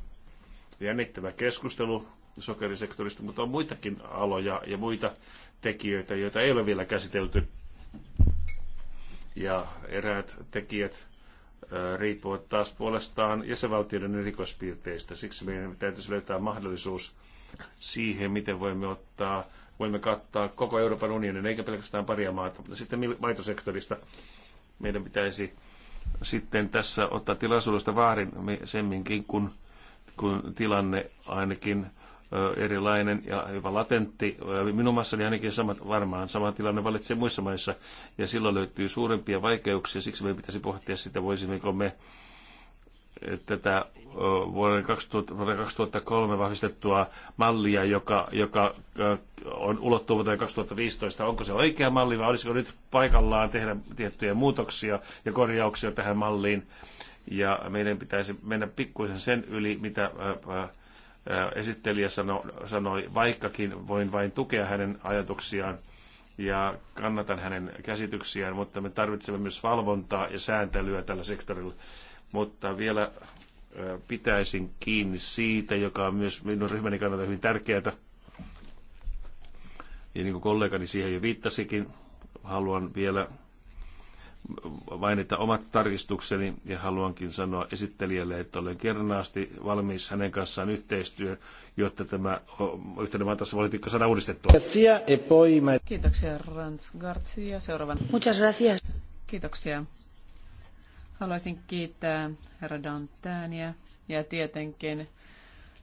jännittävä keskustelu sokerisektorista, mutta on muitakin aloja ja muita tekijöitä, joita ei ole vielä käsitelty. Ja eräät tekijät riippuvat taas puolestaan jäsenvaltioiden rikospiirteistä. Siksi meidän täytyisi löytää mahdollisuus siihen, miten voimme ottaa, voimme kattaa koko Euroopan unionin, eikä pelkästään paria maata, mutta sitten maitosektorista meidän pitäisi sitten tässä ottaa tilaisuudesta vaarin semminkin, kun, kun tilanne ainakin erilainen ja hyvä latentti. Minun maassani ainakin samat, varmaan sama tilanne valitsee muissa maissa, ja silloin löytyy suurempia vaikeuksia. Siksi me pitäisi pohtia sitä, voisimmeko me tätä vuoden 2003 vahvistettua mallia, joka, joka on ulottuu vuoteen 2015. Onko se oikea malli vai olisiko nyt paikallaan tehdä tiettyjä muutoksia ja korjauksia tähän malliin? Ja meidän pitäisi mennä pikkuisen sen yli, mitä esittelijä sano, sanoi, vaikkakin voin vain tukea hänen ajatuksiaan ja kannatan hänen käsityksiään, mutta me tarvitsemme myös valvontaa ja sääntelyä tällä sektorilla. Mutta vielä pitäisin kiinni siitä, joka on myös minun ryhmäni kannalta hyvin tärkeää. Ja niin kuin kollegani siihen jo viittasikin, haluan vielä vain että omat tarkistukseni ja haluankin sanoa esittelijälle, että olen kernaasti valmis hänen kanssaan yhteistyö, jotta tämä yhteinen maatassa politiikka saadaan uudistettua. E Kiitoksia Rans Garcia. Seuraavan. Muchas gracias. Kiitoksia. Haluaisin kiittää herra Dantania ja tietenkin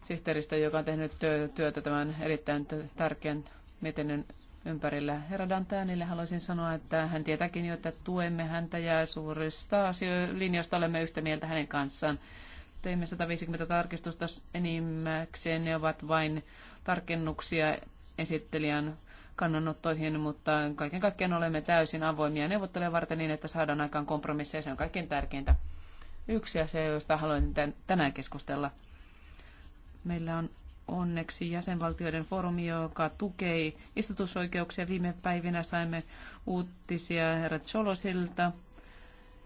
sihteeristä, joka on tehnyt työtä tämän erittäin tärkeän mietinnön ympärillä. Herra Dantanille haluaisin sanoa, että hän tietääkin jo, että tuemme häntä ja suurista asio- linjoista olemme yhtä mieltä hänen kanssaan. Teimme 150 tarkistusta enimmäkseen. Ne ovat vain tarkennuksia esittelijän kannanottoihin, mutta kaiken kaikkiaan olemme täysin avoimia neuvotteluja varten niin, että saadaan aikaan kompromisseja. Se on kaikkein tärkeintä. Yksi asia, josta haluaisin tänään keskustella. Meillä on onneksi jäsenvaltioiden foorumi, joka tukee istutusoikeuksia. Viime päivinä saimme uutisia herra Cholosilta.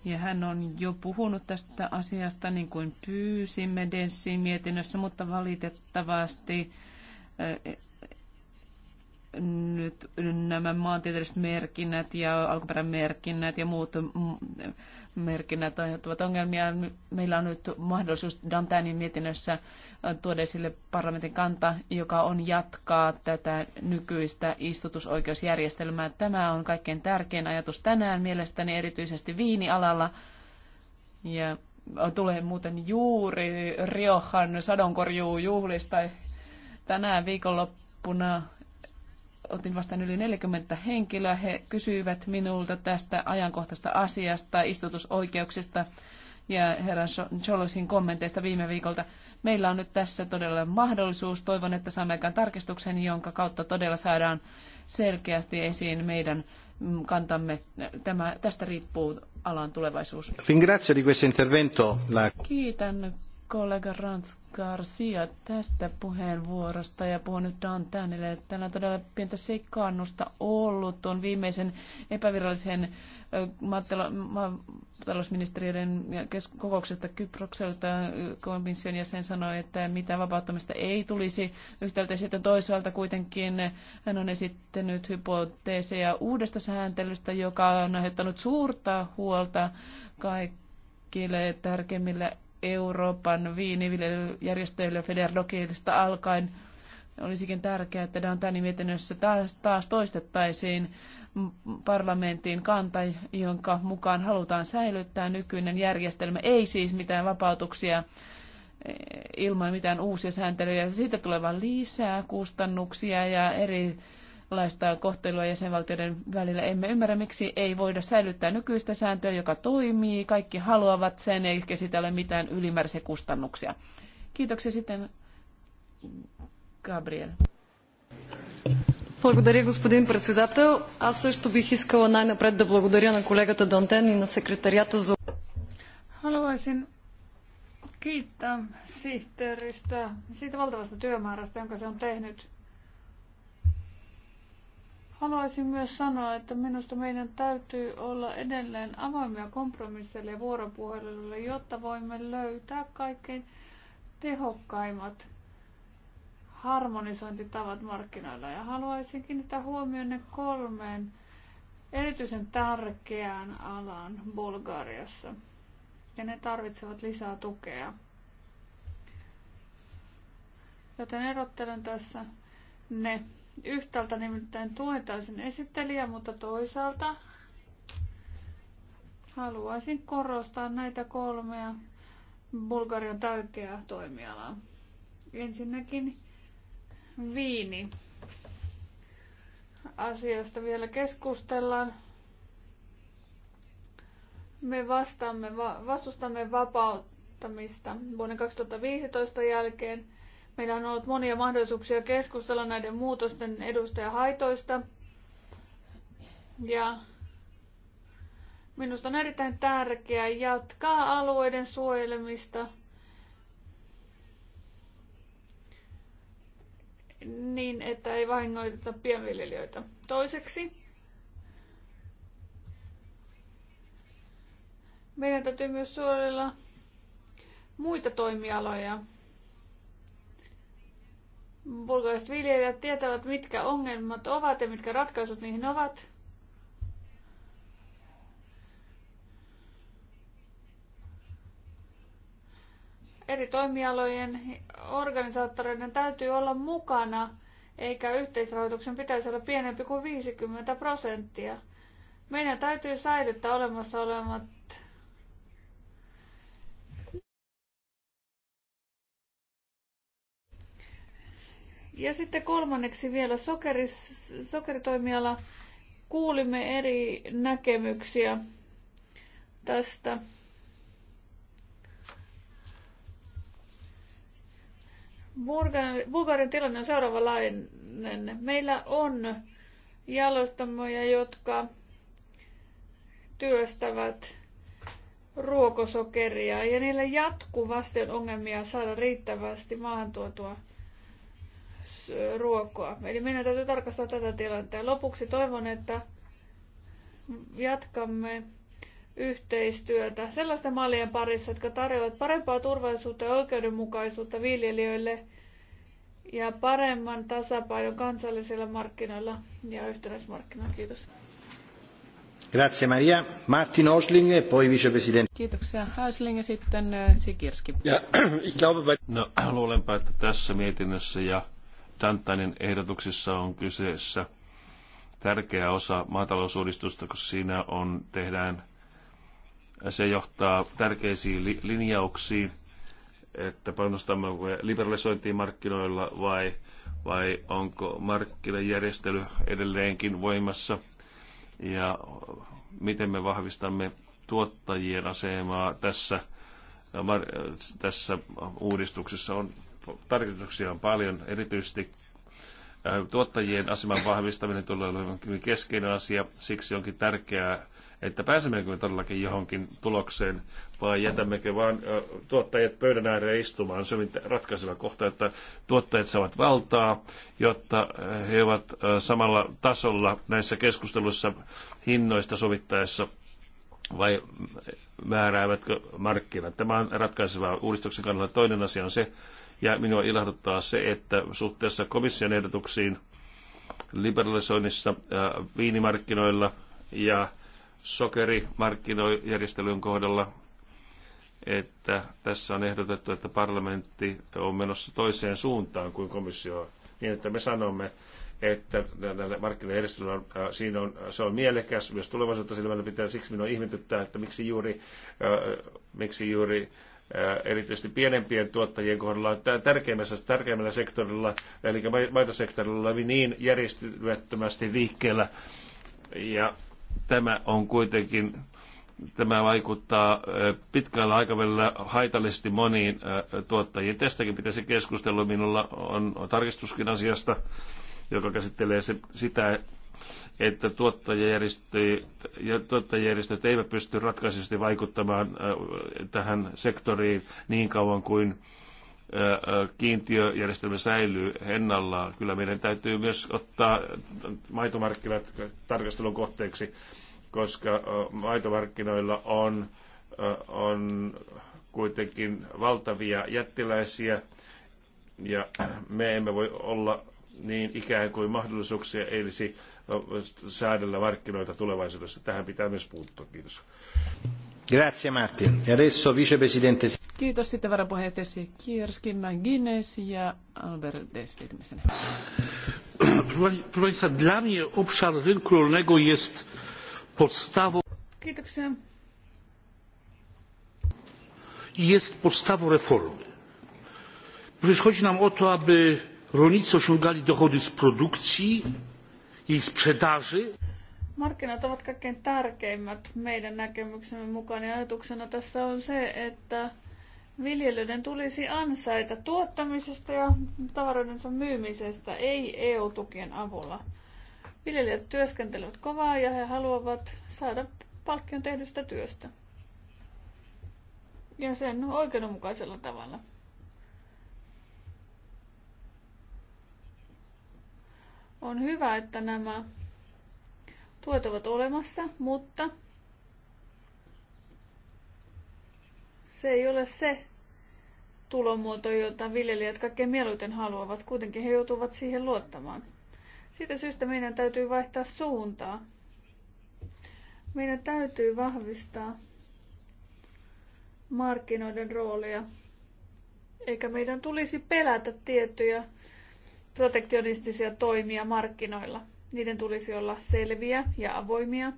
Ja hän on jo puhunut tästä asiasta niin kuin pyysimme Denssin mietinnössä, mutta valitettavasti nyt nämä maantieteelliset merkinnät ja merkinnät ja muut merkinnät aiheuttavat ongelmia. Meillä on nyt mahdollisuus Dantainin mietinnössä tuoda esille parlamentin kanta, joka on jatkaa tätä nykyistä istutusoikeusjärjestelmää. Tämä on kaikkein tärkein ajatus tänään mielestäni erityisesti viinialalla. Ja tulee muuten juuri Riohan sadonkorjuujuhlista tänään viikonloppuna otin vastaan yli 40 henkilöä. He kysyivät minulta tästä ajankohtaista asiasta, istutusoikeuksista ja herran Cholosin kommenteista viime viikolta. Meillä on nyt tässä todella mahdollisuus. Toivon, että saamme aikaan tarkistuksen, jonka kautta todella saadaan selkeästi esiin meidän mm, kantamme. Tämä, tästä riippuu alan tulevaisuus. Ringrazio di questo intervento. Kiitän kollega Rans Garcia tästä puheenvuorosta ja puhun nyt Dantanille. Täällä on todella pientä sekaannusta ollut tuon viimeisen epävirallisen maatalousministeriöiden kokouksesta Kyprokselta komission jäsen sanoi, että mitä vapauttamista ei tulisi yhtäältä sitten toisaalta kuitenkin hän on esittänyt hypoteeseja uudesta sääntelystä, joka on aiheuttanut suurta huolta kaikille tärkeimmille Euroopan viiniviljelyjärjestöille Federdokilista alkaen. Olisikin tärkeää, että Dantani mietinnössä taas, taas toistettaisiin parlamentin kanta, jonka mukaan halutaan säilyttää nykyinen järjestelmä. Ei siis mitään vapautuksia eh, ilman mitään uusia sääntelyjä. Siitä tulee vain lisää kustannuksia ja eri laista kohtelua jäsenvaltioiden välillä. Emme ymmärrä, miksi ei voida säilyttää nykyistä sääntöä, joka toimii. Kaikki haluavat sen, eikä sitä ole mitään ylimääräisiä kustannuksia. Kiitoksia sitten, Gabriel. Благодаря, господин председател. Аз също бих искала най-напред да благодаря на колегата Дантен и на секретарията за... Haluaisin kiittää sihteeristä siitä valtavasta työmäärästä, jonka se on tehnyt Haluaisin myös sanoa, että minusta meidän täytyy olla edelleen avoimia kompromisseille ja vuoropuhelulle, jotta voimme löytää kaikkein tehokkaimmat harmonisointitavat markkinoilla. Ja haluaisin kiinnittää huomionne kolmeen erityisen tärkeään alaan Bulgariassa. Ja ne tarvitsevat lisää tukea. Joten erottelen tässä ne Yhtäältä nimittäin tuetaisin esittelijä, mutta toisaalta haluaisin korostaa näitä kolmea Bulgarian tärkeää toimialaa. Ensinnäkin viini. Asiasta vielä keskustellaan. Me vastaamme, vastustamme vapauttamista vuoden 2015 jälkeen – Meillä on ollut monia mahdollisuuksia keskustella näiden muutosten edustajahaitoista. Ja minusta on erittäin tärkeää jatkaa alueiden suojelemista niin, että ei vahingoiteta pienviljelijöitä. Toiseksi meidän täytyy myös suojella muita toimialoja bulgariset viljelijät tietävät, mitkä ongelmat ovat ja mitkä ratkaisut niihin ovat. Eri toimialojen organisaattoreiden täytyy olla mukana, eikä yhteisrahoituksen pitäisi olla pienempi kuin 50 prosenttia. Meidän täytyy säilyttää olemassa olevat Ja sitten kolmanneksi vielä sokeris, sokeritoimiala. Kuulimme eri näkemyksiä tästä. Bulgarian tilanne on seuraavanlainen. Meillä on jalostamoja, jotka työstävät ruokosokeria ja niillä jatkuvasti on ongelmia saada riittävästi maahantuotua ruokoa. Eli meidän täytyy tarkastaa tätä tilannetta. Lopuksi toivon, että jatkamme yhteistyötä sellaisten mallien parissa, jotka tarjoavat parempaa turvallisuutta ja oikeudenmukaisuutta viljelijöille ja paremman tasapainon kansallisilla markkinoilla ja yhtenäismarkkinoilla. Kiitos. Grazie Maria. Martin Osling ja e poi vicepresidentti. Kiitoksia Häusling ja sitten äh, Sikirski. Ja, ich glaube, no, luulenpa, että tässä mietinnössä ja Tantanin ehdotuksissa on kyseessä tärkeä osa maatalousuudistusta, koska siinä on, tehdään, se johtaa tärkeisiin li, linjauksiin, että panostamme liberalisointiin markkinoilla vai, vai onko markkinajärjestely edelleenkin voimassa ja miten me vahvistamme tuottajien asemaa tässä, tässä uudistuksessa on tarkoituksia on paljon, erityisesti äh, tuottajien aseman vahvistaminen tulee olemaan hyvin keskeinen asia. Siksi onkin tärkeää, että pääsemmekö me todellakin johonkin tulokseen vai jätämmekö vain äh, tuottajat pöydän ääreen istumaan. Se on ratkaiseva kohta, että tuottajat saavat valtaa, jotta äh, he ovat samalla tasolla näissä keskusteluissa hinnoista sovittaessa vai määräävätkö markkinat. Tämä on ratkaiseva uudistuksen kannalta. Toinen asia on se, ja minua ilahduttaa se, että suhteessa komission ehdotuksiin liberalisoinnissa viinimarkkinoilla ja sokerimarkkinojärjestelyn kohdalla, että tässä on ehdotettu, että parlamentti on menossa toiseen suuntaan kuin komissio, niin että me sanomme, että näillä markkinajärjestelyillä on, siinä on, se on mielekäs myös tulevaisuutta silmällä pitää. Siksi minua ihmetyttää, että miksi juuri, miksi juuri erityisesti pienempien tuottajien kohdalla tärkeimmässä, tärkeimmällä sektorilla, eli maitosektorilla, oli niin järjestymättömästi liikkeellä. Ja tämä on kuitenkin tämä vaikuttaa pitkällä aikavälillä haitallisesti moniin tuottajiin. Tästäkin pitäisi keskustella. Minulla on tarkistuskin asiasta, joka käsittelee se, sitä, että tuottajajärjestöt, eivät pysty ratkaisesti vaikuttamaan tähän sektoriin niin kauan kuin kiintiöjärjestelmä säilyy ennallaan. Kyllä meidän täytyy myös ottaa maitomarkkinat tarkastelun kohteeksi, koska maitomarkkinoilla on, on kuitenkin valtavia jättiläisiä ja me emme voi olla niin ikään kuin mahdollisuuksia ei olisi säädellä markkinoita tulevaisuudessa. Tähän pitää myös puuttua. Kiitos. Grazie Martin. Ja e adesso vicepresidente... Kiitos sitten varapuheenjohtaja Kierski, Guinness ja Albert Des Proszę dla mnie obszar rynku rolnego jest podstawą... Kiitoksia. Jest podstawą reformy. Przecież chodzi nam o to, aby rolnicy osiągali dochody z produkcji i sprzedaży. Markkinat ovat kaikkein tärkeimmät meidän näkemyksemme mukaan ja ajatuksena tässä on se, että viljelijöiden tulisi ansaita tuottamisesta ja tavaroidensa myymisestä, ei EU-tukien avulla. Viljelijät työskentelevät kovaa ja he haluavat saada palkkion tehdystä työstä. Ja sen oikeudenmukaisella tavalla. On hyvä, että nämä tuet ovat olemassa, mutta se ei ole se tulomuoto, jota viljelijät kaikkein mieluiten haluavat. Kuitenkin he joutuvat siihen luottamaan. Siitä syystä meidän täytyy vaihtaa suuntaa. Meidän täytyy vahvistaa markkinoiden roolia, eikä meidän tulisi pelätä tiettyjä protektionistisia toimia markkinoilla. Niiden tulisi olla selviä ja avoimia.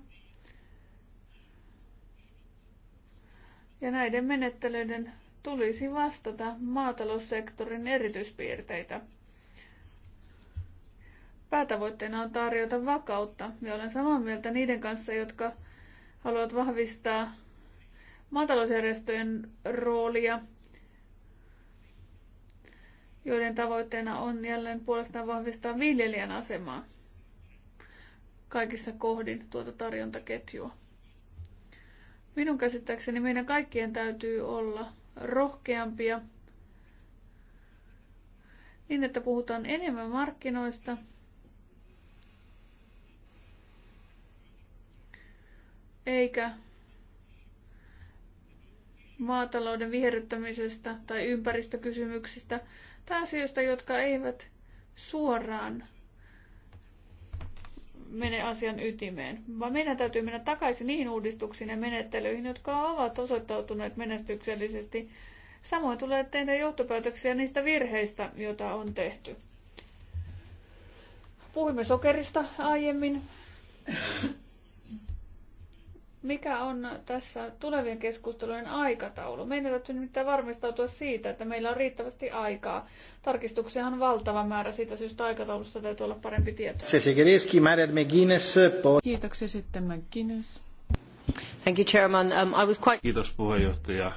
Ja näiden menettelyiden tulisi vastata maataloussektorin erityispiirteitä. Päätavoitteena on tarjota vakautta ja olen samaa mieltä niiden kanssa, jotka haluavat vahvistaa maatalousjärjestöjen roolia joiden tavoitteena on jälleen puolestaan vahvistaa viljelijän asemaa kaikissa kohdin tuota tarjontaketjua. Minun käsittääkseni meidän kaikkien täytyy olla rohkeampia niin, että puhutaan enemmän markkinoista eikä maatalouden viherryttämisestä tai ympäristökysymyksistä – pääasioista, jotka eivät suoraan mene asian ytimeen, vaan meidän täytyy mennä takaisin niihin uudistuksiin ja menettelyihin, jotka ovat osoittautuneet menestyksellisesti. Samoin tulee tehdä johtopäätöksiä niistä virheistä, joita on tehty. Puhuimme sokerista aiemmin mikä on tässä tulevien keskustelujen aikataulu? Meidän täytyy nimittäin varmistautua siitä, että meillä on riittävästi aikaa. Tarkistuksia on valtava määrä, siitä syystä aikataulusta täytyy olla parempi tieto. Kiitoksia sitten McGuinness. Thank you, Chairman. Um, I was quite... Kiitos puheenjohtaja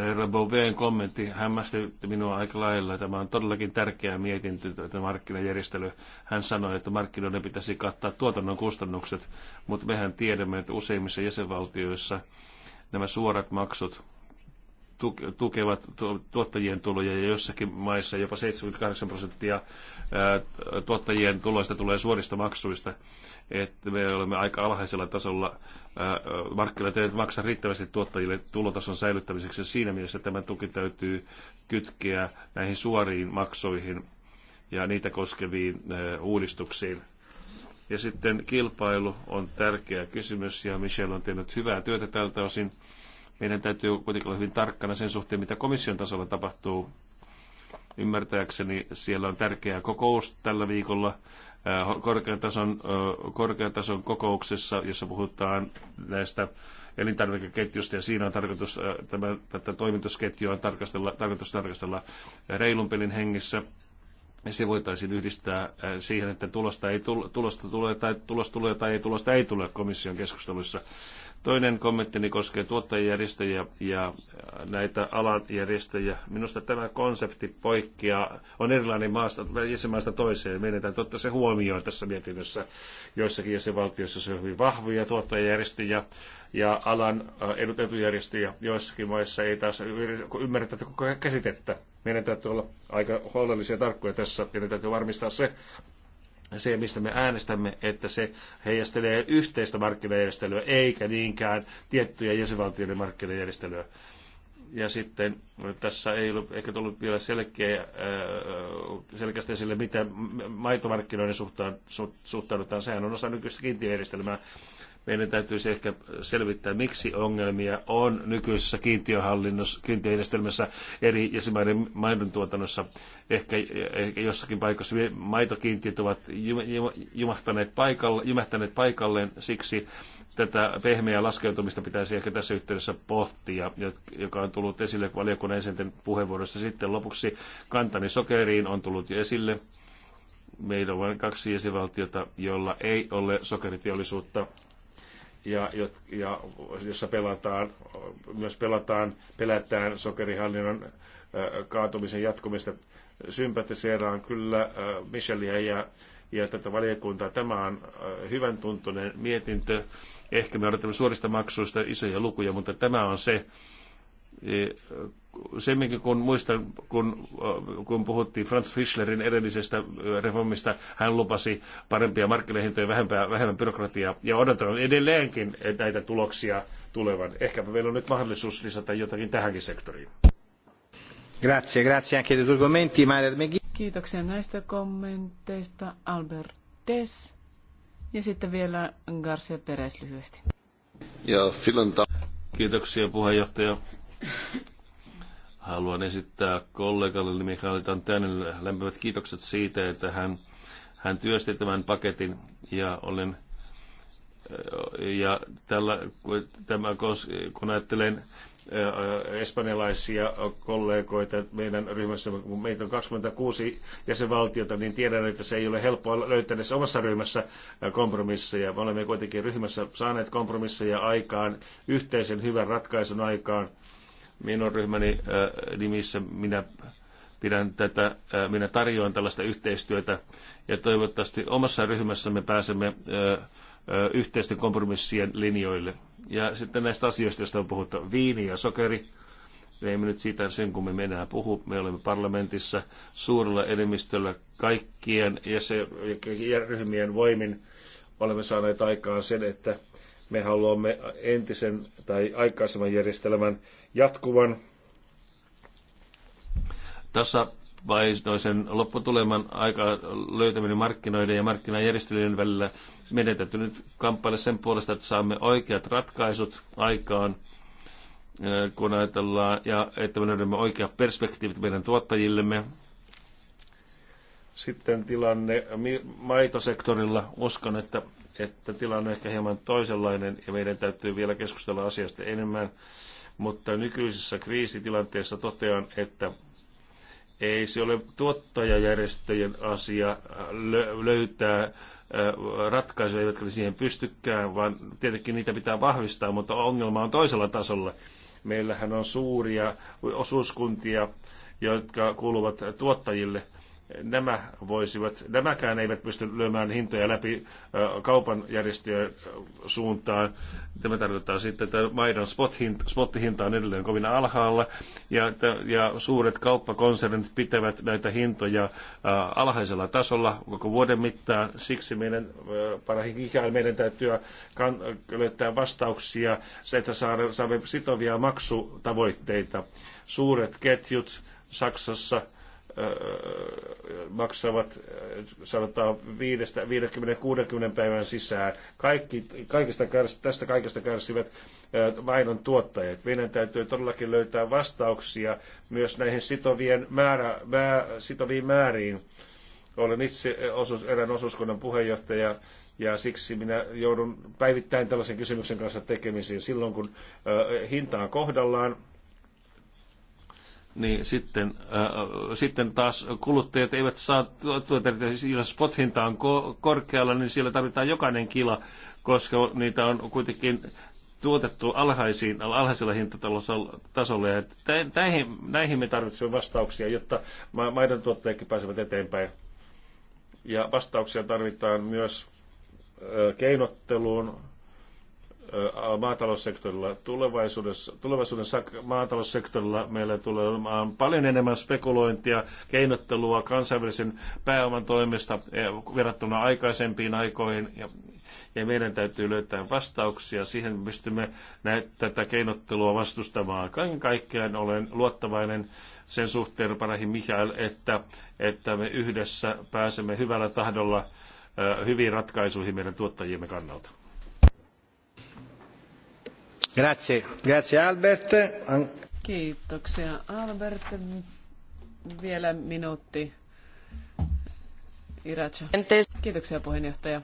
Herra Bouveen kommentti hämmästytti minua aika lailla. Tämä on todellakin tärkeä mietintö, että markkinajärjestely. Hän sanoi, että markkinoiden pitäisi kattaa tuotannon kustannukset, mutta mehän tiedämme, että useimmissa jäsenvaltioissa nämä suorat maksut tukevat tuottajien tuloja ja jossakin maissa jopa 78 prosenttia tuottajien tuloista tulee suorista maksuista. Että me olemme aika alhaisella tasolla. Markkinat eivät maksa riittävästi tuottajille tulotason säilyttämiseksi. Siinä mielessä tämä tuki täytyy kytkeä näihin suoriin maksoihin ja niitä koskeviin uudistuksiin. Ja sitten kilpailu on tärkeä kysymys ja Michel on tehnyt hyvää työtä tältä osin meidän täytyy kuitenkin olla hyvin tarkkana sen suhteen, mitä komission tasolla tapahtuu. Ymmärtääkseni siellä on tärkeä kokous tällä viikolla äh, korkeatason, äh, korkeatason kokouksessa, jossa puhutaan näistä elintarvikeketjusta ja siinä on tarkoitus, äh, tämä, tätä toimitusketjua on tarkastella, tarkoitus tarkastella reilun pelin hengissä. Se voitaisiin yhdistää siihen, että tulosta, ei tulo, tulosta tulee tai tulos tulee tai ei tulosta ei tule komission keskusteluissa. Toinen kommenttini koskee tuottajajärjestöjä ja näitä alan järjestöjä. Minusta tämä konsepti poikkeaa, on erilainen maasta, jäsenmaasta toiseen. Meidän täytyy ottaa se huomioon tässä mietinnössä. Joissakin jäsenvaltioissa se on hyvin vahvoja tuottajajärjestöjä ja alan äh, edutetujärjestöjä. Joissakin maissa ei taas ymmärrä tätä koko käsitettä. Meidän täytyy olla aika huolellisia ja tarkkoja tässä meidän täytyy varmistaa se, se, mistä me äänestämme, että se heijastelee yhteistä markkinajärjestelyä, eikä niinkään tiettyjä jäsenvaltioiden markkinajärjestelyä. Ja sitten tässä ei ole, ehkä tullut vielä selkeä, äh, selkeästi esille, miten maitomarkkinoiden suhtaan, suhtaudutaan. Sehän on osa nykyistä kiintiöjärjestelmää meidän täytyisi ehkä selvittää, miksi ongelmia on nykyisessä kiintiöjärjestelmässä eri jäsenmaiden maidon tuotannossa. Ehkä, ehkä jossakin paikassa maitokiintiöt ovat jumahtaneet, paikalle, jumahtaneet paikalleen, siksi tätä pehmeää laskeutumista pitäisi ehkä tässä yhteydessä pohtia, joka on tullut esille valiokunnan jäsenten puheenvuorossa. Sitten lopuksi kantani sokeriin on tullut jo esille meillä on vain kaksi jäsenvaltiota, jolla ei ole sokeriteollisuutta ja, ja jossa pelataan, myös pelataan, pelätään sokerihallinnon kaatumisen jatkumista. Sympatiseeraan kyllä Michelia ja, ja tätä valiokuntaa. Tämä on hyvän tuntunen mietintö. Ehkä me odotamme suorista maksuista isoja lukuja, mutta tämä on se e, semminkin kun muistan, kun, kun puhuttiin Franz Fischlerin edellisestä reformista, hän lupasi parempia markkinahintoja, vähempää, vähemmän byrokratiaa ja odotan edelleenkin näitä tuloksia tulevan. Ehkäpä meillä on nyt mahdollisuus lisätä jotakin tähänkin sektoriin. Grazie, grazie anche dei tuoi commenti, Kiitoksia näistä kommenteista, Albert Des. Ja sitten vielä Garcia Perez lyhyesti. Ja Kiitoksia puheenjohtaja. Haluan esittää kollegalle Mikael Tantanille lämpimät kiitokset siitä, että hän, hän työsti tämän paketin ja olen ja tällä, tämä, kun ajattelen espanjalaisia kollegoita meidän ryhmässä, kun meitä on 26 jäsenvaltiota, niin tiedän, että se ei ole helppoa löytää tässä omassa ryhmässä kompromisseja. Me olemme kuitenkin ryhmässä saaneet kompromisseja aikaan, yhteisen hyvän ratkaisun aikaan Minun ryhmäni äh, nimissä minä pidän tätä, äh, minä tarjoan tällaista yhteistyötä ja toivottavasti omassa ryhmässämme pääsemme äh, yhteisten kompromissien linjoille. Ja sitten näistä asioista, joista on puhuttu, viini ja sokeri. Me emme nyt siitä sen kun me enää puhu. Me olemme parlamentissa suurella enemmistöllä kaikkien ja se, ryhmien voimin olemme saaneet aikaan sen, että me haluamme entisen tai aikaisemman järjestelmän jatkuvan tasapainoisen lopputuleman aika löytäminen markkinoiden ja markkinajärjestelyjen välillä. menetetty nyt kamppailla sen puolesta, että saamme oikeat ratkaisut aikaan, eh, kun ajatellaan, ja että me löydämme oikeat perspektiivit meidän tuottajillemme. Sitten tilanne maitosektorilla. Uskon, että että tilanne on ehkä hieman toisenlainen ja meidän täytyy vielä keskustella asiasta enemmän. Mutta nykyisessä kriisitilanteessa totean, että ei se ole tuottajajärjestöjen asia äh, löytää äh, ratkaisuja, jotka siihen pystykään, vaan tietenkin niitä pitää vahvistaa, mutta ongelma on toisella tasolla. Meillähän on suuria osuuskuntia, jotka kuuluvat tuottajille – nämä voisivat, nämäkään eivät pysty lyömään hintoja läpi kaupan järjestöjen suuntaan. Tämä tarkoittaa sitten, että maidon spot-hinta on edelleen kovin alhaalla ja, ja suuret kauppakonsernit pitävät näitä hintoja alhaisella tasolla koko vuoden mittaan. Siksi meidän parhain ikään meidän täytyy löytää vastauksia, se, että saamme sitovia maksutavoitteita. Suuret ketjut Saksassa – maksavat sanotaan 50-60 päivän sisään. Kaikki, kaikista kärs, tästä kaikesta kärsivät mainon tuottajat. Meidän täytyy todellakin löytää vastauksia myös näihin sitovien määrä, määr, sitoviin määriin. Olen itse osuus, erään osuuskunnan puheenjohtaja ja siksi minä joudun päivittäin tällaisen kysymyksen kanssa tekemisiin silloin, kun hinta on kohdallaan niin sitten, äh, sitten taas kuluttajat eivät saa tuotteita, siis jos spot-hinta on ko- korkealla, niin siellä tarvitaan jokainen kila, koska niitä on kuitenkin tuotettu alhaisiin, alhaisella hintatasolla. Ja näihin, näihin me tarvitsemme vastauksia, jotta ma- maidon pääsevät eteenpäin. Ja vastauksia tarvitaan myös äh, keinotteluun, maataloussektorilla. Tulevaisuudessa, tulevaisuuden maataloussektorilla meillä tulee olemaan paljon enemmän spekulointia, keinottelua kansainvälisen pääoman toimesta e, verrattuna aikaisempiin aikoihin. Ja, ja meidän täytyy löytää vastauksia. Siihen pystymme näitä, tätä keinottelua vastustamaan. Kaiken kaikkiaan olen luottavainen sen suhteen, Parahi Mihail, että, että me yhdessä pääsemme hyvällä tahdolla hyviin ratkaisuihin meidän tuottajiemme kannalta. Grazie, grazie Albert. Kiitoksia Albert. Vielä minuutti. Iratsa. Kiitoksia puheenjohtaja.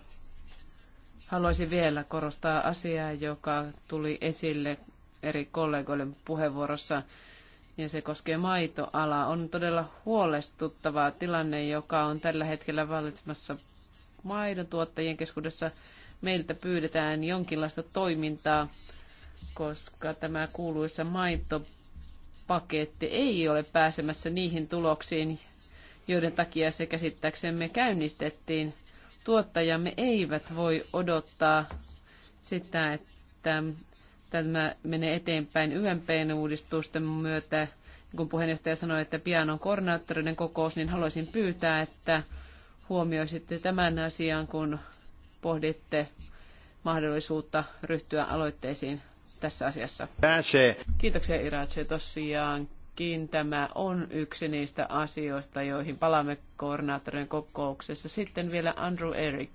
Haluaisin vielä korostaa asiaa, joka tuli esille eri kollegoiden puheenvuorossa, ja se koskee maitoalaa. On todella huolestuttava tilanne, joka on tällä hetkellä vallitsemassa maidon tuottajien keskuudessa. Meiltä pyydetään jonkinlaista toimintaa koska tämä kuuluisa maitopaketti ei ole pääsemässä niihin tuloksiin, joiden takia se käsittääksemme käynnistettiin. Tuottajamme eivät voi odottaa sitä, että tämä menee eteenpäin ymp uudistusten myötä. Kun puheenjohtaja sanoi, että pian on koordinaattoreiden kokous, niin haluaisin pyytää, että huomioisitte tämän asian, kun pohditte mahdollisuutta ryhtyä aloitteisiin tässä asiassa. Kiitoksia Iratse tosiaankin. Tämä on yksi niistä asioista, joihin palaamme koordinaattorin kokouksessa. Sitten vielä Andrew Eric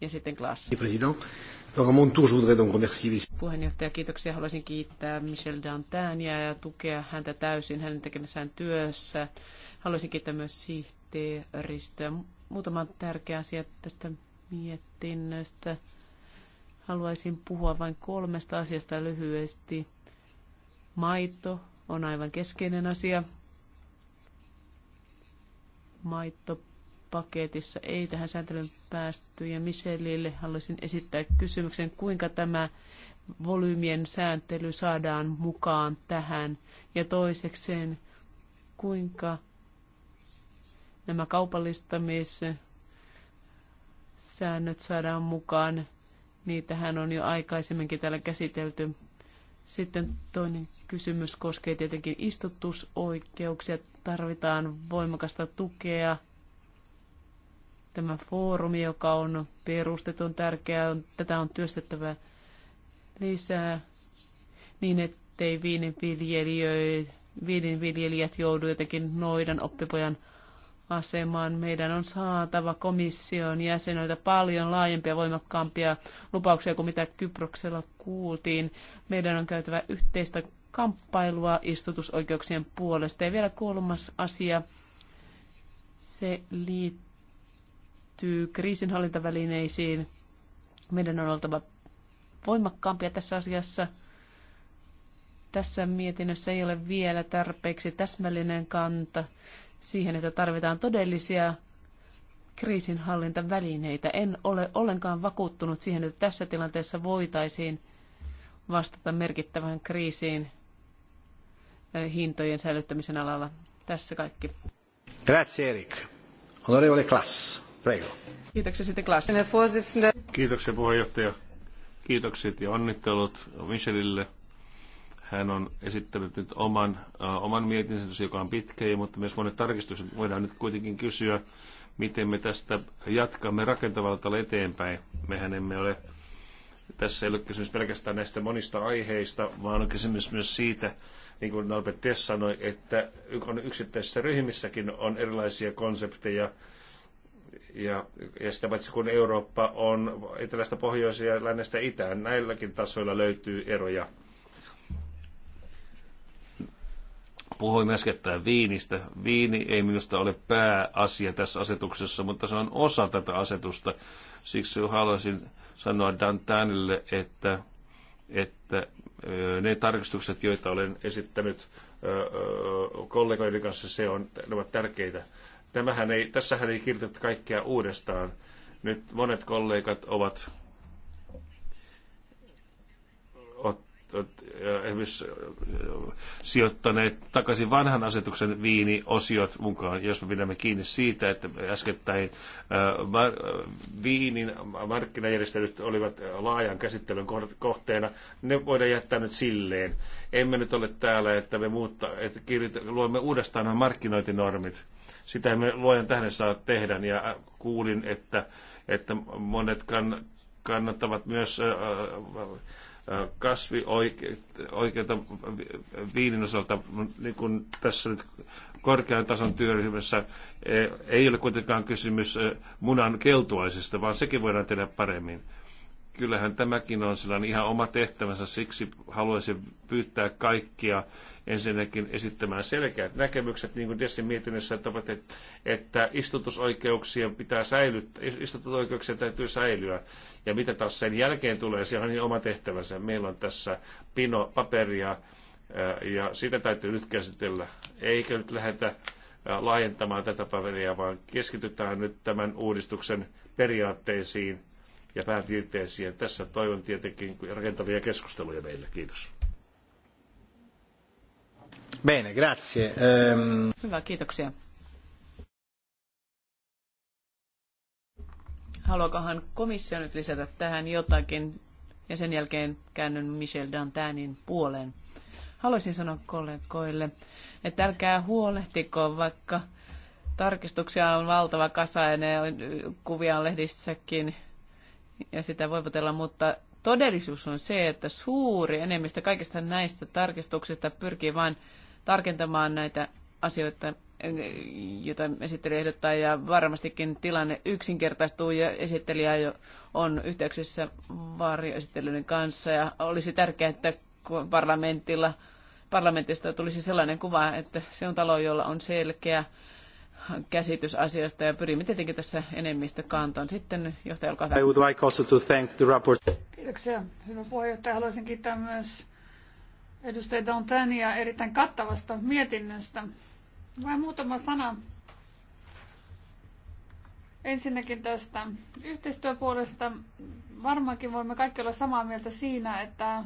ja sitten Glass. Puheenjohtaja, kiitoksia. Haluaisin kiittää Michel Dantania ja tukea häntä täysin hänen tekemässään työssä. Haluaisin kiittää myös sihteeristöä. Muutama tärkeä asia tästä mietinnöstä. Haluaisin puhua vain kolmesta asiasta lyhyesti. Maito on aivan keskeinen asia. paketissa ei tähän sääntelyyn päästy ja Michelille haluaisin esittää kysymyksen, kuinka tämä volyymien sääntely saadaan mukaan tähän ja toisekseen kuinka nämä kaupallistamis säännöt saadaan mukaan Niitähän on jo aikaisemminkin täällä käsitelty. Sitten toinen kysymys koskee tietenkin istutusoikeuksia. Tarvitaan voimakasta tukea. Tämä foorumi, joka on perustettu, on tärkeää. Tätä on työstettävä lisää niin, ettei viininviljelijät joudu jotenkin noidan oppipojan asemaan. Meidän on saatava komission jäseniltä paljon laajempia, voimakkaampia lupauksia kuin mitä Kyproksella kuultiin. Meidän on käytävä yhteistä kamppailua istutusoikeuksien puolesta. Ja vielä kolmas asia, se liittyy kriisinhallintavälineisiin. Meidän on oltava voimakkaampia tässä asiassa. Tässä mietinnössä ei ole vielä tarpeeksi täsmällinen kanta siihen, että tarvitaan todellisia kriisinhallintavälineitä. En ole ollenkaan vakuuttunut siihen, että tässä tilanteessa voitaisiin vastata merkittävään kriisiin eh, hintojen säilyttämisen alalla. Tässä kaikki. Grazie Erik. Onorevole Klass, prego. Kiitoksia sitten Klass. Kiitoksia puheenjohtaja. Kiitokset ja onnittelut Michelille hän on esittänyt nyt oman, äh, oman mietinsä, joka on pitkä, mutta myös monet tarkistukset. Voidaan nyt kuitenkin kysyä, miten me tästä jatkamme rakentavalla tavalla eteenpäin. Mehän emme ole, tässä ei ole kysymys pelkästään näistä monista aiheista, vaan on kysymys myös siitä, niin kuin Norbert Tess sanoi, että on yksittäisissä ryhmissäkin on erilaisia konsepteja, ja, ja sitä paitsi kun Eurooppa on etelästä pohjoiseen ja lännestä itään, näilläkin tasoilla löytyy eroja Puhuimme äskettäin viinistä. Viini ei minusta ole pääasia tässä asetuksessa, mutta se on osa tätä asetusta. Siksi haluaisin sanoa Dantanille, että, että ne tarkistukset, joita olen esittänyt kollegoiden kanssa, se on, ne ovat tärkeitä. Tämähän ei, tässähän ei kirjoiteta kaikkea uudestaan. Nyt monet kollegat ovat esimerkiksi sijoittaneet takaisin vanhan asetuksen viiniosiot mukaan, jos me pidämme kiinni siitä, että äskettäin äh, äh, viinin markkinajärjestelyt olivat laajan käsittelyn kohteena, ne voidaan jättää nyt silleen. Emme nyt ole täällä, että me muutta, että kirjoit luomme uudestaan nämä markkinointinormit. Sitä me luojan tähden saa tehdä, ja äh, kuulin, että, että monet kannattavat myös oikeita viinin osalta, niin kuin tässä nyt korkean tason työryhmässä, e, ei ole kuitenkaan kysymys munan keltuaisesta, vaan sekin voidaan tehdä paremmin kyllähän tämäkin on sellainen ihan oma tehtävänsä, siksi haluaisin pyytää kaikkia ensinnäkin esittämään selkeät näkemykset, niin kuin Dessin mietinnössä tapahtuu, että istutusoikeuksien pitää säilyttää, istutusoikeuksia täytyy säilyä, ja mitä taas sen jälkeen tulee, se on niin oma tehtävänsä. Meillä on tässä pino paperia, eh, ja sitä täytyy nyt käsitellä, Eikö nyt lähdetä eh, laajentamaan tätä paperia, vaan keskitytään nyt tämän uudistuksen periaatteisiin, ja pääpiirteisiin. Tässä toivon tietenkin rakentavia keskusteluja meille. Kiitos. Bene, grazie. Ähm... Hyvä, kiitoksia. Haluakohan komissio nyt lisätä tähän jotakin? Ja sen jälkeen käännyn Michel Dantanin puoleen. Haluaisin sanoa kollegoille, että älkää huolehtiko, vaikka tarkistuksia on valtava kasa ja ne kuvia on lehdissäkin ja sitä voivotella, mutta todellisuus on se, että suuri enemmistö kaikista näistä tarkistuksista pyrkii vain tarkentamaan näitä asioita, joita esittelijä ehdottaa, ja varmastikin tilanne yksinkertaistuu, ja esittelijä jo on yhteyksissä varjoesittelyiden kanssa, ja olisi tärkeää, että parlamentilla, parlamentista tulisi sellainen kuva, että se on talo, jolla on selkeä käsitys asiasta ja pyrimme tietenkin tässä enemmistö kantoon. Sitten johtaja, olkaa hyvä. I would like also to thank the rapport. Kiitoksia. Hyvä puheenjohtaja. Haluaisin kiittää myös edustaja Dantania erittäin kattavasta mietinnöstä. Vain muutama sana ensinnäkin tästä yhteistyöpuolesta. Varmaankin voimme kaikki olla samaa mieltä siinä, että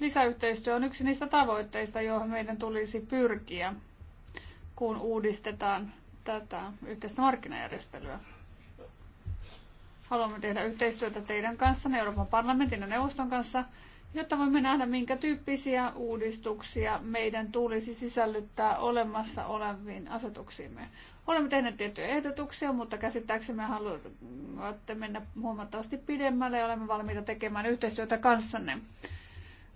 lisäyhteistyö on yksi niistä tavoitteista, joihin meidän tulisi pyrkiä, kun uudistetaan tätä yhteistä markkinajärjestelyä. Haluamme tehdä yhteistyötä teidän kanssa, Euroopan parlamentin ja neuvoston kanssa, jotta voimme nähdä, minkä tyyppisiä uudistuksia meidän tulisi sisällyttää olemassa oleviin asetuksiimme. Olemme tehneet tiettyjä ehdotuksia, mutta käsittääksemme haluatte mennä huomattavasti pidemmälle ja olemme valmiita tekemään yhteistyötä kanssanne.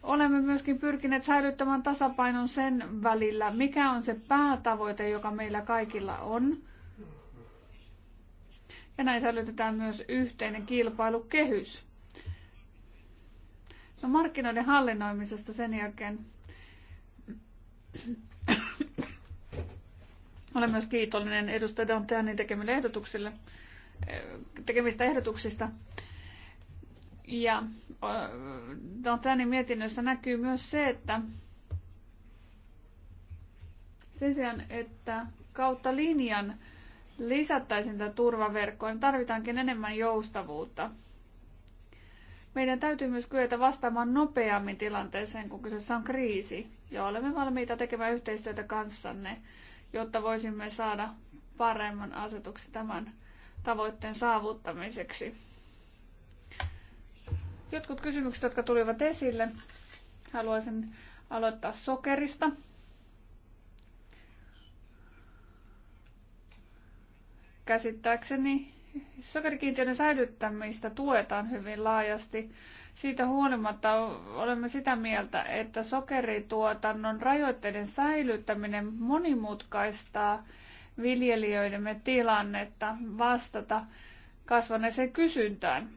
Olemme myöskin pyrkineet säilyttämään tasapainon sen välillä, mikä on se päätavoite, joka meillä kaikilla on. Ja näin säilytetään myös yhteinen kilpailukehys. No markkinoiden hallinnoimisesta sen jälkeen olen myös kiitollinen edustaja Danteanin tekemille ehdotuksille, tekemistä ehdotuksista. Ja no, mietinnössä näkyy myös se, että sen sijaan, että kautta linjan lisättäisiin tätä turvaverkkoa, niin tarvitaankin enemmän joustavuutta. Meidän täytyy myös kyetä vastaamaan nopeammin tilanteeseen, kun kyseessä on kriisi, ja olemme valmiita tekemään yhteistyötä kanssanne, jotta voisimme saada paremman asetuksen tämän tavoitteen saavuttamiseksi. Jotkut kysymykset, jotka tulivat esille, haluaisin aloittaa sokerista. Käsittääkseni sokerikiintiöiden säilyttämistä tuetaan hyvin laajasti. Siitä huolimatta olemme sitä mieltä, että sokerituotannon rajoitteiden säilyttäminen monimutkaistaa viljelijöidemme tilannetta vastata kasvaneeseen kysyntään.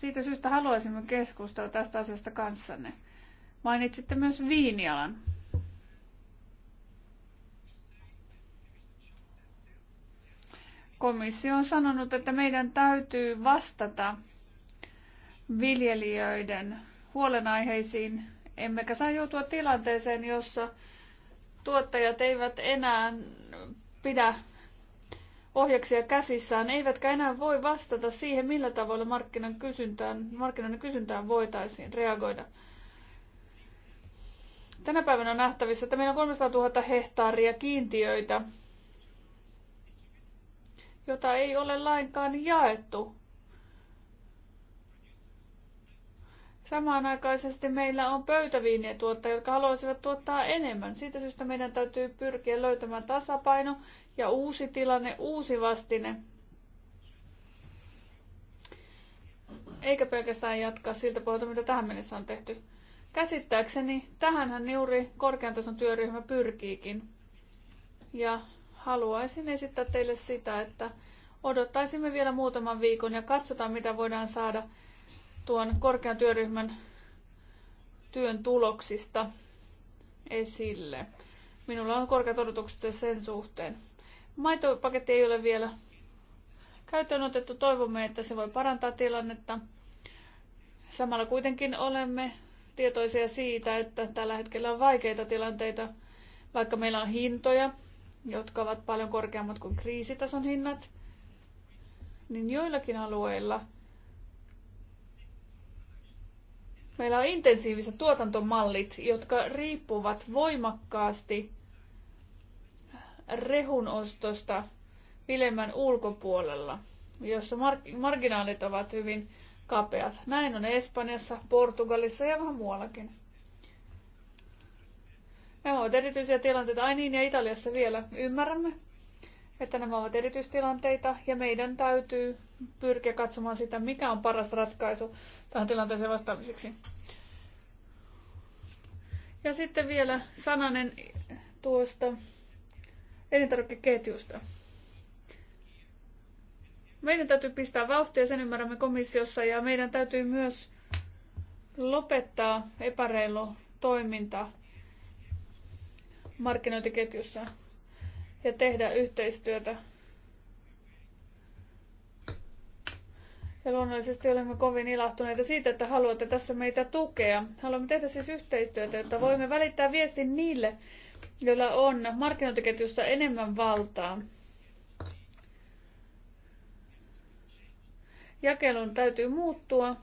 Siitä syystä haluaisimme keskustella tästä asiasta kanssanne. Mainitsitte myös viinialan. Komissio on sanonut, että meidän täytyy vastata viljelijöiden huolenaiheisiin, emmekä saa joutua tilanteeseen, jossa tuottajat eivät enää pidä ohjaksia käsissään, eivätkä enää voi vastata siihen, millä tavalla markkinan kysyntään, markkinoiden kysyntään voitaisiin reagoida. Tänä päivänä on nähtävissä, että meillä on 300 000 hehtaaria kiintiöitä, jota ei ole lainkaan jaettu. Samanaikaisesti meillä on pöytäviiniä tuottajia, jotka haluaisivat tuottaa enemmän. Siitä syystä meidän täytyy pyrkiä löytämään tasapaino ja uusi tilanne, uusi vastine. Eikä pelkästään jatkaa siltä pohjalta, mitä tähän mennessä on tehty. Käsittääkseni tähänhän juuri korkean tason työryhmä pyrkiikin. Ja haluaisin esittää teille sitä, että odottaisimme vielä muutaman viikon ja katsotaan, mitä voidaan saada tuon korkean työryhmän työn tuloksista esille. Minulla on korkeat odotukset sen suhteen. Maitopaketti ei ole vielä käyttöön otettu. Toivomme, että se voi parantaa tilannetta. Samalla kuitenkin olemme tietoisia siitä, että tällä hetkellä on vaikeita tilanteita, vaikka meillä on hintoja, jotka ovat paljon korkeammat kuin kriisitason hinnat, niin joillakin alueilla meillä on intensiiviset tuotantomallit, jotka riippuvat voimakkaasti rehun ostosta pilemmän ulkopuolella, jossa mar- marginaalit ovat hyvin kapeat. Näin on Espanjassa, Portugalissa ja vähän muuallakin. Nämä ovat erityisiä tilanteita. Ai niin, ja Italiassa vielä ymmärrämme, että nämä ovat erityistilanteita ja meidän täytyy pyrkiä katsomaan sitä, mikä on paras ratkaisu tähän tilanteeseen vastaamiseksi. Ja sitten vielä sananen tuosta elintarvikeketjusta. Meidän täytyy pistää vauhtia, sen ymmärrämme komissiossa, ja meidän täytyy myös lopettaa epäreilu toiminta markkinointiketjussa ja tehdä yhteistyötä. Ja luonnollisesti olemme kovin ilahtuneita siitä, että haluatte tässä meitä tukea. Haluamme tehdä siis yhteistyötä, jotta voimme välittää viestin niille, joilla on markkinointiketjusta enemmän valtaa. Jakelun täytyy muuttua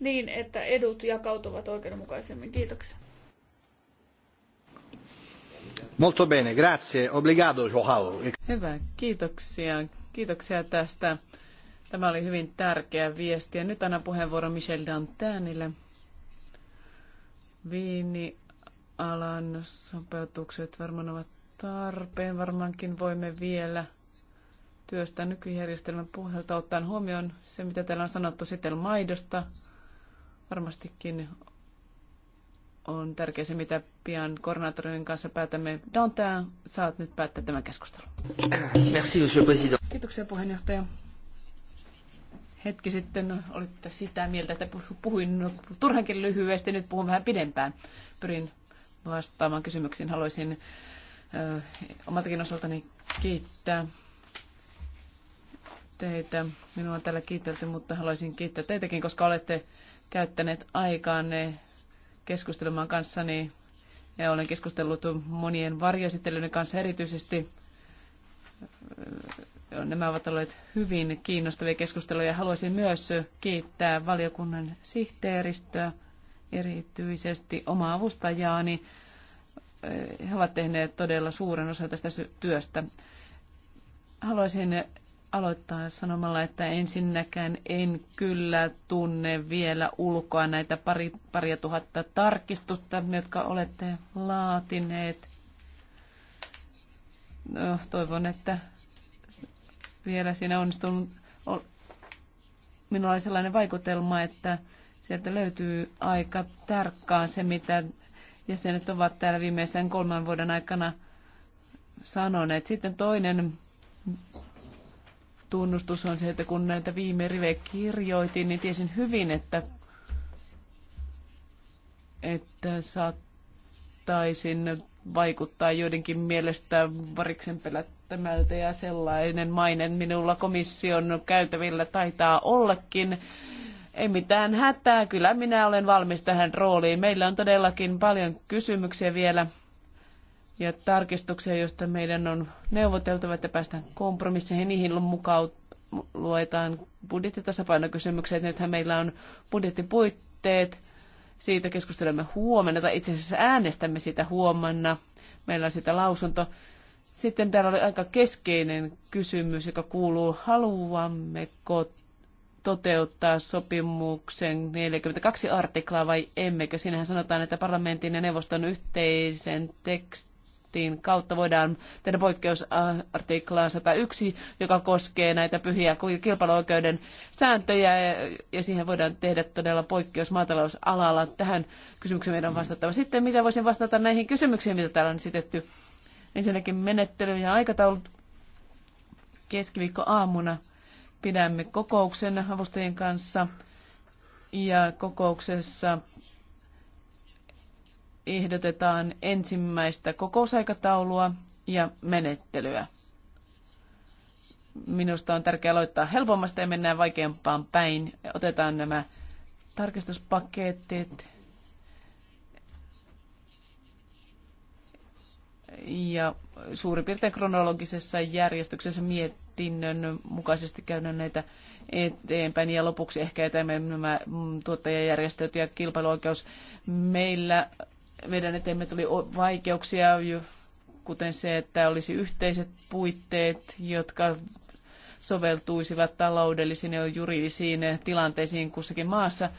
niin, että edut jakautuvat oikeudenmukaisemmin. Kiitoksia. Molto bene, grazie. Obrigado, Joao. Hyvä, kiitoksia. Kiitoksia tästä. Tämä oli hyvin tärkeä viesti. Ja nyt annan puheenvuoron Michel Dantanille. Viini alan sopeutukset varmaan ovat tarpeen. Varmaankin voimme vielä työstää nykyjärjestelmän puhelta ottaen huomioon se, mitä täällä on sanottu sitten maidosta. Varmastikin on tärkeää se, mitä pian koordinaattorin kanssa päätämme. Dantin, saat nyt päättää tämän keskustelun. Merci, monsieur président. Kiitoksia puheenjohtaja. Hetki sitten olitte sitä mieltä, että puhuin turhankin lyhyesti, nyt puhun vähän pidempään. Pyrin vastaamaan kysymyksiin. Haluaisin omaltakin osaltani kiittää teitä. Minua on täällä kiitelty, mutta haluaisin kiittää teitäkin, koska olette käyttäneet aikaanne keskustelemaan kanssani. Ja olen keskustellut monien varjoesittelyiden kanssa erityisesti. Nämä ovat olleet hyvin kiinnostavia keskusteluja. Haluaisin myös kiittää valiokunnan sihteeristöä erityisesti omaa avustajaani. He ovat tehneet todella suuren osan tästä työstä. Haluaisin aloittaa sanomalla, että ensinnäkään en kyllä tunne vielä ulkoa näitä pari, paria tuhatta tarkistusta, jotka olette laatineet. No, toivon, että vielä siinä onnistunut. Minulla oli sellainen vaikutelma, että Sieltä löytyy aika tarkkaan se, mitä jäsenet ovat täällä viimeisen kolman vuoden aikana sanoneet. Sitten toinen tunnustus on se, että kun näitä viime rivejä kirjoitin, niin tiesin hyvin, että, että saattaisin vaikuttaa joidenkin mielestä variksen pelättämältä ja sellainen mainen minulla komission käytävillä taitaa ollakin. Ei mitään hätää, kyllä minä olen valmis tähän rooliin. Meillä on todellakin paljon kysymyksiä vielä ja tarkistuksia, joista meidän on neuvoteltava, että päästään kompromisseihin. Niihin mukaan luetaan budjettitasapainokysymykset. Nythän meillä on budjettipuitteet. Siitä keskustelemme huomenna, tai itse asiassa äänestämme sitä huomenna. Meillä on sitä lausunto. Sitten täällä oli aika keskeinen kysymys, joka kuuluu, haluammeko toteuttaa sopimuksen 42 artiklaa vai emmekö. Siinähän sanotaan, että parlamentin ja neuvoston yhteisen tekstin kautta voidaan tehdä poikkeusartiklaa 101, joka koskee näitä pyhiä kilpailuoikeuden sääntöjä ja siihen voidaan tehdä todella poikkeus maatalousalalla. Tähän kysymykseen meidän on vastattava. Sitten mitä voisin vastata näihin kysymyksiin, mitä täällä on esitetty. Ensinnäkin menettely ja aikataulut keskiviikko aamuna – pidämme kokouksen avustajien kanssa ja kokouksessa ehdotetaan ensimmäistä kokousaikataulua ja menettelyä. Minusta on tärkeää aloittaa helpommasta ja mennään vaikeampaan päin. Otetaan nämä tarkistuspaketit ja suurin piirtein kronologisessa järjestyksessä mietitään mietinnön mukaisesti käydä näitä eteenpäin. Ja lopuksi ehkä eteenpäin nämä tuottajajärjestöt ja kilpailuoikeus. Meillä meidän eteemme tuli vaikeuksia, kuten se, että olisi yhteiset puitteet, jotka soveltuisivat taloudellisiin ja juridisiin tilanteisiin kussakin maassa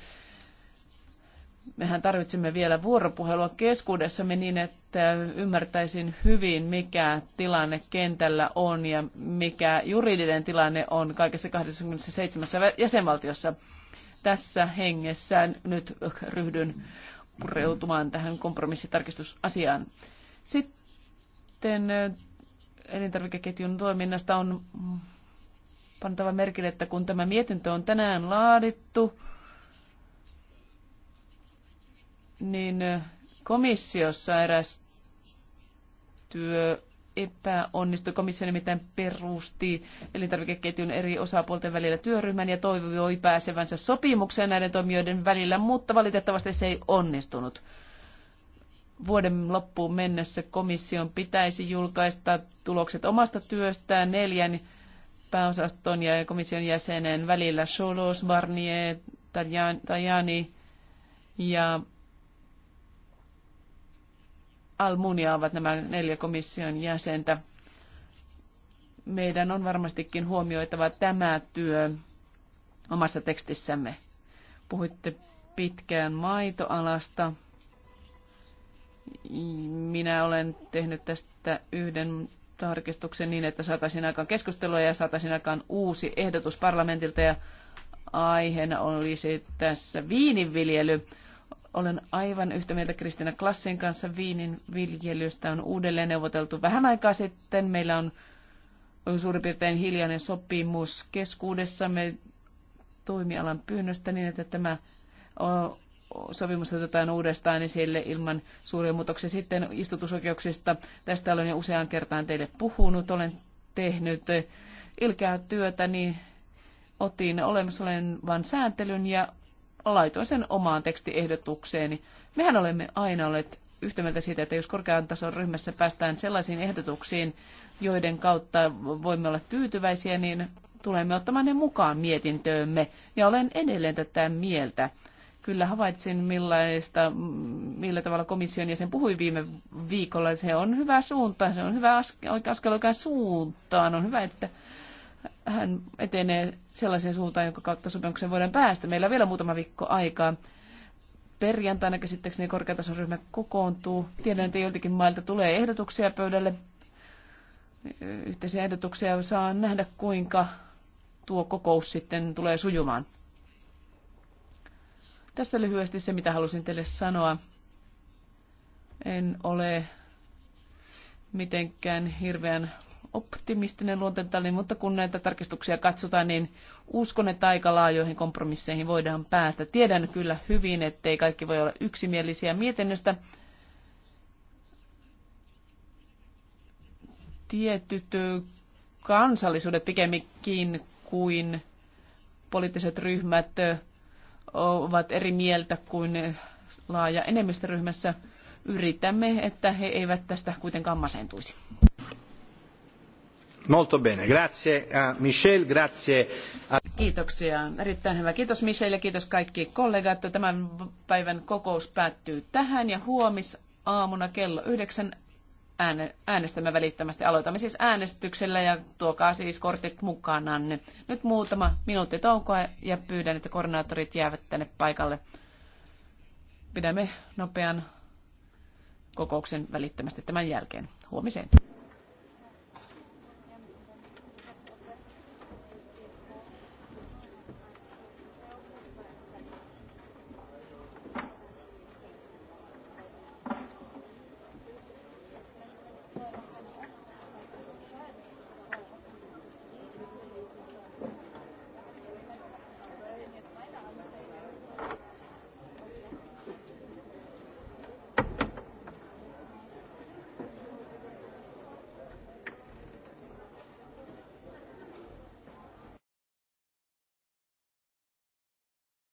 mehän tarvitsemme vielä vuoropuhelua keskuudessamme niin, että ymmärtäisin hyvin, mikä tilanne kentällä on ja mikä juridinen tilanne on kaikessa 27 jäsenvaltiossa. Tässä hengessä nyt ryhdyn pureutumaan tähän kompromissitarkistusasiaan. Sitten eh, elintarvikeketjun toiminnasta on pantava merkille, että kun tämä mietintö on tänään laadittu, niin komissiossa eräs työ epäonnistui. Komissio nimittäin perusti elintarvikeketjun eri osapuolten välillä työryhmän ja toivoi pääsevänsä sopimukseen näiden toimijoiden välillä, mutta valitettavasti se ei onnistunut. Vuoden loppuun mennessä komission pitäisi julkaista tulokset omasta työstään neljän pääosaston ja komission jäsenen välillä Solos, Barnier, Tajani ja Almunia ovat nämä neljä komission jäsentä. Meidän on varmastikin huomioitava tämä työ omassa tekstissämme. Puhuitte pitkään maitoalasta. Minä olen tehnyt tästä yhden tarkistuksen niin, että saataisiin aikaan keskustelua ja saataisiin aikaan uusi ehdotus parlamentilta ja aiheena olisi tässä viininviljely olen aivan yhtä mieltä Kristina Klassin kanssa viinin viljelystä on uudelleen neuvoteltu vähän aikaa sitten. Meillä on suurin piirtein hiljainen sopimus keskuudessamme toimialan pyynnöstä niin, että tämä sopimus otetaan uudestaan esille ilman suuria muutoksia. Sitten istutusoikeuksista, tästä olen jo useaan kertaan teille puhunut, olen tehnyt ilkeää työtä, niin otin olemassa olevan sääntelyn ja laitoin sen omaan tekstiehdotukseeni. Mehän olemme aina olleet yhtä mieltä siitä, että jos korkean tason ryhmässä päästään sellaisiin ehdotuksiin, joiden kautta voimme olla tyytyväisiä, niin tulemme ottamaan ne mukaan mietintöömme. Ja olen edelleen tätä mieltä. Kyllä havaitsin, millaista, millä tavalla komission jäsen puhui viime viikolla. Se on hyvä suunta, se on hyvä askel, askel oikeaan suuntaan. On hyvä, että hän etenee sellaiseen suuntaan, jonka kautta sopimukseen voidaan päästä. Meillä on vielä muutama viikko aikaa. Perjantaina käsittääkseni korkeatasoryhmä kokoontuu. Tiedän, että joiltakin mailta tulee ehdotuksia pöydälle. Yhteisiä ehdotuksia saa nähdä, kuinka tuo kokous sitten tulee sujumaan. Tässä lyhyesti se, mitä halusin teille sanoa. En ole mitenkään hirveän optimistinen luonteeltani, mutta kun näitä tarkistuksia katsotaan, niin uskon, että aika laajoihin kompromisseihin voidaan päästä. Tiedän kyllä hyvin, ettei kaikki voi olla yksimielisiä mietinnöstä. Tietyt kansallisuudet pikemminkin kuin poliittiset ryhmät ovat eri mieltä kuin laaja enemmistöryhmässä. Yritämme, että he eivät tästä kuitenkaan masentuisi. Molto Michel, Erittäin hyvä. Kiitos Michel ja kiitos kaikki kollegat. Tämän päivän kokous päättyy tähän ja huomis aamuna kello yhdeksän äänestämme välittömästi. Aloitamme siis äänestyksellä ja tuokaa siis kortit mukanaan. Nyt muutama minuutti taukoa ja pyydän, että koordinaattorit jäävät tänne paikalle. Pidämme nopean kokouksen välittömästi tämän jälkeen. Huomiseen.